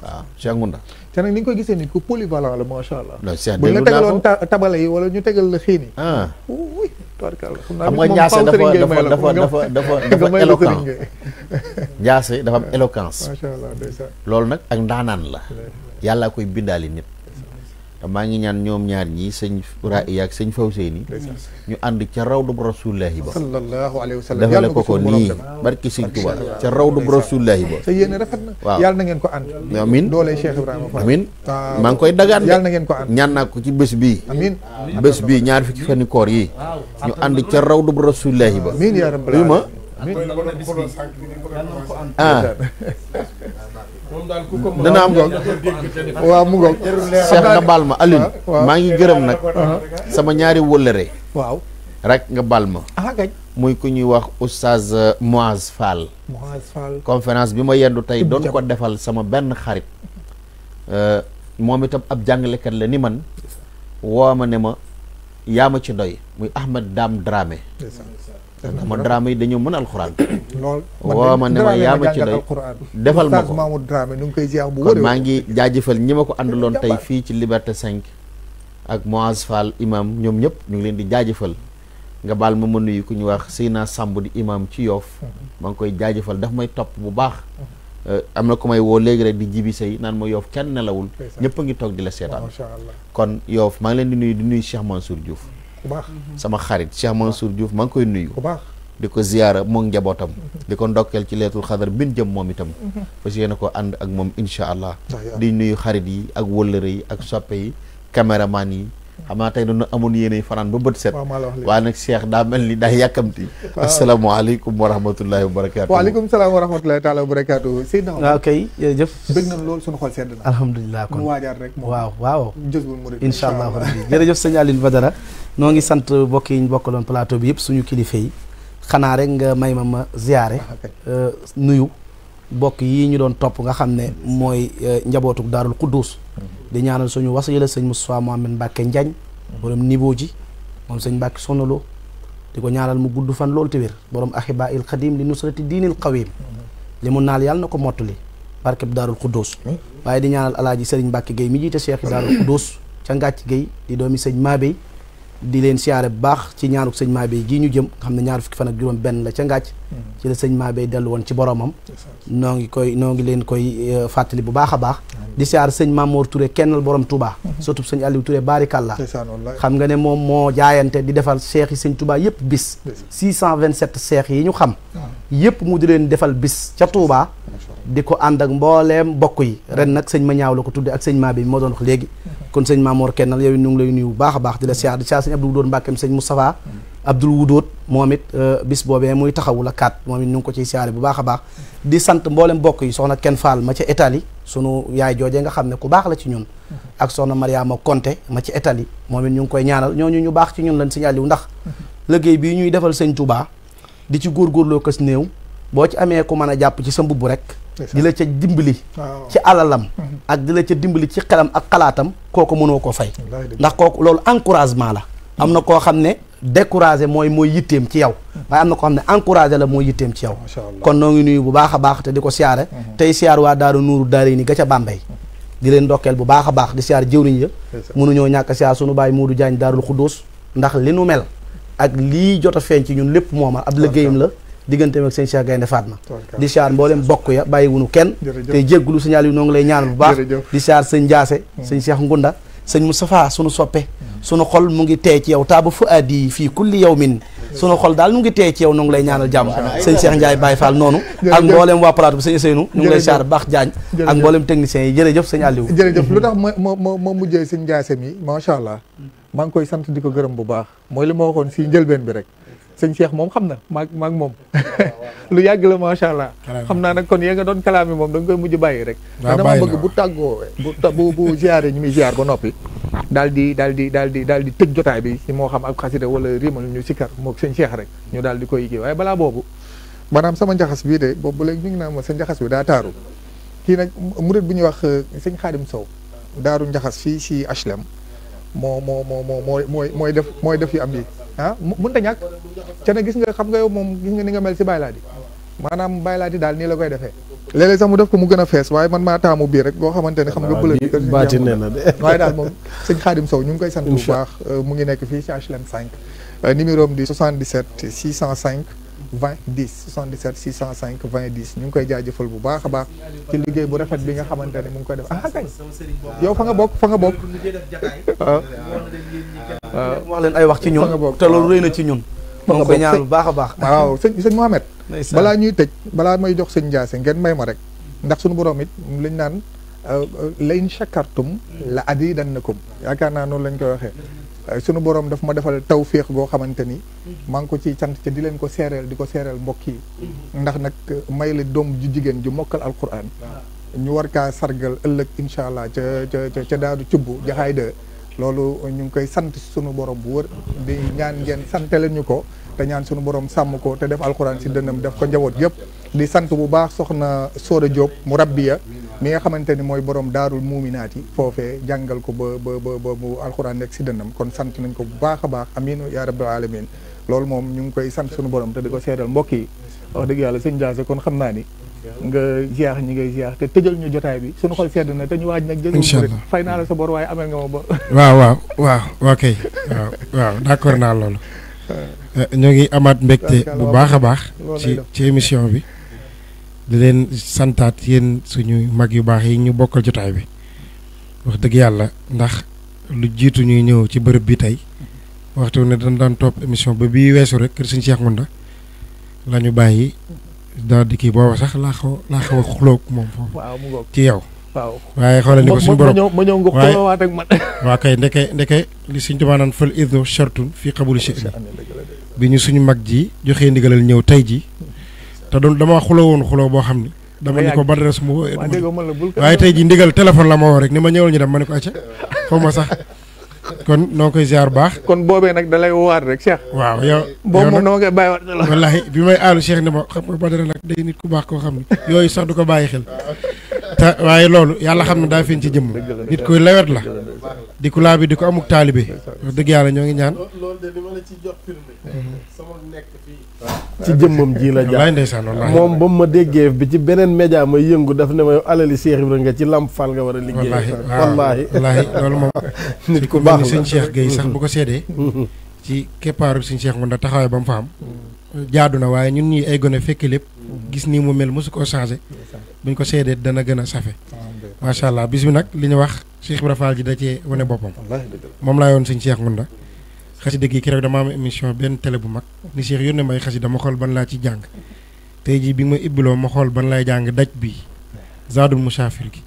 waaw Cheikh Ngounda te nag ni nga koy gisee nit ku polyvalent la macha allah non Cheikh bu ñu la tegaloon tabale yi wala ñu tegal la xiin yi ah. tubarkalla xam nga ñaase dafa dafa dafa dafa dafa dafa ñaase dafa am éloquence. macha loolu nag ak ndaanaan la. yàllaa koy bindaali nit. maa ngi ñaan ñoom ñaar ñi sëñ Raaya ak sëñ Fawseeni ñu ànd ca rawdu rasulillahi ba sallallahu alayhi wa sallam defale ko ko nii barki sëñ Tuba ca rawdu rasulillahi ba sa yéene rafet waaw yàlla na ngeen ko ànd amin doole Cheikh Ibrahima amin maa ngi koy dagaan yàlla ngeen ko ànd ñaan naa ko ci bés bii amin bés bii ñaar fi fani koor yi ñu ànd ca raw rawdu rasulillahi ba amin yaa rabbal ma ah dana am goog waaw nga baal ma Alioune maa ngi gërëm nag sama ñaari wëllëre waaw rek nga baal ma ah, muy ku ñuy wax oustaz euh, Moaz Fall Moaz bi ma yendu tey doon ko defal sama benn xarit euh, moom itam ab jàngalekat la ni man woo ne ma yaa ma ci doy muy Ahmed Dame Dramé ma Dramé dañoo mën alxuraan. lool man man ma ci lay defal ma ko Mamadou drama nu koy jeex bu wëree ma ngi jaajeufal ñi ma ko àndaloon tey fii ci Liberté 5. ak Moaz Fall imam ñom ñep ñu ngi leen di jaajeufal nga bal ma mënuy ku ñu wax Seyna sambu di imam ci yoof mhm. ma ngi koy jaajeufal daf may top bu baax. Mhm. Euh, amna ku may wo léegi rek di jibi sey nan mo yoof kenn nelawul. ñep a ngi di la seetaan. kon yof ma ngi leen di nuyu di nuyu Cheikh Mansour Diouf. bu sama xarit Cheikh Mansour Diouf maa ngi koy nuyu. bu baax di ko ziyaara moom njabootam. di ko ndokkeel ci leetul xadar bin jëm moom itam. fas yéene ko ànd ak moom incha allah. di nuyu xarit yi ak wëllëre yi ak soppe yi caméraman yi. xam naa tey dañu amoon yéenay fanaan ba bët set. waaye nag daa mel ni daa yàkkamti. waaw asalaamaaleykum wa rahmatulahi wa barakaatu. waaleykum salaam wa rahmatulahi taala wa barakaatu. Seydina ah, jërëjëf. bëgg nañ lool suñu xol sedd na. kon nu waajaat rek. waaw waaw. jëzbul murid incha allah jërëjëf sëñ Aline Badara noo ngi sant mbokk yi ñu bokkaloon plateau bi yëpp suñu kilifa xanaa rek nga may ma ma ziyaare ah, euh, nuyu mbokk yi ñu doon topp nga xam ne mooy euh, njabootuk daarul Quddus mhm. di ñaanal suñu wasila sëñ Moustapha Mohamed Mbacke Ndiagne mhm. borom niveau ji moom sëñ Mbacke sonaloo di ko ñaanal mu gudd fan loolu te wér borom axibaa il xadim li nusrati diinil qawim mhm. li mu naal yàlla na ko mott mottali barkeb daarul Quddus waaye di ñaanal alaaji sëriñ Mbacke géey mi jiite cheikh daarul Quddus ca ngàcc Gueye di doomi sëñ Mabey di leen siyaare bu baax ci ñaanuk sëñ Mabéye gi ñu jëm xam ne ñaar fukki fan ak juróom benn la ca ngàcc ci la sëñ Mabé dellu woon ci boromam. noo ngi koy noo ngi leen koy euh, fàttali bu baax a baax. di siyaar sëñ Mamour ture kennal borom Touba. Mm-hmm. surtout sëñ Aliou Touré barikàllaa. xam nga ne moom moo jaayante di defal seex yi sëñ Touba yëpp bis. 627 seex yi ñu xam. Ah. yëpp mu di leen defal bis ca Touba. di ko ànd ak mbooleem bokk yi ren nag sëñ ma ñaaw la ko tudde ak sëñ Mabé moo doon wax léegi. Mm-hmm. kon sëñ Mamour kennal yow ñu ngi lay nuyu bu baax baax di la siyaar di siyaar Abdul Wudoot moom it euh, bis boobee muy taxawu la kaat moom it ñu ngi ko ciy siyaare bu baax a baax di sant mboolem mbokk yi soxna kenn Fall ma ca Italie sunu yaay joojee nga xam ne ku baax la ci ñun ak soxna Mariama Konte ma ci Italie moom it ñu ngi koy ñaanal ñooñu ñu baax ci ñun lañ signalé wu ndax liggéey bii ñuy defal sëñ Touba di ci góorgóorloo kës néew boo ci amee ku mën a jàpp ci sa mbubb rek di la ca dimbali ci alalam mhm. ak di la ca dimbali ci xelam ak xalaatam kooku mënoo ko fay ndax kooku loolu encouragement la am na koo xam ne découragé mooy mooy yitteem ci yow waaye am na ko xam ne encouragé la mooy yitteem ci yow kon noo ngi nuyu bu baax a baax te di ko siyaare mhm. tey siyaar waa daaru nuuru daari ni ga ca Bambey di leen ndokkeel bu baax a baax di siyaar jëwriñ ya mënuñoo ñàkk siyaar sunu bàyyi Moodu Jaañ daarul xuddoos ndax li nu mel ak lii jot a feeñ ci ñun lépp mooma ab liggéeyam la digganteem ak sëñ Cheikh Gaynde Fatma di siyaar mboolem bokk ya bàyyiwunu kenn te jéggulu signal yi noo ngi lay ñaanal bu baax di siyaar sëñ Njaase mhm. sëñ Cheikh Ngunda sëñ safaa sunu soppee sunu xol mu ngi tee ci yow taaba fu aadi fii kulli yawmin sunu xol daal mu ngi tee ci yow nu ngi lay ñaanal jàmm sëñ Cheikh Ndiaye Baye Fall noonu ak mboolem waa plateau bi sëñ Seynou ñu ngi lay saar baax jaañ mboolem techniciens yi jërëjëf sëñ Aliou jërëjëf lu tax ma moo ma ma mujjee sëñ Ndiaye sem yi macha allah maa ngi koy sant di ko gërëm bu baax mooy li ma waxoon fii njëlbeen bi rek sëñ Cheikh moom xam na maak maag moom lu yàgg la macha allah. xam naa nag kon yee nga doon kalaami moom da nga koy mujj bàyyi rek. waaw dama bëgg bu tàggoo bu bu ziare ñu muy ziar ba noppi. daal di daal di daal di daal di tëj jotaay bi si moo xam ab xasida wala rimal ñu sikkar moog sëñ Cheikh rek ñu daal di koy yéegee waaye balaa boobu. maanaam sama njaxas bii de boobu léegi mi ngi naa ma sa njaxas bi daa taaru kii nag murid bu ñuy wax euh, sëñ Xaadim Sow daaru njaxas fii si HLM moo moo moo moo mooy mooy def mooy def yu am ah mënut a ñàkk ca ne gis nga xam nga yow moom gis nga ni nga mel si baylaadi maanaam baylaadi daal nii la koy defee léeg-léeg sax mu def ko mu gën a fees waaye man maa taamu bii rek boo xamante ne xam nga bële baati nee na de waaye daal moom sëñ Xaadim Sow ñu ngi koy sant bu euh, mu ngi nekk fii ci HLM 5 euh, numéro am di 77 605 dix 20 10 77 605 20 10 ñu ngi koy jaajëfal bu baax a baax ci liggéey bu rafet bi nga xamante ne mu ngi koy def ah kay yow fa nga bokk fa nga bokk waaw ah. waaw wax leen ay wax ci ñun te loolu rëy na ci ñun moom koy ñaan bu baax a baax waaw sëñ sëñ Mohamed balaa ñuy tëj balaa may jox sëñ Ndiassé ngeen may ma rek ndax suñu borom it lañ naan euh, euh, la in shakartum la adidannakum yaakaar naa noonu lañ koy waxee Euh, sunu borom daf ma defal taw féex goo xamante ni. maa ngi ko ciy cant ca di leen ko seereel di ko seereel mbokk yi. ndax nag euh, may la doom ji jigéen ju mokkal alquran. ñu war kaa sargal ëllëg incha allah ca ca ca daadu cubbu jaxaay de loolu ñu ngi koy sant sunu borom bu wër di ñaan ngeen sante leen ñu ko. te ñaan sunu borom sàmm ko te def alquran si dënnam def ko njawoot yëpp. di sant bu baax soxna Soda Diop mu rabbiya mi nga xamante ni mooy borom daarul muuminaat yi foofee jàngal ko ba ba ba bu alxuraan nekk si dënnam kon sant nañ ko bu baax a baax aminu yaa rabbal alamin loolu moom ñu ngi koy sant suñu borom te di ko seeral mbokk yi wax dëgg yàlla sëñ Diassé kon xam naa ni nga ziar ñi ngay ziar te tëjal ñu jotaay bi suñu xol sedd na te ñu nag jël fay naa la sa bor waaye amel nga ba waaw waaw waaw waaw kay waaw naa loolu eh, ñoo ngi amaat mbégte bu baax a baax ci ci émission bi di leen santaat yéen suñu mag yu baax yi ñu bokkal jotaay bi wax dëgg yàlla ndax lu jiitu ñuy ñëw ci bërëb bi tey waxtu ne dañ daan topp émission ba bii weesu rek kër suñu Cheikh Mounda la ñu bàyyi daa di kii booba sax laa xaw laa xaw a xulóog moom ci yow waaw waaye xoolal ni ko suñu borom ma ñëw nga xoolawaat ak suñ tubaab naan fii xabulu bi ñu suñu mag ji joxee ndigalal ñëw tey ji te don dama xulo won xulo bo xamni dama ni ko badres mu ma tay ji ndigal telephone la ma woo rek ni ma ñewal ñu dem ma ko acca xaw ma sax kon no koy ziar bax kon bobé nak dalay waat rek Cheikh. waaw yow mo no dama bay waat la. wallahi bi may alu Cheikh ni ma xam ko badre nak day nit ku bax ko xamni yoy sax du ko bayyi xel. ta waye loolu yalla xam da fiñ ci jëm nit koy lewet la di kula bi di ko amuk talibé wax dëgg yàlla ñoo ñaan. loolu de li ma la ci jot firnde. Mhm. sama nek ci jëmmam ji la jaar moom ba ma déggee bi ci beneen média may yëngu daf ne ma yow alali Cheikh Ibra nga ci làmp Fall nga war a liggéey wallaahi wallaahi loolu moom nit ko baax la Cheikh Gueye sax bu ko seedee mm-hmm. ci keppaaru sëñ Cheikh Ngounda taxawaay ba mu faam jaadu na waaye ñun ñi ay gone fekk lépp mm-hmm. gis nii mu mel mësu koo changé buñ ko seedee dana gën a safe macha allah bis bi nag li ñu wax Cheikh Ibra Fall ji da cee wane boppam moom laa yoon sëñ Cheikh Ngounda xasida gi keroog dama am émission benn télé bu mag ni Cheikh yónnee may xasida ma xool ban laa ci jàng tey jii bi ma ibbiloo ma xool ban laay jàng daj bi zaadul musaafir gi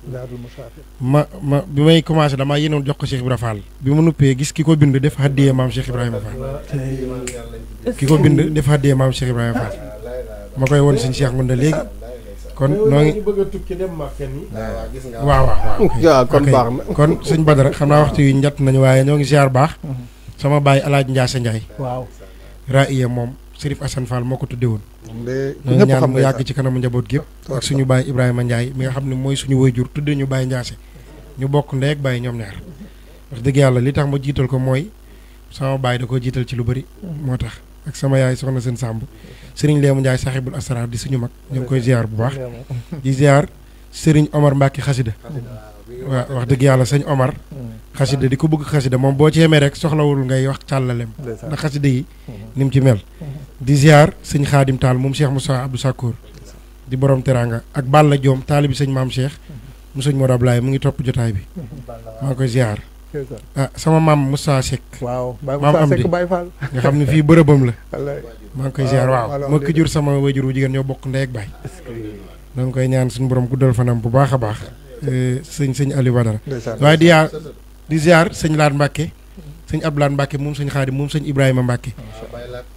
ma ma bi may commencé damaa yéenoon jox ko Cheikh Ibra Fall bi ma nuppee gis ki ko bind def haddiyee ki ko bind def haddiyee maam Cheikh Ibrahima Fall ma koy woon suñu Cheikh Ngounda léegi kon noo ngi waaw waaw waaw kon baax kon sëñ Badara xam naa waxtu nañu waaye ñoo ngi ziar baax mhm. sama baay alaaj Njaase Njaay waaw raaya moom Serif Assane Fall moo ko tudde woon ñoo ñaan mu yàgg ci kanamu njaboot gépp ak suñu baay Ibrahima Njaay mi nga xam ne mooy suñu woy wayjur tudde ñu baay Njaase ñu bokk ndey ak baay ñoom ñaar wax dëgg yàlla li tax ma jiital ko mooy sama baay da ko jiital ci lu bëri moo tax ak sama yaay soxna seen sàmb sëriñ Leemu Njaay saaxibul asrar di suñu mag ñu ngi koy ziar bu baax di ziar sëriñ Omar Mbàkke xasida waaw wax dëgg yàlla sëñ Omar hmm. xasida di ko bëgg xasida moom boo ci yemee rek soxlawul ngay wax càllalem ndax xasida yi hmm. nim ci mel hmm. di ziar sëñ xaadim taal moom Cheikh Moussa Abdou Sakour di borom teranga ak Balla Joom taalibi sëñ maam Cheikh mu sëñ Modou Ablaye mu ngi topp jotaay bi maa koy ziar ah sama maam Moussa sek waaw maam am di nga xam ne fii bërëbam la maa koy ziar waaw ma ko jur sama wajur wu jigéen ñoo bokk ndey ak baay danga koy ñaan suñu borom guddal fanam bu baax a baax Euh, sëñ sëñ Aliou Badara waaye di yaa di ziar sëñ Laat Mbàkke sëñ Abdoulaat Mbàkke moom sañ Xaadim moom sañ Ibrahima Mbàkke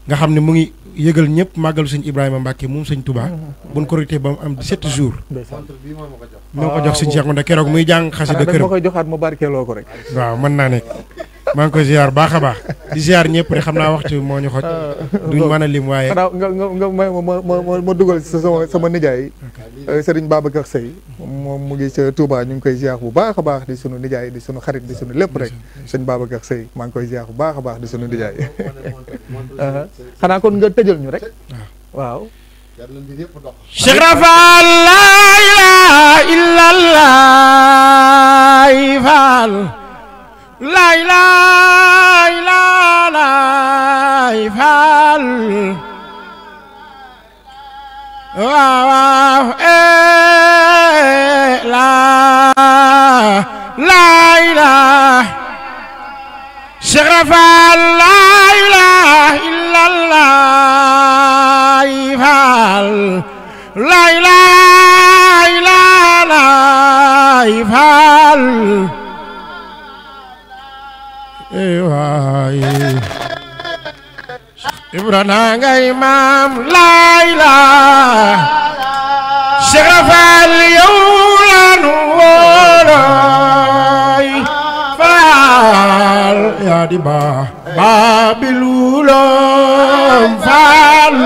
nga xam ne mu ngi yëgal ñëpp màggalu sëñ Ibrahima Mbàkke moom sañ sëñ Touba buñ korité ba mu am 17 jours moo ko jox sëñ Cheikh Manda keroog muy jàng xasida këram waaw mën naa nekk maa ngi koy ziar baax a baax di ziar ñëpp rek xam naa waxtu bi moo ñu xoj. Ah. duñ mën a lim waaye. xanaa nga nga may ma ma ma dugal sama sama nijaay. Euh, Serigne Babacar Seye. moom mu ngi ca Touba ñu ngi koy ziar bu baax a baax di sunu nijaay di sunu xarit di sunu lépp rek. Serigne Babacar Seye maa ngi koy ziar bu baax a baax di xanaa kon nga tëjal ñu rek. Ah. waaw. Cheikh Rafal la ilaha illallah Fall. laay laay laa faal waaw eh, faal hoài Ibrahim Imam Laila شغف اليولان وراي فال يا دبا بابلولم فال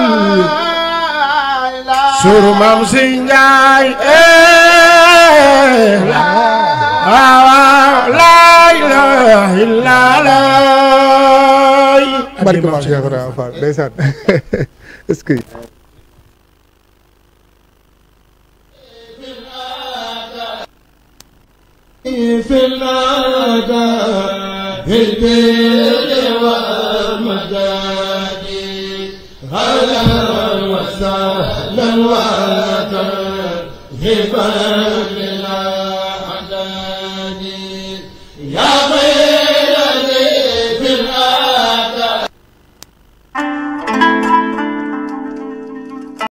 سور مام سينجاي ايه لا إله إلا الله barke maam Cheikh Ibrahima Fall ndeysaan est-ce que في الندى بالبر والمداد هلا وسهلا وترحبا